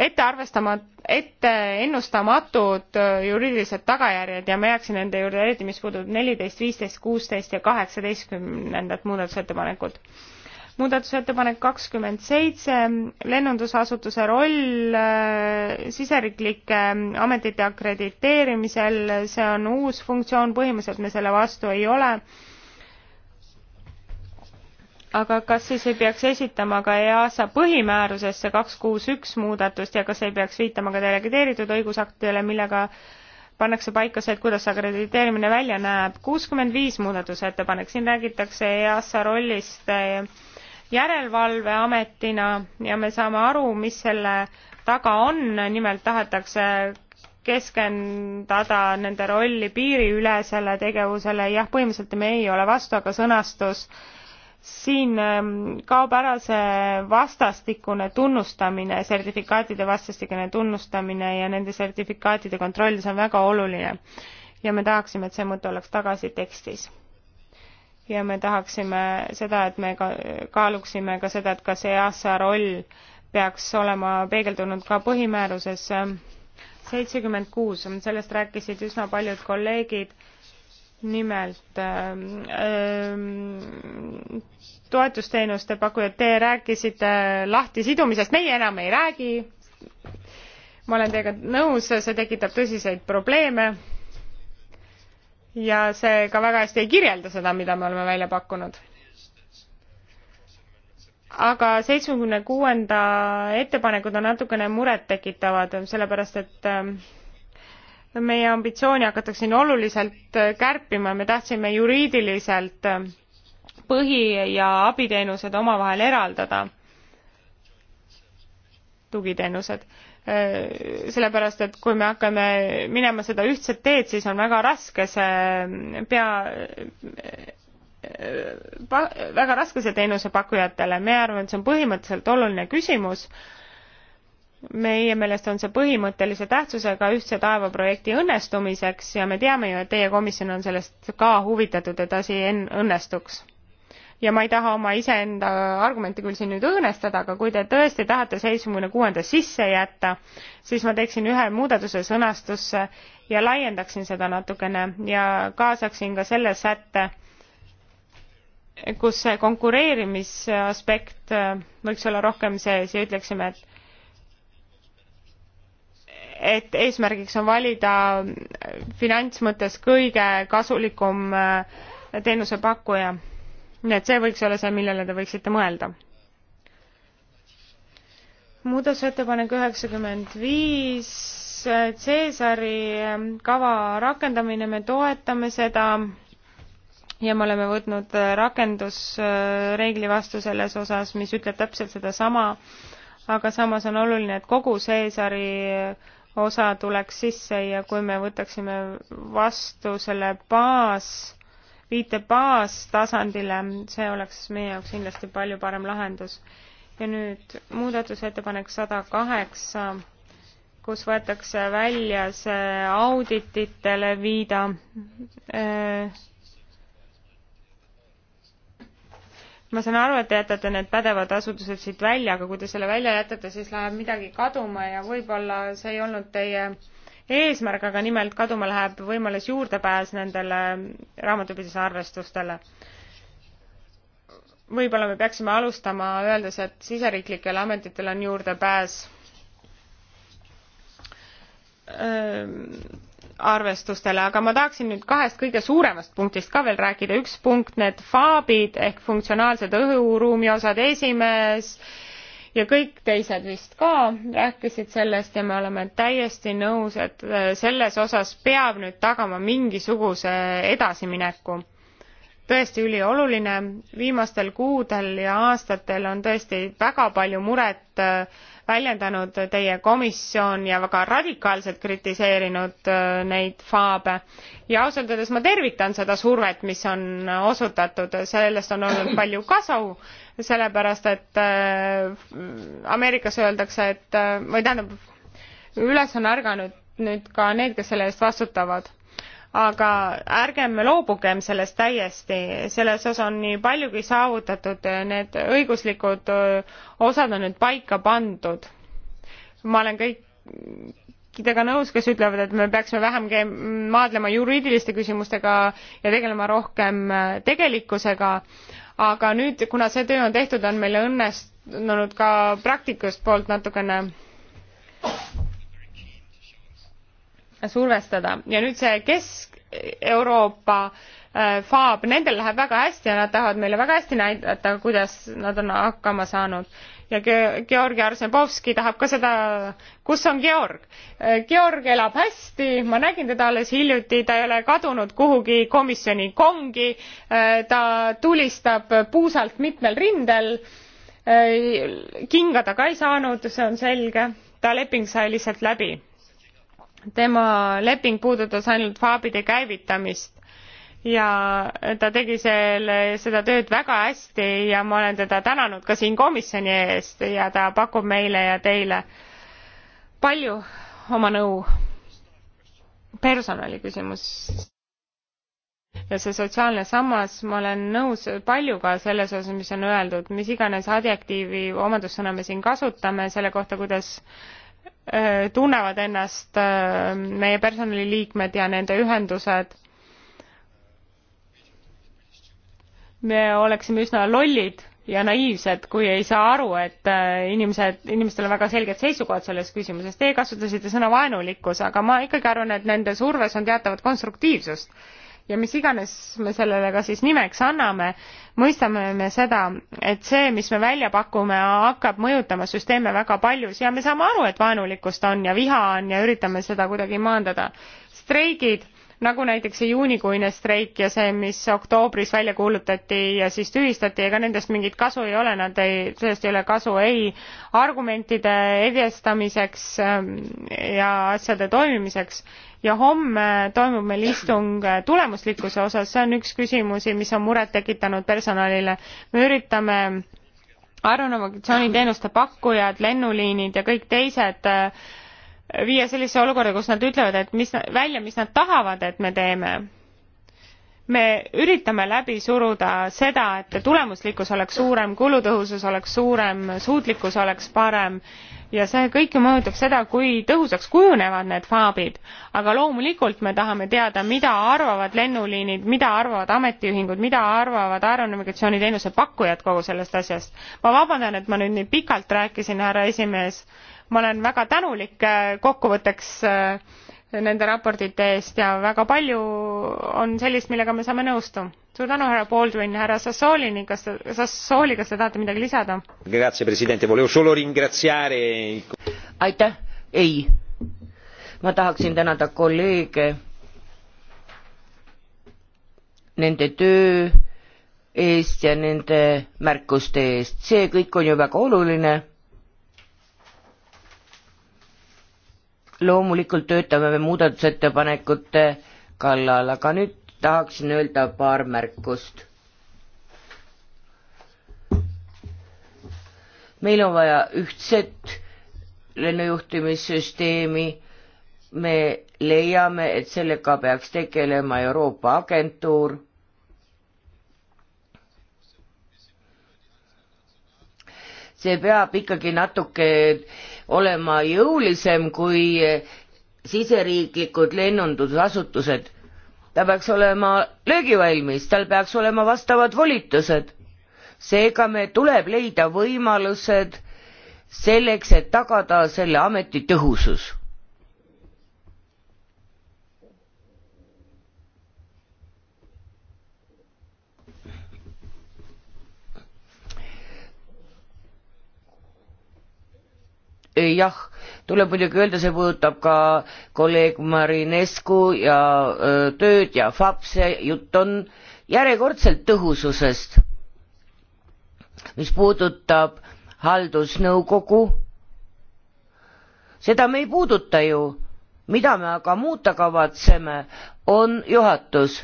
ette arvestama- ette ennustamatud äh, juriidilised tagajärjed ja ma jääksin nende juurde eriti mis puudutab neliteist viisteist kuusteist ja kaheksateistkümnendat muudatusettepanekut muudatusettepanek kakskümmend seitse, lennundusasutuse roll äh, siseriiklike äh, ametite akrediteerimisel, see on uus funktsioon, põhimõtteliselt me selle vastu ei ole. aga kas siis ei peaks esitama ka EASA põhimäärusesse kaks kuus üks muudatust ja kas ei peaks viitama ka delegeeritud õigusaktidele, millega pannakse paika see, et kuidas akrediteerimine välja näeb. kuuskümmend viis muudatusettepanek, siin räägitakse EASA rollist äh, järelevalveametina ja me saame aru, mis selle taga on, nimelt tahetakse keskenduda nende rolli piiriülesele tegevusele, jah, põhimõtteliselt me ei ole vastu, aga sõnastus siin ähm, kaob ära see vastastikune tunnustamine, sertifikaatide vastastikune tunnustamine ja nende sertifikaatide kontroll, see on väga oluline. ja me tahaksime, et see mõte oleks tagasi tekstis ja me tahaksime seda, et me ka kaaluksime ka seda, et kas EASA roll peaks olema peegeldunud ka põhimäärusesse. seitsekümmend kuus, sellest rääkisid üsna paljud kolleegid, nimelt ähm, toetusteenuste pakkujad, te rääkisite lahtisidumisest, meie enam ei räägi. ma olen teiega nõus, see tekitab tõsiseid probleeme ja see ka väga hästi ei kirjelda seda, mida me oleme välja pakkunud. aga seitsmekümne kuuenda ettepanekud on natukene murettekitavad, sellepärast et ähm, meie ambitsiooni hakatakse siin oluliselt äh, kärpima, me tahtsime juriidiliselt äh, põhi- ja abiteenused omavahel eraldada, tugiteenused Äh, sellepärast et kui me hakkame minema seda ühtset teed, siis on väga raske see pea äh, pa-, väga raske see teenusepakkujatele, meie arvame, et see on põhimõtteliselt oluline küsimus, meie meelest on see põhimõttelise tähtsusega ühtse taeva projekti õnnestumiseks ja me teame ju, et teie komisjon on sellest ka huvitatud, et asi õnnestuks ja ma ei taha oma iseenda argumente küll siin nüüd õõnestada, aga kui te tõesti tahate seitsmekümne kuuenda sisse jätta, siis ma teeksin ühe muudatuse sõnastusse ja laiendaksin seda natukene ja kaasaksin ka selle sätte, kus see konkureerimisaspekt äh, võiks olla rohkem sees ja ütleksime, et et eesmärgiks on valida äh, finantsmõttes kõige kasulikum äh, teenusepakkuja nii et see võiks olla see, millele te võiksite mõelda. muudatusettepanek üheksakümmend viis, Cäsari ähm, kava rakendamine, me toetame seda ja me oleme võtnud äh, rakendusreegli vastu selles osas, mis ütleb täpselt sedasama, aga samas on oluline, et kogu Cäsari äh, osa tuleks sisse ja kui me võtaksime vastu selle baas, viite baastasandile, see oleks meie jaoks kindlasti palju parem lahendus. ja nüüd muudatusettepanek sada kaheksa, kus võetakse välja see audititele viida äh, ma saan aru, et te jätate need pädevad asutused siit välja, aga kui te selle välja jätate, siis läheb midagi kaduma ja võib-olla see ei olnud teie äh, eesmärk, aga nimelt kaduma läheb võimalus juurdepääs nendele raamatupidise arvestustele. võib-olla me peaksime alustama öeldes, et siseriiklikel ametitel on juurdepääs ähm, arvestustele, aga ma tahaksin nüüd kahest kõige suuremast punktist ka veel rääkida, üks punkt, need FAB-id ehk funktsionaalsed õhuruumi osad, esimees äh, ja kõik teised vist ka rääkisid sellest ja me oleme täiesti nõus, et äh, selles osas peab nüüd tagama mingisuguse edasimineku. tõesti ülioluline, viimastel kuudel ja aastatel on tõesti väga palju muret äh, väljendanud teie komisjon ja väga radikaalselt kritiseerinud äh, neid faabe ja ausalt öeldes ma tervitan seda survet mis on osutatud sellest on olnud palju kasu sellepärast et äh, ameerikas öeldakse et äh, või tähendab üles on ärganud nüüd ka need kes selle eest vastutavad aga ärgem loobugem sellest täiesti, selles osas on nii paljugi saavutatud, need õiguslikud osad on nüüd paika pandud. ma olen kõikidega nõus, kes ütlevad, et me peaksime vähem maadlema juriidiliste küsimustega ja tegelema rohkem tegelikkusega, aga nüüd, kuna see töö on tehtud, on meil õnnestunud ka praktikust poolt natukene survestada ja nüüd see Kesk-Euroopa äh, faab, nendel läheb väga hästi ja nad tahavad meile väga hästi näidata, kuidas nad on hakkama saanud. ja Georgi Arsepovski tahab ka seda, kus on Georg. Äh, Georg elab hästi, ma nägin teda alles hiljuti, ta ei ole kadunud kuhugi komisjoni kongi, äh, ta tulistab puusalt mitmel rindel, kinga ta ka ei saanud, see on selge, ta leping sai lihtsalt läbi tema leping puudutas ainult faabide käivitamist ja ta tegi selle, seda tööd väga hästi ja ma olen teda tänanud ka siin komisjoni eest ja ta pakub meile ja teile palju oma nõu. personali küsimus. ja see sotsiaalne sammas, ma olen nõus paljuga selles osas, mis on öeldud, mis iganes adjektiivi, omadussõna me siin kasutame selle kohta, kuidas äh, Äh, tunnevad ennast äh, meie personaliliikmed ja nende ühendused. me oleksime üsna lollid ja naiivsed, kui ei saa aru, et äh, inimesed, inimestel on väga selged seisukohad selles küsimuses. Teie kasutasite sõna vaenulikkus, aga ma ikkagi arvan, et nende surves on teatavat konstruktiivsust ja mis iganes me sellele ka siis nimeks anname, mõistame me seda, et see, mis me välja pakume, hakkab mõjutama süsteeme väga paljus ja me saame aru, et vaenulikkust on ja viha on ja üritame seda kuidagi maandada. streigid, nagu näiteks see juunikuine streik ja see, mis oktoobris välja kuulutati ja siis tühistati, ega nendest mingit kasu ei ole, nad ei, sellest ei ole kasu ei argumentide edestamiseks ähm, ja asjade toimimiseks ja homme toimub meil istung äh, tulemuslikkuse osas, see on üks küsimusi, mis on muret tekitanud personalile. me üritame aeronavigatsiooniteenuste pakkujad, lennuliinid ja kõik teised äh, viia sellisesse olukorda, kus nad ütlevad, et mis välja, mis nad tahavad, et me teeme. me üritame läbi suruda seda, et tulemuslikkus oleks suurem, kulutõhusus oleks suurem, suutlikkus oleks parem ja see kõike mõjutab seda, kui tõhusaks kujunevad need faabid. aga loomulikult me tahame teada, mida arvavad lennuliinid, mida arvavad ametiühingud, mida arvavad aeronavigatsiooniteenuse pakkujad kogu sellest asjast. ma vabandan, et ma nüüd nii pikalt rääkisin, härra esimees. ma olen väga tänulik eh, kokkuvõtteks äh, nende raportite eest ja väga palju on sellist, millega me saame nõustu. suur tänu, härra Baldwin, härra Sassoolini, kas te, Sassooli, kas te tahate midagi lisada? aitäh, ei. ma tahaksin tänada kolleege nende töö eest ja nende märkuste eest, see kõik on ju väga oluline loomulikult töötame me muudatusettepanekute kallal, aga nüüd tahaksin öelda paar märkust. meil on vaja ühtset lennujuhtimissüsteemi, me leiame, et sellega peaks tegelema Euroopa agentuur see peab ikkagi natuke olema jõulisem kui eh, siseriiklikud lennundusasutused. ta peaks olema löögivalmis, tal peaks olema vastavad volitused. seega me tuleb leida võimalused selleks, et tagada selle ameti tõhusus jah, tuleb muidugi öelda, see puudutab ka kolleeg Marinescu ja öö, tööd ja FAPS-e, jutt on järjekordselt tõhususest, mis puudutab haldusnõukogu, seda me ei puuduta ju, mida me aga muuta kavatseme, on juhatus.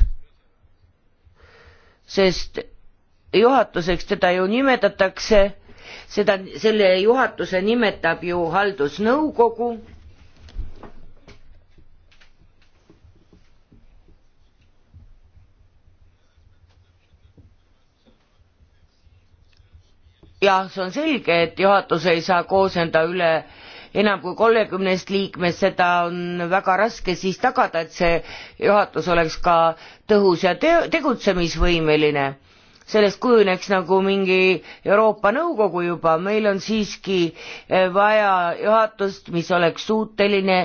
sest juhatuseks teda ju nimetatakse seda, selle juhatuse nimetab ju haldusnõukogu. jah, see on selge, et juhatus ei saa koosneda üle enam kui kolmekümnest liikmest, seda on väga raske siis tagada, et see juhatus oleks ka tõhus ja te tegutsemisvõimeline sellest kujuneks nagu mingi Euroopa Nõukogu juba, meil on siiski eh, vaja juhatust, mis oleks suuteline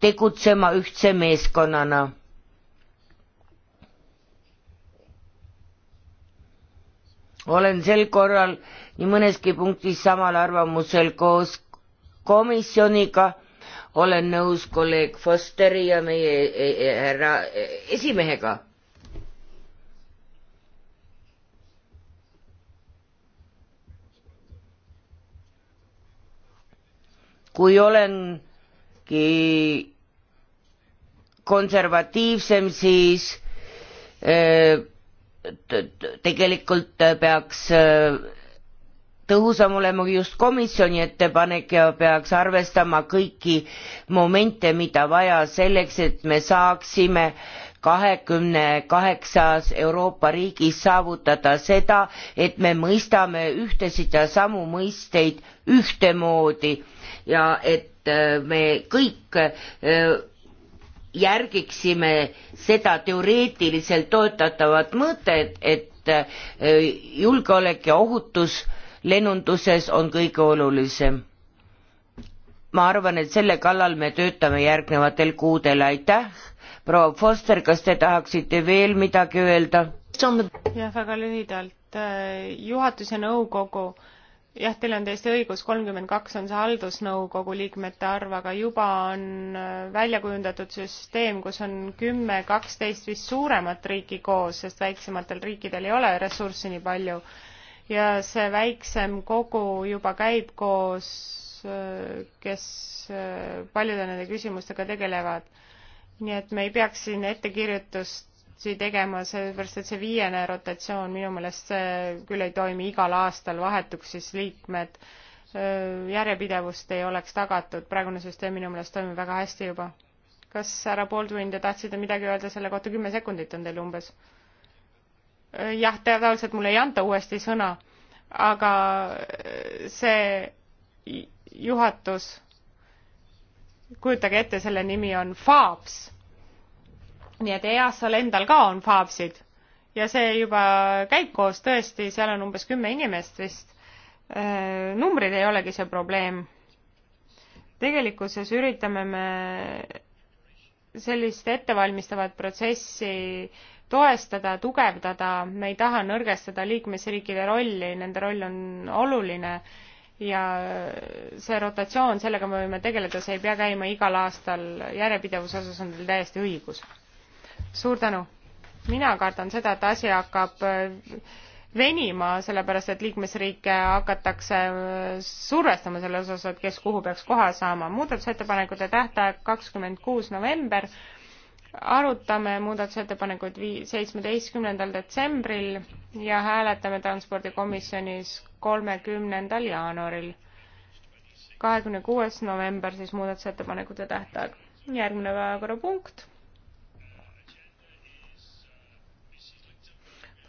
tegutsema ühtse meeskonnana. olen sel korral nii mõneski punktis samal arvamusel koos komisjoniga, olen nõus kolleeg Fosteri ja meie e, e, e, härra esimehega kui olengi konservatiivsem, siis äh, tegelikult peaks äh, tõhusam olema just komisjoni ettepanek ja peaks arvestama kõiki momente, mida vaja selleks, et me saaksime kahekümne kaheksas Euroopa riigis saavutada seda, et me mõistame ühtesid ja samu mõisteid ühtemoodi ja et äh, me kõik äh, järgiksime seda teoreetiliselt toetatavat mõtet, et äh, julgeolek ja ohutus lennunduses on kõige olulisem. ma arvan, et selle kallal me töötame järgnevatel kuudel, aitäh. proua Foster, kas te tahaksite veel midagi öelda? jah, väga lühidalt. juhatus ja nõukogu jah, teil on täiesti õigus, kolmkümmend kaks on see haldusnõukogu liikmete arv, aga juba on äh, välja kujundatud süsteem, kus on kümme, kaksteist vist suuremat riiki koos, sest väiksematel riikidel ei ole ressurssi nii palju. ja see väiksem kogu juba käib koos, äh, kes äh, paljude nende küsimustega tegelevad. nii et me ei peaks siin ettekirjutust muudatusi tegema, sellepärast et see viiene rotatsioon minu meelest see küll ei toimi igal aastal, vahetuks siis liikmed, järjepidevust ei oleks tagatud, praegune süsteem minu meelest toimib väga hästi juba. kas härra Baldwin, te tahtsite midagi öelda selle kohta, kümme sekundit on teil umbes? jah, tõenäoliselt mulle ei anta uuesti sõna, aga see juhatus kujutage ette, selle nimi on FAPS nii et EASA-l endal ka on faabsid ja see juba käib koos tõesti, seal on umbes kümme inimest vist. Äh, numbrid ei olegi see probleem. tegelikkuses üritame me sellist ettevalmistavat protsessi toestada, tugevdada, me ei taha nõrgestada liikmesriikide rolli, nende roll on oluline ja see rotatsioon, sellega me võime tegeleda, see ei pea käima igal aastal, järjepidevuse osas on teil täiesti õigus suur tänu. mina kardan seda, et asi hakkab äh, venima, sellepärast et liikmesriike hakatakse äh, survestama selle osas, et kes kuhu peaks koha saama. muudatusettepanekute tähtaeg kakskümmend kuus november, arutame muudatusettepanekuid vii-, seitsmeteistkümnendal detsembril ja hääletame transpordikomisjonis kolmekümnendal jaanuaril. kahekümne kuues november siis muudatusettepanekute tähtaeg. järgmine päevakorrapunkt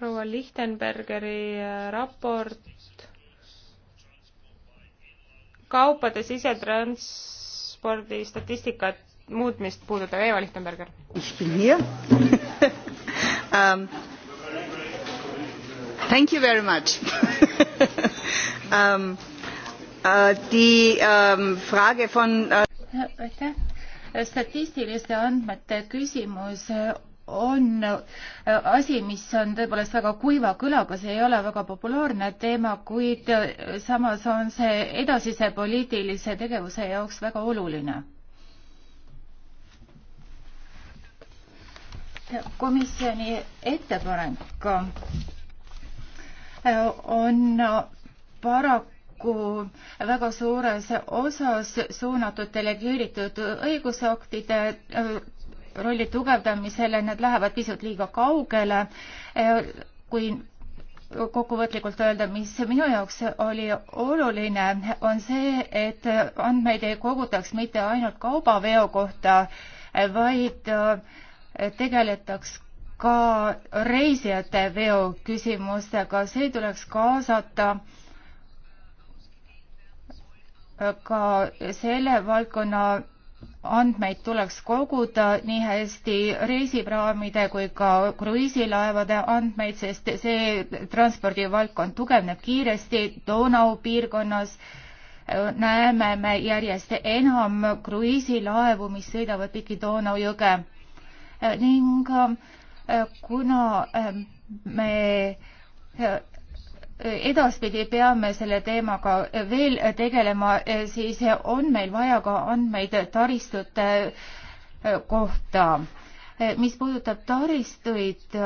proua Lichtenbergeri äh, raport kaupade sisetranspordi statistikat muutmist puudutab. Eva Lichtenberger. um, thank you very much um, uh, die um, Frage von uh... aitäh, statistiliste andmete küsimus on äh, asi, mis on tõepoolest väga kuiva kõlaga, see ei ole väga populaarne teema, kuid äh, samas on see edasise poliitilise tegevuse jaoks väga oluline. komisjoni ettepanek äh, on paraku väga suures osas suunatud delegeeritud õigusaktide rolli tugevdamisele, need lähevad pisut liiga kaugele, äh, kui kokkuvõtlikult öelda, mis minu jaoks oli oluline, on see, et andmeid ei kogutaks mitte ainult kaubaveo kohta, vaid äh, tegeletaks ka reisijate veo küsimustega, see tuleks kaasata äh, ka selle valdkonna andmeid tuleks koguda nii hästi reisipraamide kui ka kruiisilaevade andmeid, sest see transpordivaldkond tugevneb kiiresti Donau piirkonnas äh, näeme me järjest enam kruiisilaevu, mis sõidavad pidi Donau jõge äh, ning äh, kuna me edaspidi peame selle teemaga veel tegelema, siis on meil vaja ka andmeid taristute kohta. mis puudutab taristuid,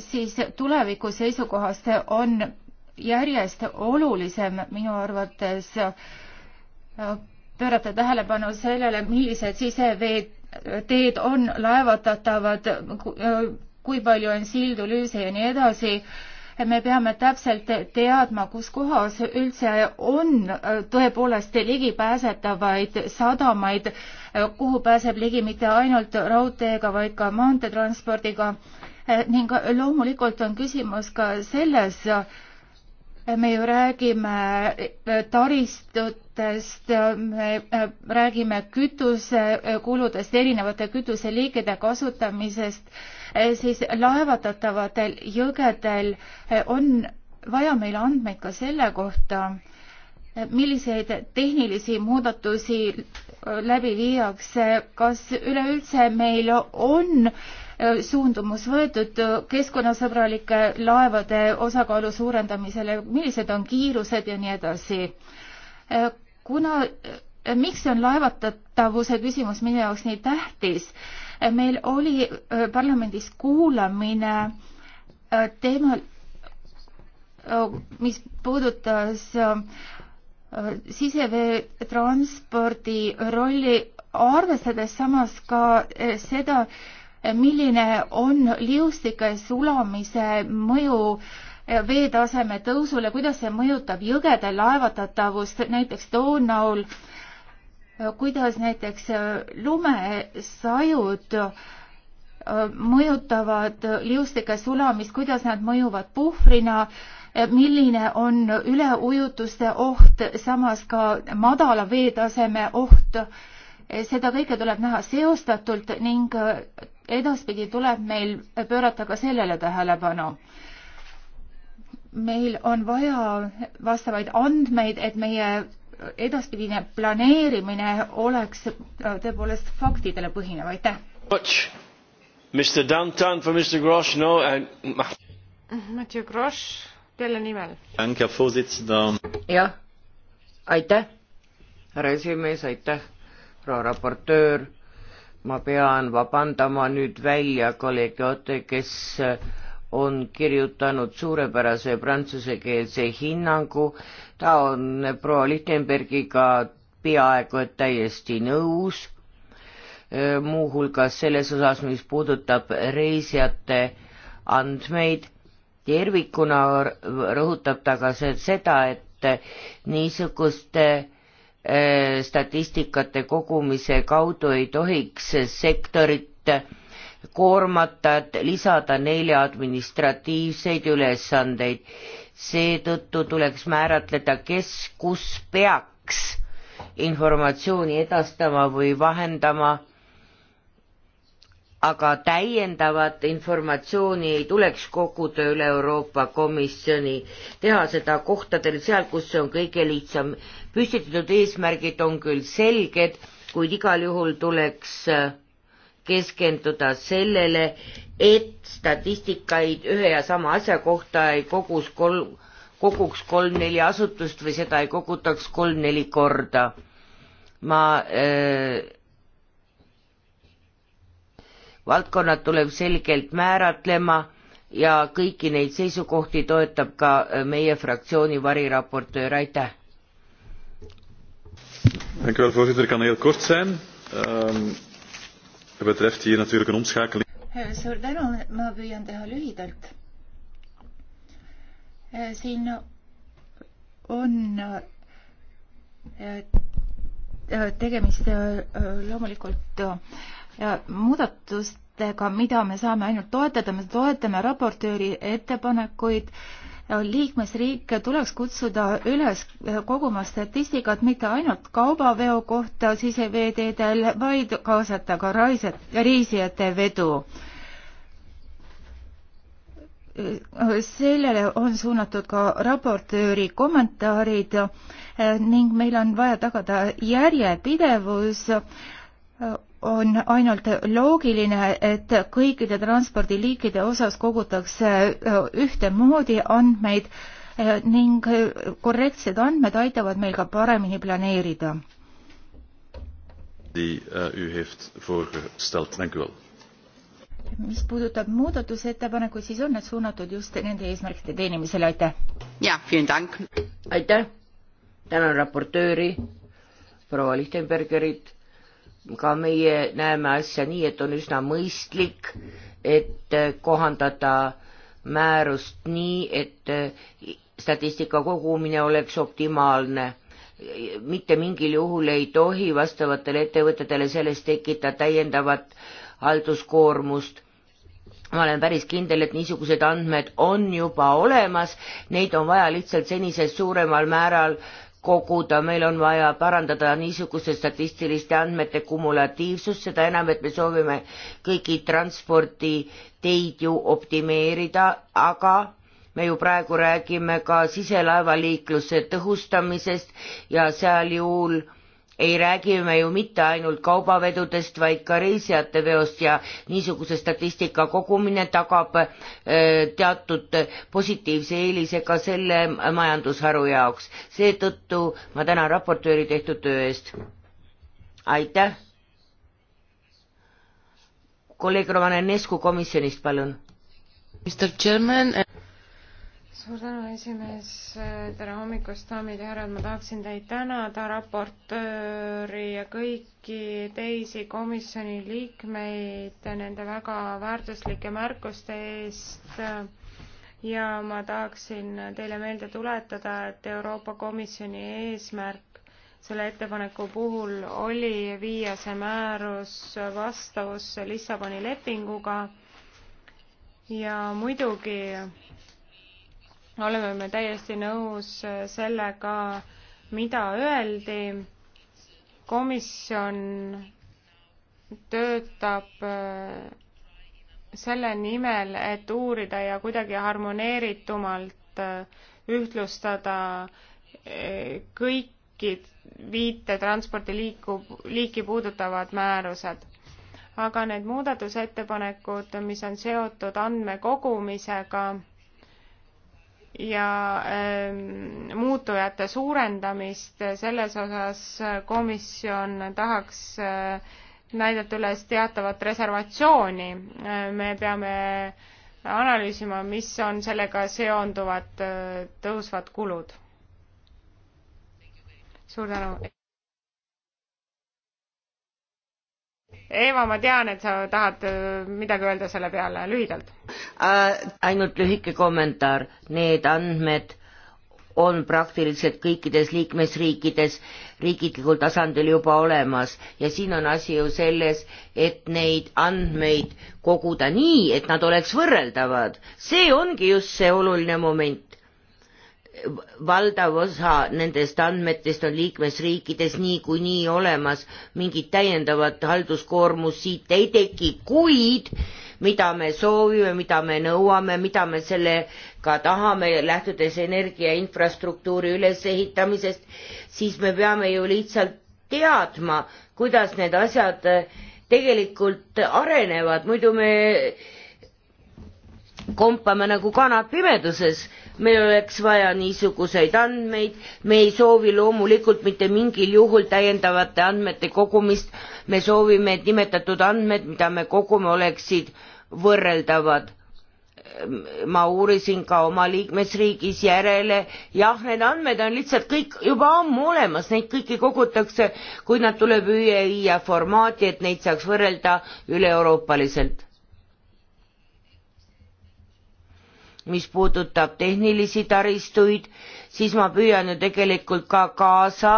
siis tuleviku seisukohast on järjest olulisem minu arvates pöörata tähelepanu sellele, millised siseveeteed on laevatatavad, kui palju on sildu, lüüse ja nii edasi me peame täpselt teadma, kus kohas üldse on äh, tõepoolest ligipääsetavaid sadamaid, äh, kuhu pääseb ligi mitte ainult raudteega, vaid ka maanteetranspordiga äh, ning loomulikult on küsimus ka selles, me ju räägime taristut, kuludest, me äh, räägime kütusekuludest, erinevate kütuseliikide kasutamisest, äh, siis laevatatavatel jõgedel äh, on vaja meile andmeid ka selle kohta, milliseid tehnilisi muudatusi läbi viiakse, kas üleüldse meil on suundumus võetud keskkonnasõbralike laevade osakaalu suurendamisele, millised on kiirused ja nii edasi kuna, eh, miks on laevatatavuse küsimus minu jaoks nii tähtis? Eh, meil oli eh, parlamendis kuulamine teemal, mis puudutas siseveetranspordi rolli, arvestades samas ka seda, milline on liustike sulamise mõju äh, veetaseme tõusule, kuidas see mõjutab jõgede laevatatavust näiteks Donaul, kuidas näiteks äh, lumesajud äh, mõjutavad liustike sulamist, kuidas nad mõjuvad puhvrina, äh, milline on üleujutuste oht, samas ka madala veetaseme oht. seda kõike tuleb näha seostatult ning edaspidi tuleb meil pöörata ka sellele tähelepanu meil on vaja vastavaid andmeid, et meie edaspidine planeerimine oleks äh, tõepoolest faktidele põhinev, aitäh. Mr Danton for Mr Grosch, no and.... Mathieu Grosch, kelle nimel? jah, aitäh, härra esimees, aitäh, proua raportöör. ma pean vabandama nüüd välja kolleeg Ote, kes äh, on kirjutanud suurepärase prantsusekeelse hinnangu, ta on proua Lichtenbergiga peaaegu et täiesti nõus, muuhulgas selles osas, mis puudutab reisijate andmeid, tervikuna rõhutab ta ka seda, et niisuguste statistikate kogumise kaudu ei tohiks sektorit koormata, et lisada neile administratiivseid ülesandeid. seetõttu tuleks määratleda, kes kus peaks informatsiooni edastama või vahendama, aga täiendavat informatsiooni ei tuleks koguda üle Euroopa Komisjoni, teha seda kohtadel seal, kus see on kõige lihtsam. püstitatud eesmärgid on küll selged, kuid igal juhul tuleks äh, keskenduda sellele, et statistikaid ühe ja sama asja kohta ei kogus kolm, koguks kolm-neli asutust või seda ei kogutaks kolm-neli korda. ma öö, äh, valdkonnad tuleb selgelt määratlema ja kõiki neid seisukohti toetab ka äh, meie fraktsiooni variraportöör, aitäh. Dank u wel, voorzitter. Ik kan heel kort zijn. Um, betreft hier natuurlijk een omschakeling. Eh, suur tänu, ma püüan teha lühidalt. Eh, siin on eh, tegemist loomulikult muudatustega, mida me saame ainult toetada, me toetame raportööri ettepanekuid liikmesriike tuleks kutsuda üles koguma statistikat mitte ainult kaubaveo kohta siseveeteedel, vaid kaasata ka raised, reisijate vedu. sellele on suunatud ka raportööri kommentaarid ning meil on vaja tagada järjepidevus on ainult loogiline, et kõikide transpordiliikide osas kogutakse ühtemoodi andmeid ning korrektsed andmed aitavad meil ka paremini planeerida. mis puudutab muudatusettepanekuid, siis on need suunatud just nende eesmärkide teenimisele, aitäh! aitäh! tänan raportööri proua Lichtenbergerit ka meie näeme asja nii, et on üsna mõistlik, et eh, kohandada määrust nii, et eh, statistika kogumine oleks optimaalne. mitte mingil juhul ei tohi vastavatele ettevõtetele sellest tekita täiendavat halduskoormust. ma olen päris kindel, et niisugused andmed on juba olemas, neid on vaja lihtsalt senisest suuremal määral äh, koguda, meil on vaja parandada niisuguste statistiliste andmete kumulatiivsust, seda enam, et me soovime kõiki transporditeid ju optimeerida, aga me ju praegu räägime ka siselaevaliikluse tõhustamisest ja seal juhul ei räägi me ju mitte ainult kaubavedudest, vaid ka reisijate veost ja niisuguse statistika kogumine tagab äh, teatud positiivse eelise ka selle majandusharu jaoks. seetõttu ma tänan raportööri tehtud töö eest. aitäh. kolleeg Romanescu komisjonist, palun. Mr Chairman and suur tänu, esimees, tere hommikust, daamid ja härrad, ma tahaksin teid tänada, raportööri ja kõiki teisi komisjoni liikmeid nende väga väärtuslike märkuste eest ja ma tahaksin teile meelde tuletada, et Euroopa Komisjoni eesmärk selle ettepaneku puhul oli viia see määrus vastavusse Lissaboni lepinguga ja muidugi oleme me täiesti nõus äh, sellega, mida öeldi. komisjon töötab äh, selle nimel, et uurida ja kuidagi harmoneeritumalt äh, ühtlustada kõiki viite transpordiliiku, liiki puudutavad määrused. aga need muudatusettepanekud, mis on seotud andmekogumisega, ja ähm, muutujate suurendamist, selles osas komisjon tahaks äh, näidata üles teatavat reservatsiooni äh,. me peame analüüsima, mis on sellega seonduvad äh, tõusvad kulud. suur tänu. Eeva, ma tean, et sa tahad äh, midagi öelda selle peale, lühidalt äh,. ainult lühike kommentaar, need andmed on praktiliselt kõikides liikmesriikides riiklikul tasandil juba olemas ja siin on asi ju selles, et neid andmeid koguda nii, et nad oleks võrreldavad. see ongi just see oluline moment valdav osa nendest andmetest on liikmesriikides niikuinii olemas, mingit täiendavat halduskoormust siit ei teki, kuid mida me soovime, mida me nõuame, mida me sellega tahame, lähtudes energia infrastruktuuri ülesehitamisest, siis me peame ju lihtsalt teadma, kuidas need asjad äh, tegelikult arenevad, muidu me kompame nagu kanad pimeduses meil oleks vaja niisuguseid andmeid, me ei soovi loomulikult mitte mingil juhul täiendavate andmete kogumist, me soovime, et nimetatud andmed, mida me kogume, oleksid võrreldavad. ma uurisin ka oma liikmesriigis järele, jah, need andmed on lihtsalt kõik juba ammu olemas, neid kõiki kogutakse, kuid nad tuleb viia formaati, et neid saaks võrrelda üle-euroopaliselt mis puudutab tehnilisi taristuid, siis ma püüan ju tegelikult ka kaasa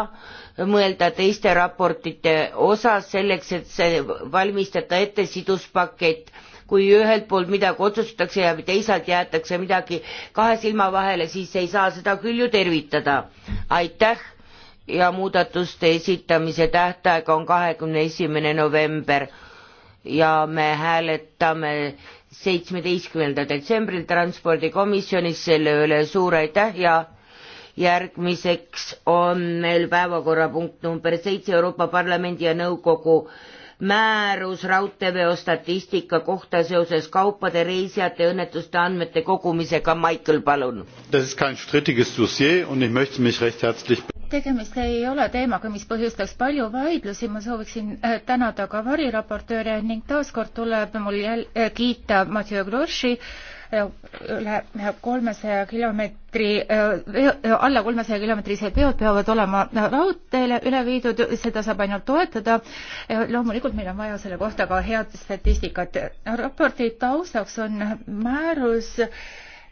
mõelda teiste raportite osas selleks, et see valmistada ette siduspakett, kui ühelt poolt midagi otsustatakse ja teisalt jäetakse midagi kahe silma vahele, siis ei saa seda küll ju tervitada. aitäh ja muudatuste esitamise tähtaeg on kahekümne esimene november ja me hääletame seitsmeteistkümnendal detsembril transpordikomisjonis, selle üle suur aitäh ja järgmiseks on meil päevakorrapunkt number seitse Euroopa Parlamendi ja Nõukogu määrus raudteeveo statistika kohta seoses kaupade, reisijate ja õnnetuste andmete kogumisega. Michael, palun. Das ist kein strittiges Dossier und ich möchte mich recht herzlich tegemist ei ole teemaga, mis põhjustaks palju vaidlusi, ma sooviksin äh, tänada ka variraportööre ning taaskord tuleb mul jäl-, äh, kiita Mathieu Grossi äh, üle kolmesaja kilomeetri, alla kolmesaja kilomeetrised veod peavad olema raudteele üle viidud, seda saab ainult toetada. loomulikult meil on vaja selle kohta ka head statistikat. raporti taustaks on määrus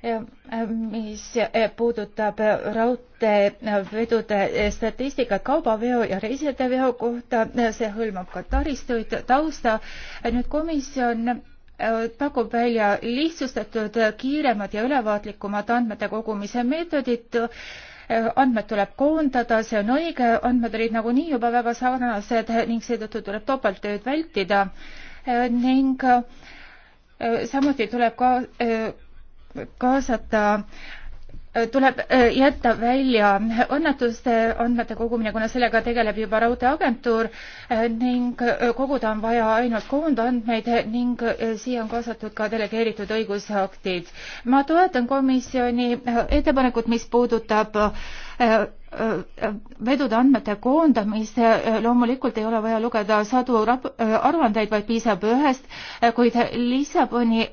Äh, mis äh, puudutab raudteevedude äh, statistikat kaubaveo ja reisijateveo kohta, see hõlmab ka taristuid, tausta. nüüd komisjon pakub välja lihtsustatud, kiiremad ja ülevaatlikumad andmete kogumise meetodid. andmed tuleb koondada, see on õige, andmed olid nagunii juba väga sarnased ning seetõttu tuleb topelttööd vältida ning samuti tuleb ka kaasata tuleb äh, jätta välja õnnetuste andmete kogumine, kuna sellega tegeleb juba raudteeagentuur äh, ning äh, koguda on vaja ainult koondandmeid ning siia on kaasatud ka delegeeritud õigusaktid. ma toetan komisjoni ettepanekut, mis puudutab vedude andmete koondamist loomulikult ei ole vaja lugeda sadu aruandeid, vaid piisab ühest, kuid Lissaboni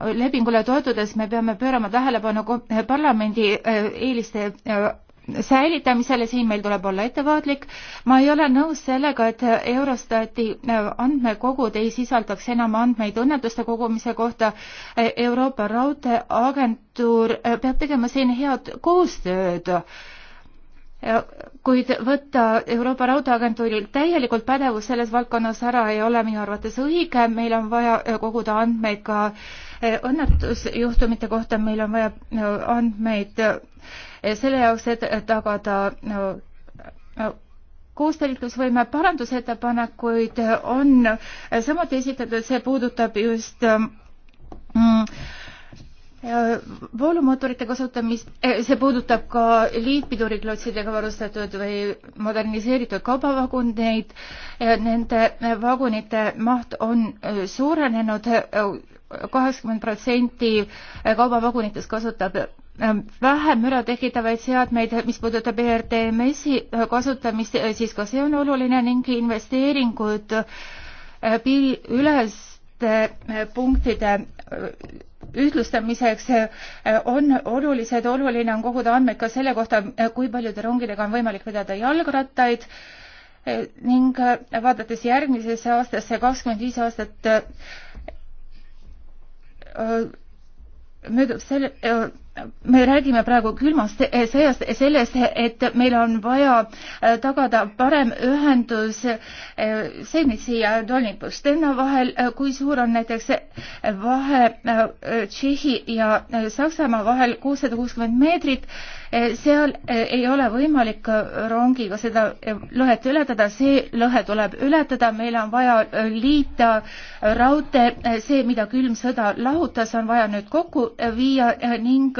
lepingule toetudes me peame pöörama tähelepanu eh, parlamendi eh, eeliste eh, säilitamisele, siin meil tuleb olla ettevaatlik. ma ei ole nõus sellega, et Eurostati andmekogud ei sisaldaks enam andmeid õnnetuste kogumise kohta. Euroopa Raudteeagentuur peab tegema siin head koostööd kuid võtta Euroopa Raudteeagentuurilt täielikult pädevus selles valdkonnas ära ei ole minu arvates õige, meil on vaja koguda andmeid ka äh, õnnetusjuhtumite kohta meil on vaja andmeid äh, selle jaoks, et tagada koostalitlusvõime parandusettepanekuid on samuti esitatud, see puudutab just mm, voolumootorite kasutamist, äh, see puudutab ka liitpiduriklotsidega varustatud või moderniseeritud kaubavaguneid. Nende vagunite maht on suurenenud kaheksakümmend protsenti kaubavagunitest kasutab ähm, vähem müra tekitavaid seadmeid, mis puudutab ERTMS-i äh, kasutamist, äh, siis ka see on oluline ning investeeringud äh, piiriüleste punktide ühtlustamiseks on olulised, oluline on koguda andmeid ka selle kohta, kui paljude rongidega on võimalik vedada jalgrattaid ning vaadates järgmisesse aastasse kakskümmend viis aastat möödub äh, selle, äh, me räägime praegu külmast äh, sõjast, sellest, et meil on vaja tagada parem ühendus Seimitsi ja Dolnipustenna vahel, kui suur on näiteks vahe Tšehhi ja Saksamaa vahel kuussada kuuskümmend meetrit Eh, seal eh, ei ole võimalik eh, rongiga seda lõhet ületada, see lõhe tuleb ületada, meil on vaja liita raudtee, see, mida külm sõda lahutas, on vaja nüüd kokku viia ning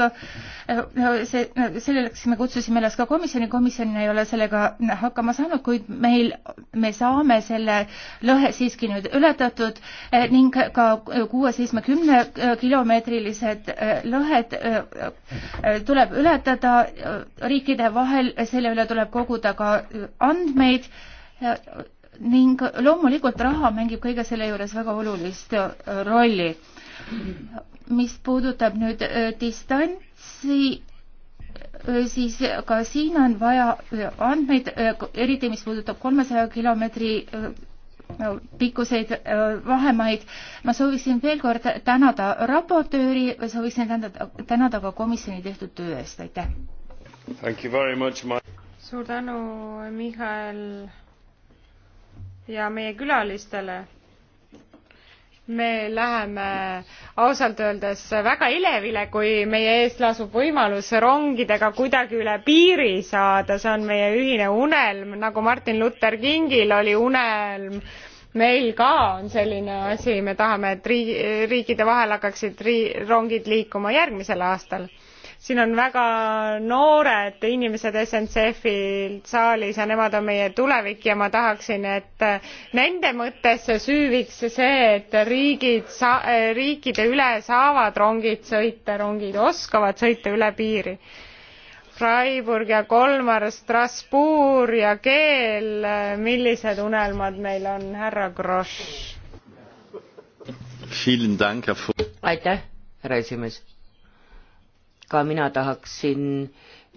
see, selleks me kutsusime üles ka komisjoni, komisjon ei ole sellega hakkama saanud, kuid meil, me saame selle lõhe siiski nüüd ületatud ning ka kuue-seitsmekümne kilomeetrilised lõhed tuleb ületada riikide vahel, selle üle tuleb koguda ka äh, andmeid ning loomulikult raha mängib kõige selle juures väga olulist äh, rolli. mis puudutab nüüd äh, distantsi, siis ka siin on vaja andmeid, eriti mis puudutab kolmesaja kilomeetri pikkuseid äh, vahemaid. ma sooviksin veel kord tänada raportööri, sooviksin tänada, tänada ka komisjoni tehtud töö eest, aitäh! suur tänu, Mihhail, ja meie külalistele me läheme ausalt öeldes väga elevile, kui meie ees lasub võimalus rongidega kuidagi üle piiri saada, see on meie ühine unelm, nagu Martin Luther Kingil oli unelm, meil ka on selline asi, me tahame, et riigi, riikide vahel hakkaksid ri-, rongid liikuma järgmisel aastal siin on väga noored inimesed SNCFil saalis ja nemad on meie tulevik ja ma tahaksin, et nende mõttesse süüviks see, et riigid, riikide üle saavad rongid sõita, rongid oskavad sõita üle piiri. Freiburg ja Kolmar, Strasbourg ja Keel, millised unelmad meil on, härra Grosch? aitäh, härra esimees ka mina tahaksin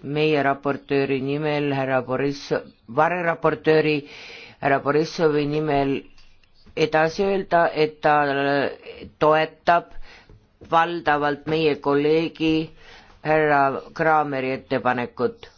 meie raportööri nimel, härra Boriss-, vareraportööri härra Borissovi nimel edasi öelda, et ta toetab valdavalt meie kolleegi härra Kraameri ettepanekut.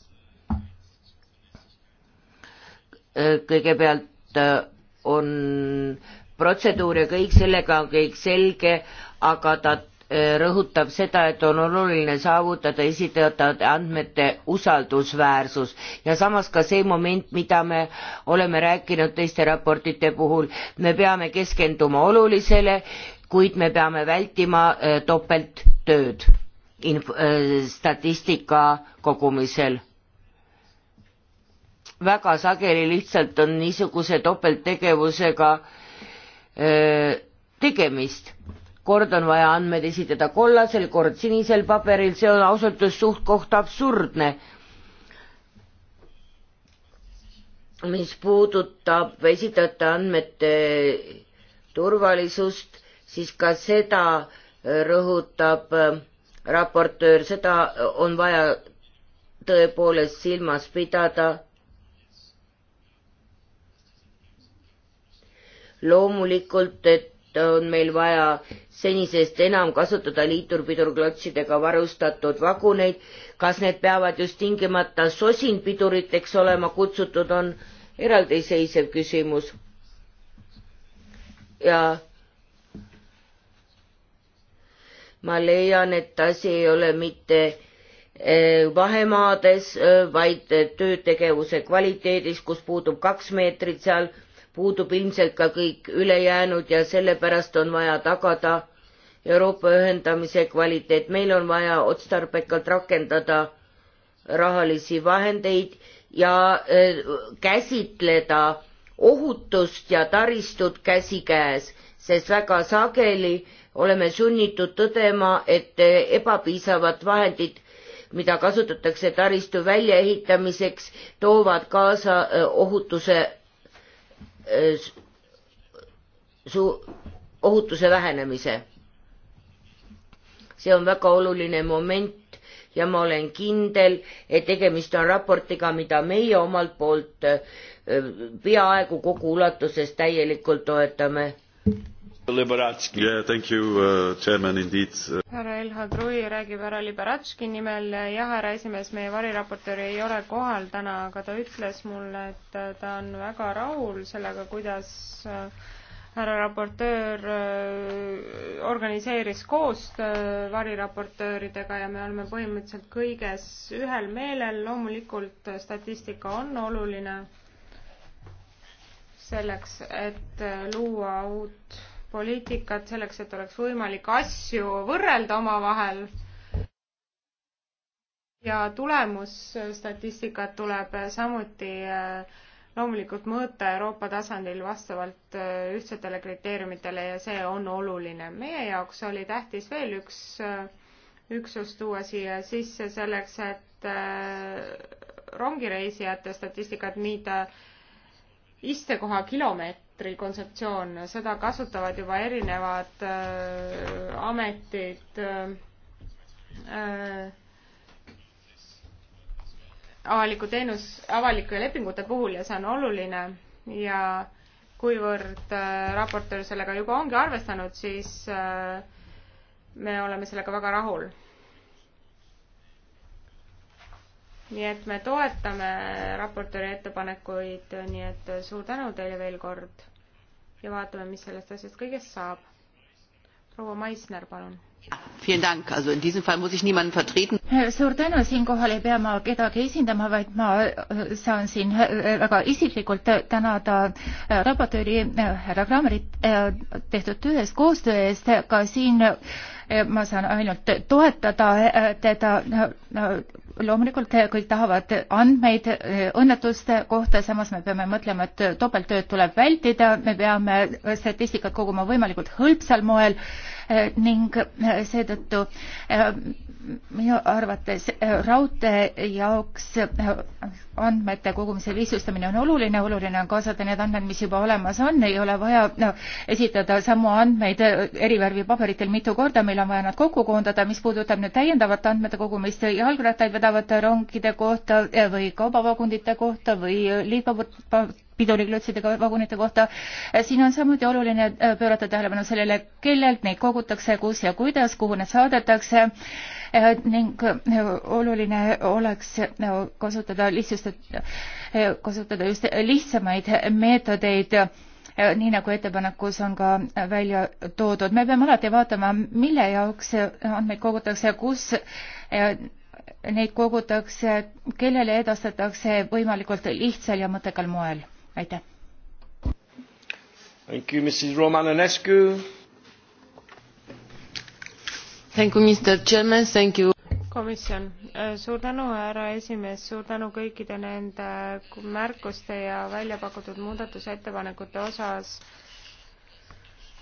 kõigepealt äh, on protseduur ja kõik sellega on kõik selge, aga ta rõhutab seda, et on oluline saavutada esitatavate andmete usaldusväärsus ja samas ka see moment, mida me oleme rääkinud teiste raportite puhul, me peame keskenduma olulisele, kuid me peame vältima äh, topelttööd inf-, äh, statistika kogumisel väga sageli lihtsalt on niisuguse topelttegevusega äh, tegemist kord on vaja andmed esitada kollasel, kord sinisel paberil, see on ausalt öeldes suht-koht absurdne. mis puudutab esitajate andmete turvalisust, siis ka seda rõhutab äh, raportöör, seda on vaja tõepoolest silmas pidada loomulikult, et on meil vaja senisest enam kasutada liiturpidurklotsidega varustatud vaguneid, kas need peavad just tingimata sosinpiduriteks olema kutsutud, on eraldiseisev küsimus. ja ma leian, et asi ei ole mitte eh, vahemaades, eh, vaid eh, töötegevuse kvaliteedis, kus puudub kaks meetrit seal puudub ilmselt ka kõik ülejäänud ja sellepärast on vaja tagada Euroopa ühendamise kvaliteet. meil on vaja otstarbekalt rakendada rahalisi vahendeid ja e, käsitleda ohutust ja taristut käsikäes, sest väga sageli oleme sunnitud tõdema, et ebapiisavad vahendid, mida kasutatakse taristu väljaehitamiseks, toovad kaasa e, ohutuse Äh, su-, ohutuse vähenemise. see on väga oluline moment ja ma olen kindel, et tegemist on raportiga, mida meie omalt poolt äh, peaaegu kogu ulatuses täielikult toetame. Liberatski yeah,. Uh, uh, härra uh... Elha Trui räägib härra Liberatski nimel. jah, härra esimees, meie variraportöör ei ole kohal täna, aga ta ütles mulle, et äh, ta on väga rahul sellega, kuidas äh, härra raportöör äh, organiseeris koostöö variraportööridega ja me oleme põhimõtteliselt kõiges ühel meelel. loomulikult statistika on oluline selleks, et luua uut poliitikat selleks, et oleks võimalik asju võrrelda omavahel. ja tulemusstatistikat tuleb samuti äh, loomulikult mõõta Euroopa tasandil vastavalt äh, ühtsetele kriteeriumitele ja see on oluline. meie jaoks oli tähtis veel üks äh, üksus tuua siia sisse selleks, et rongireisijate statistikat, mida istekoha kilomeetrit kontseptsioon, seda kasutavad juba erinevad äh, ametid äh, äh, avaliku teenus, avalike lepingute puhul ja see on oluline ja kuivõrd äh, raportöör sellega juba ongi arvestanud, siis äh, me oleme sellega väga rahul. nii et me toetame raportööri ettepanekuid, nii et suur tänu teile veel kord ja vaatame, mis sellest asjast kõigest saab. proua Maisner, palun. suur tänu, siinkohal ei pea ma kedagi esindama, vaid ma äh, saan siin äh, väga isiklikult tänada äh, raportööri härra Krammerit tehtud töö eest, koostöö eest, ka siin ma saan ainult toetada teda loomulikult eh, kõik tahavad andmeid eh, õnnetuste kohta, samas me peame mõtlema, et eh, topelttööd tuleb vältida, me peame statistikat koguma võimalikult hõlpsal moel ning äh, seetõttu äh, minu arvates äh, raudtee jaoks andmete kogumise lihtsustamine on oluline, oluline on kaasata need andmed, mis juba olemas on, ei ole vaja no, esitada samu andmeid eri värvi paberitel mitu korda, meil on vaja nad kokku koondada, mis puudutab nüüd täiendavat andmete kogumist jalgrattaid vedavate rongide kohta või kaubavagundite kohta või liikuvate piduriklotsidega vagunite kohta. Äh, siin on samuti oluline äh, pöörata tähelepanu sellele, kellelt neid kogutakse, kus ja kuidas, kuhu need saadetakse äh, ning oluline oleks kasutada lihtsustatud, kasutada just lihtsamaid meetodeid nii nagu ettepanekus on ka välja toodud. me peame alati vaatama, mille jaoks andmeid kogutakse, kus neid kogutakse, kellele edastatakse võimalikult lihtsal ja mõttekal moel aitäh. Thank you, Mrs Romanescu. Thank you, Mr Chairman, thank you komisjon, äh, suur tänu, härra esimees, suur tänu kõikide nende märkuste ja välja pakutud muudatusettepanekute osas.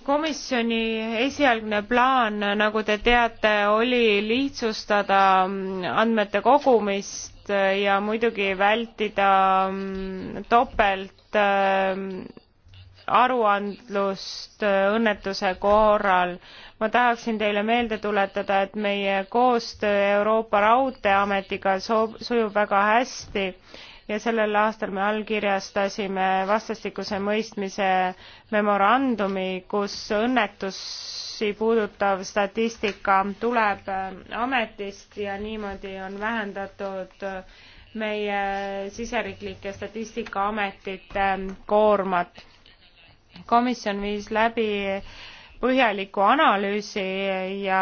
komisjoni esialgne plaan, nagu te teate, oli lihtsustada mm, andmete kogumist ja muidugi vältida mm, topelt tugevat ähm, aruandlust äh, õnnetuse korral. ma tahaksin teile meelde tuletada, et meie koostöö Euroopa Raudteeametiga sujub väga hästi ja sellel aastal me allkirjastasime vastastikuse mõistmise memorandumi, kus õnnetusi puudutav statistika tuleb äh, ametist ja niimoodi on vähendatud äh, meie siseriiklike statistikaametite koormat. komisjon viis läbi põhjaliku analüüsi ja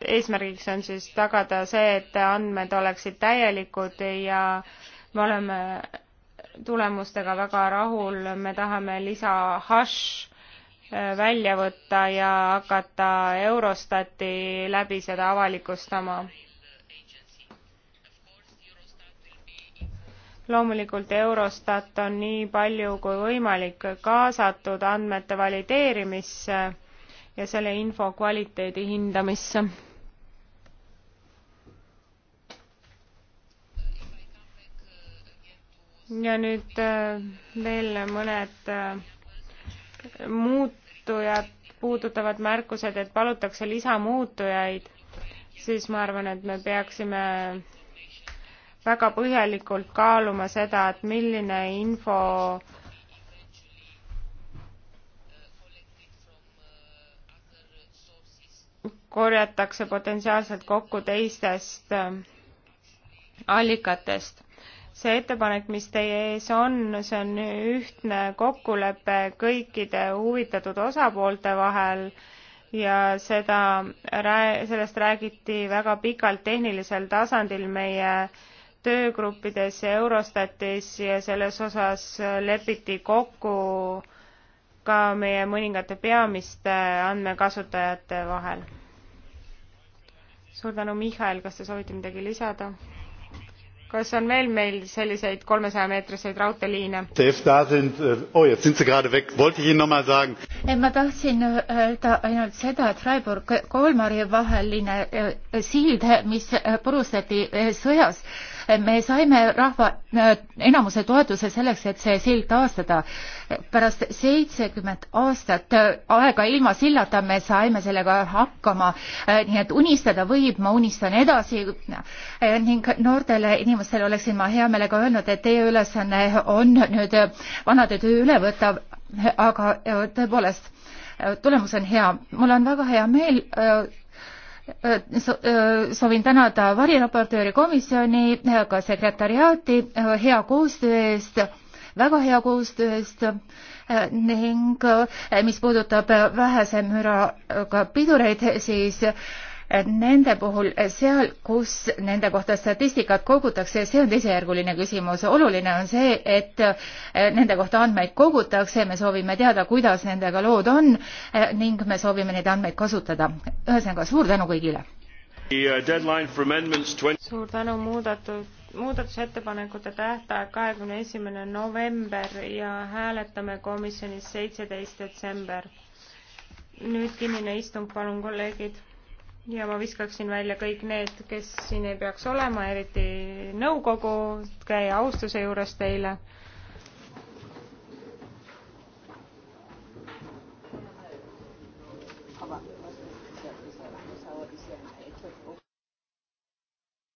eesmärgiks on siis tagada see, et andmed oleksid täielikud ja me oleme tulemustega väga rahul, me tahame lisa hash äh, välja võtta ja hakata Eurostati läbi seda avalikustama loomulikult Eurostat on nii palju kui võimalik kaasatud andmete valideerimisse ja selle info kvaliteedi hindamisse. ja nüüd äh, veel mõned äh, muutujad puudutavad märkused, et palutakse lisamuutujaid, siis ma arvan, et me peaksime väga põhjalikult kaaluma seda, et milline info korjatakse potentsiaalselt kokku teistest ähm, allikatest. see ettepanek, mis teie ees on, see on ühtne kokkulepe kõikide huvitatud osapoolte vahel ja seda, sellest räägiti väga pikalt tehnilisel tasandil meie äh, töögruppides ja Eurostatis ja selles osas lepiti kokku ka meie mõningate peamiste andmekasutajate vahel. suur tänu, Mihhail, kas te soovite midagi lisada? kas on veel meil selliseid kolmesaja meetriseid raudteeliine? Äh, oh, äh, ma tahtsin äh, öelda ainult seda, et Freiburg-Kolmari vaheline sild, mis purustati sõjas, me saime rahva äh, enamuse toetuse selleks, et see sild taastada. pärast seitsekümmend aastat äh, aega ilma sillata me saime sellega hakkama, äh, nii et unistada võib, ma unistan edasi ning noortele inimestele oleksin ma hea meelega öelnud, et teie ülesanne on nüüd vanade töö üle võtta, aga tõepoolest, tulemus on hea. mul on väga hea meel Äh, äh, soovin tänada variraportööri komisjoni, äh, ka sekretäriaati hea koostöö eest, väga hea koostöö eest ning mis puudutab vähese müraga pidureid, siis nende puhul seal, kus nende kohta statistikat kogutakse, see on teisejärguline küsimus. oluline on see, et eh, nende kohta andmeid kogutakse, me soovime teada, kuidas nendega lood on eh, ning me soovime neid andmeid kasutada. ühesõnaga, suur tänu kõigile! Uh, suur tänu, muudatud, muudatusettepanekute tähtaeg kahekümne esimene november ja hääletame komisjonis seitseteist detsember. nüüd kinnine istung, palun kolleegid ja ma viskaksin välja kõik need, kes siin ei peaks olema, eriti nõukogu, käia austuse juures teile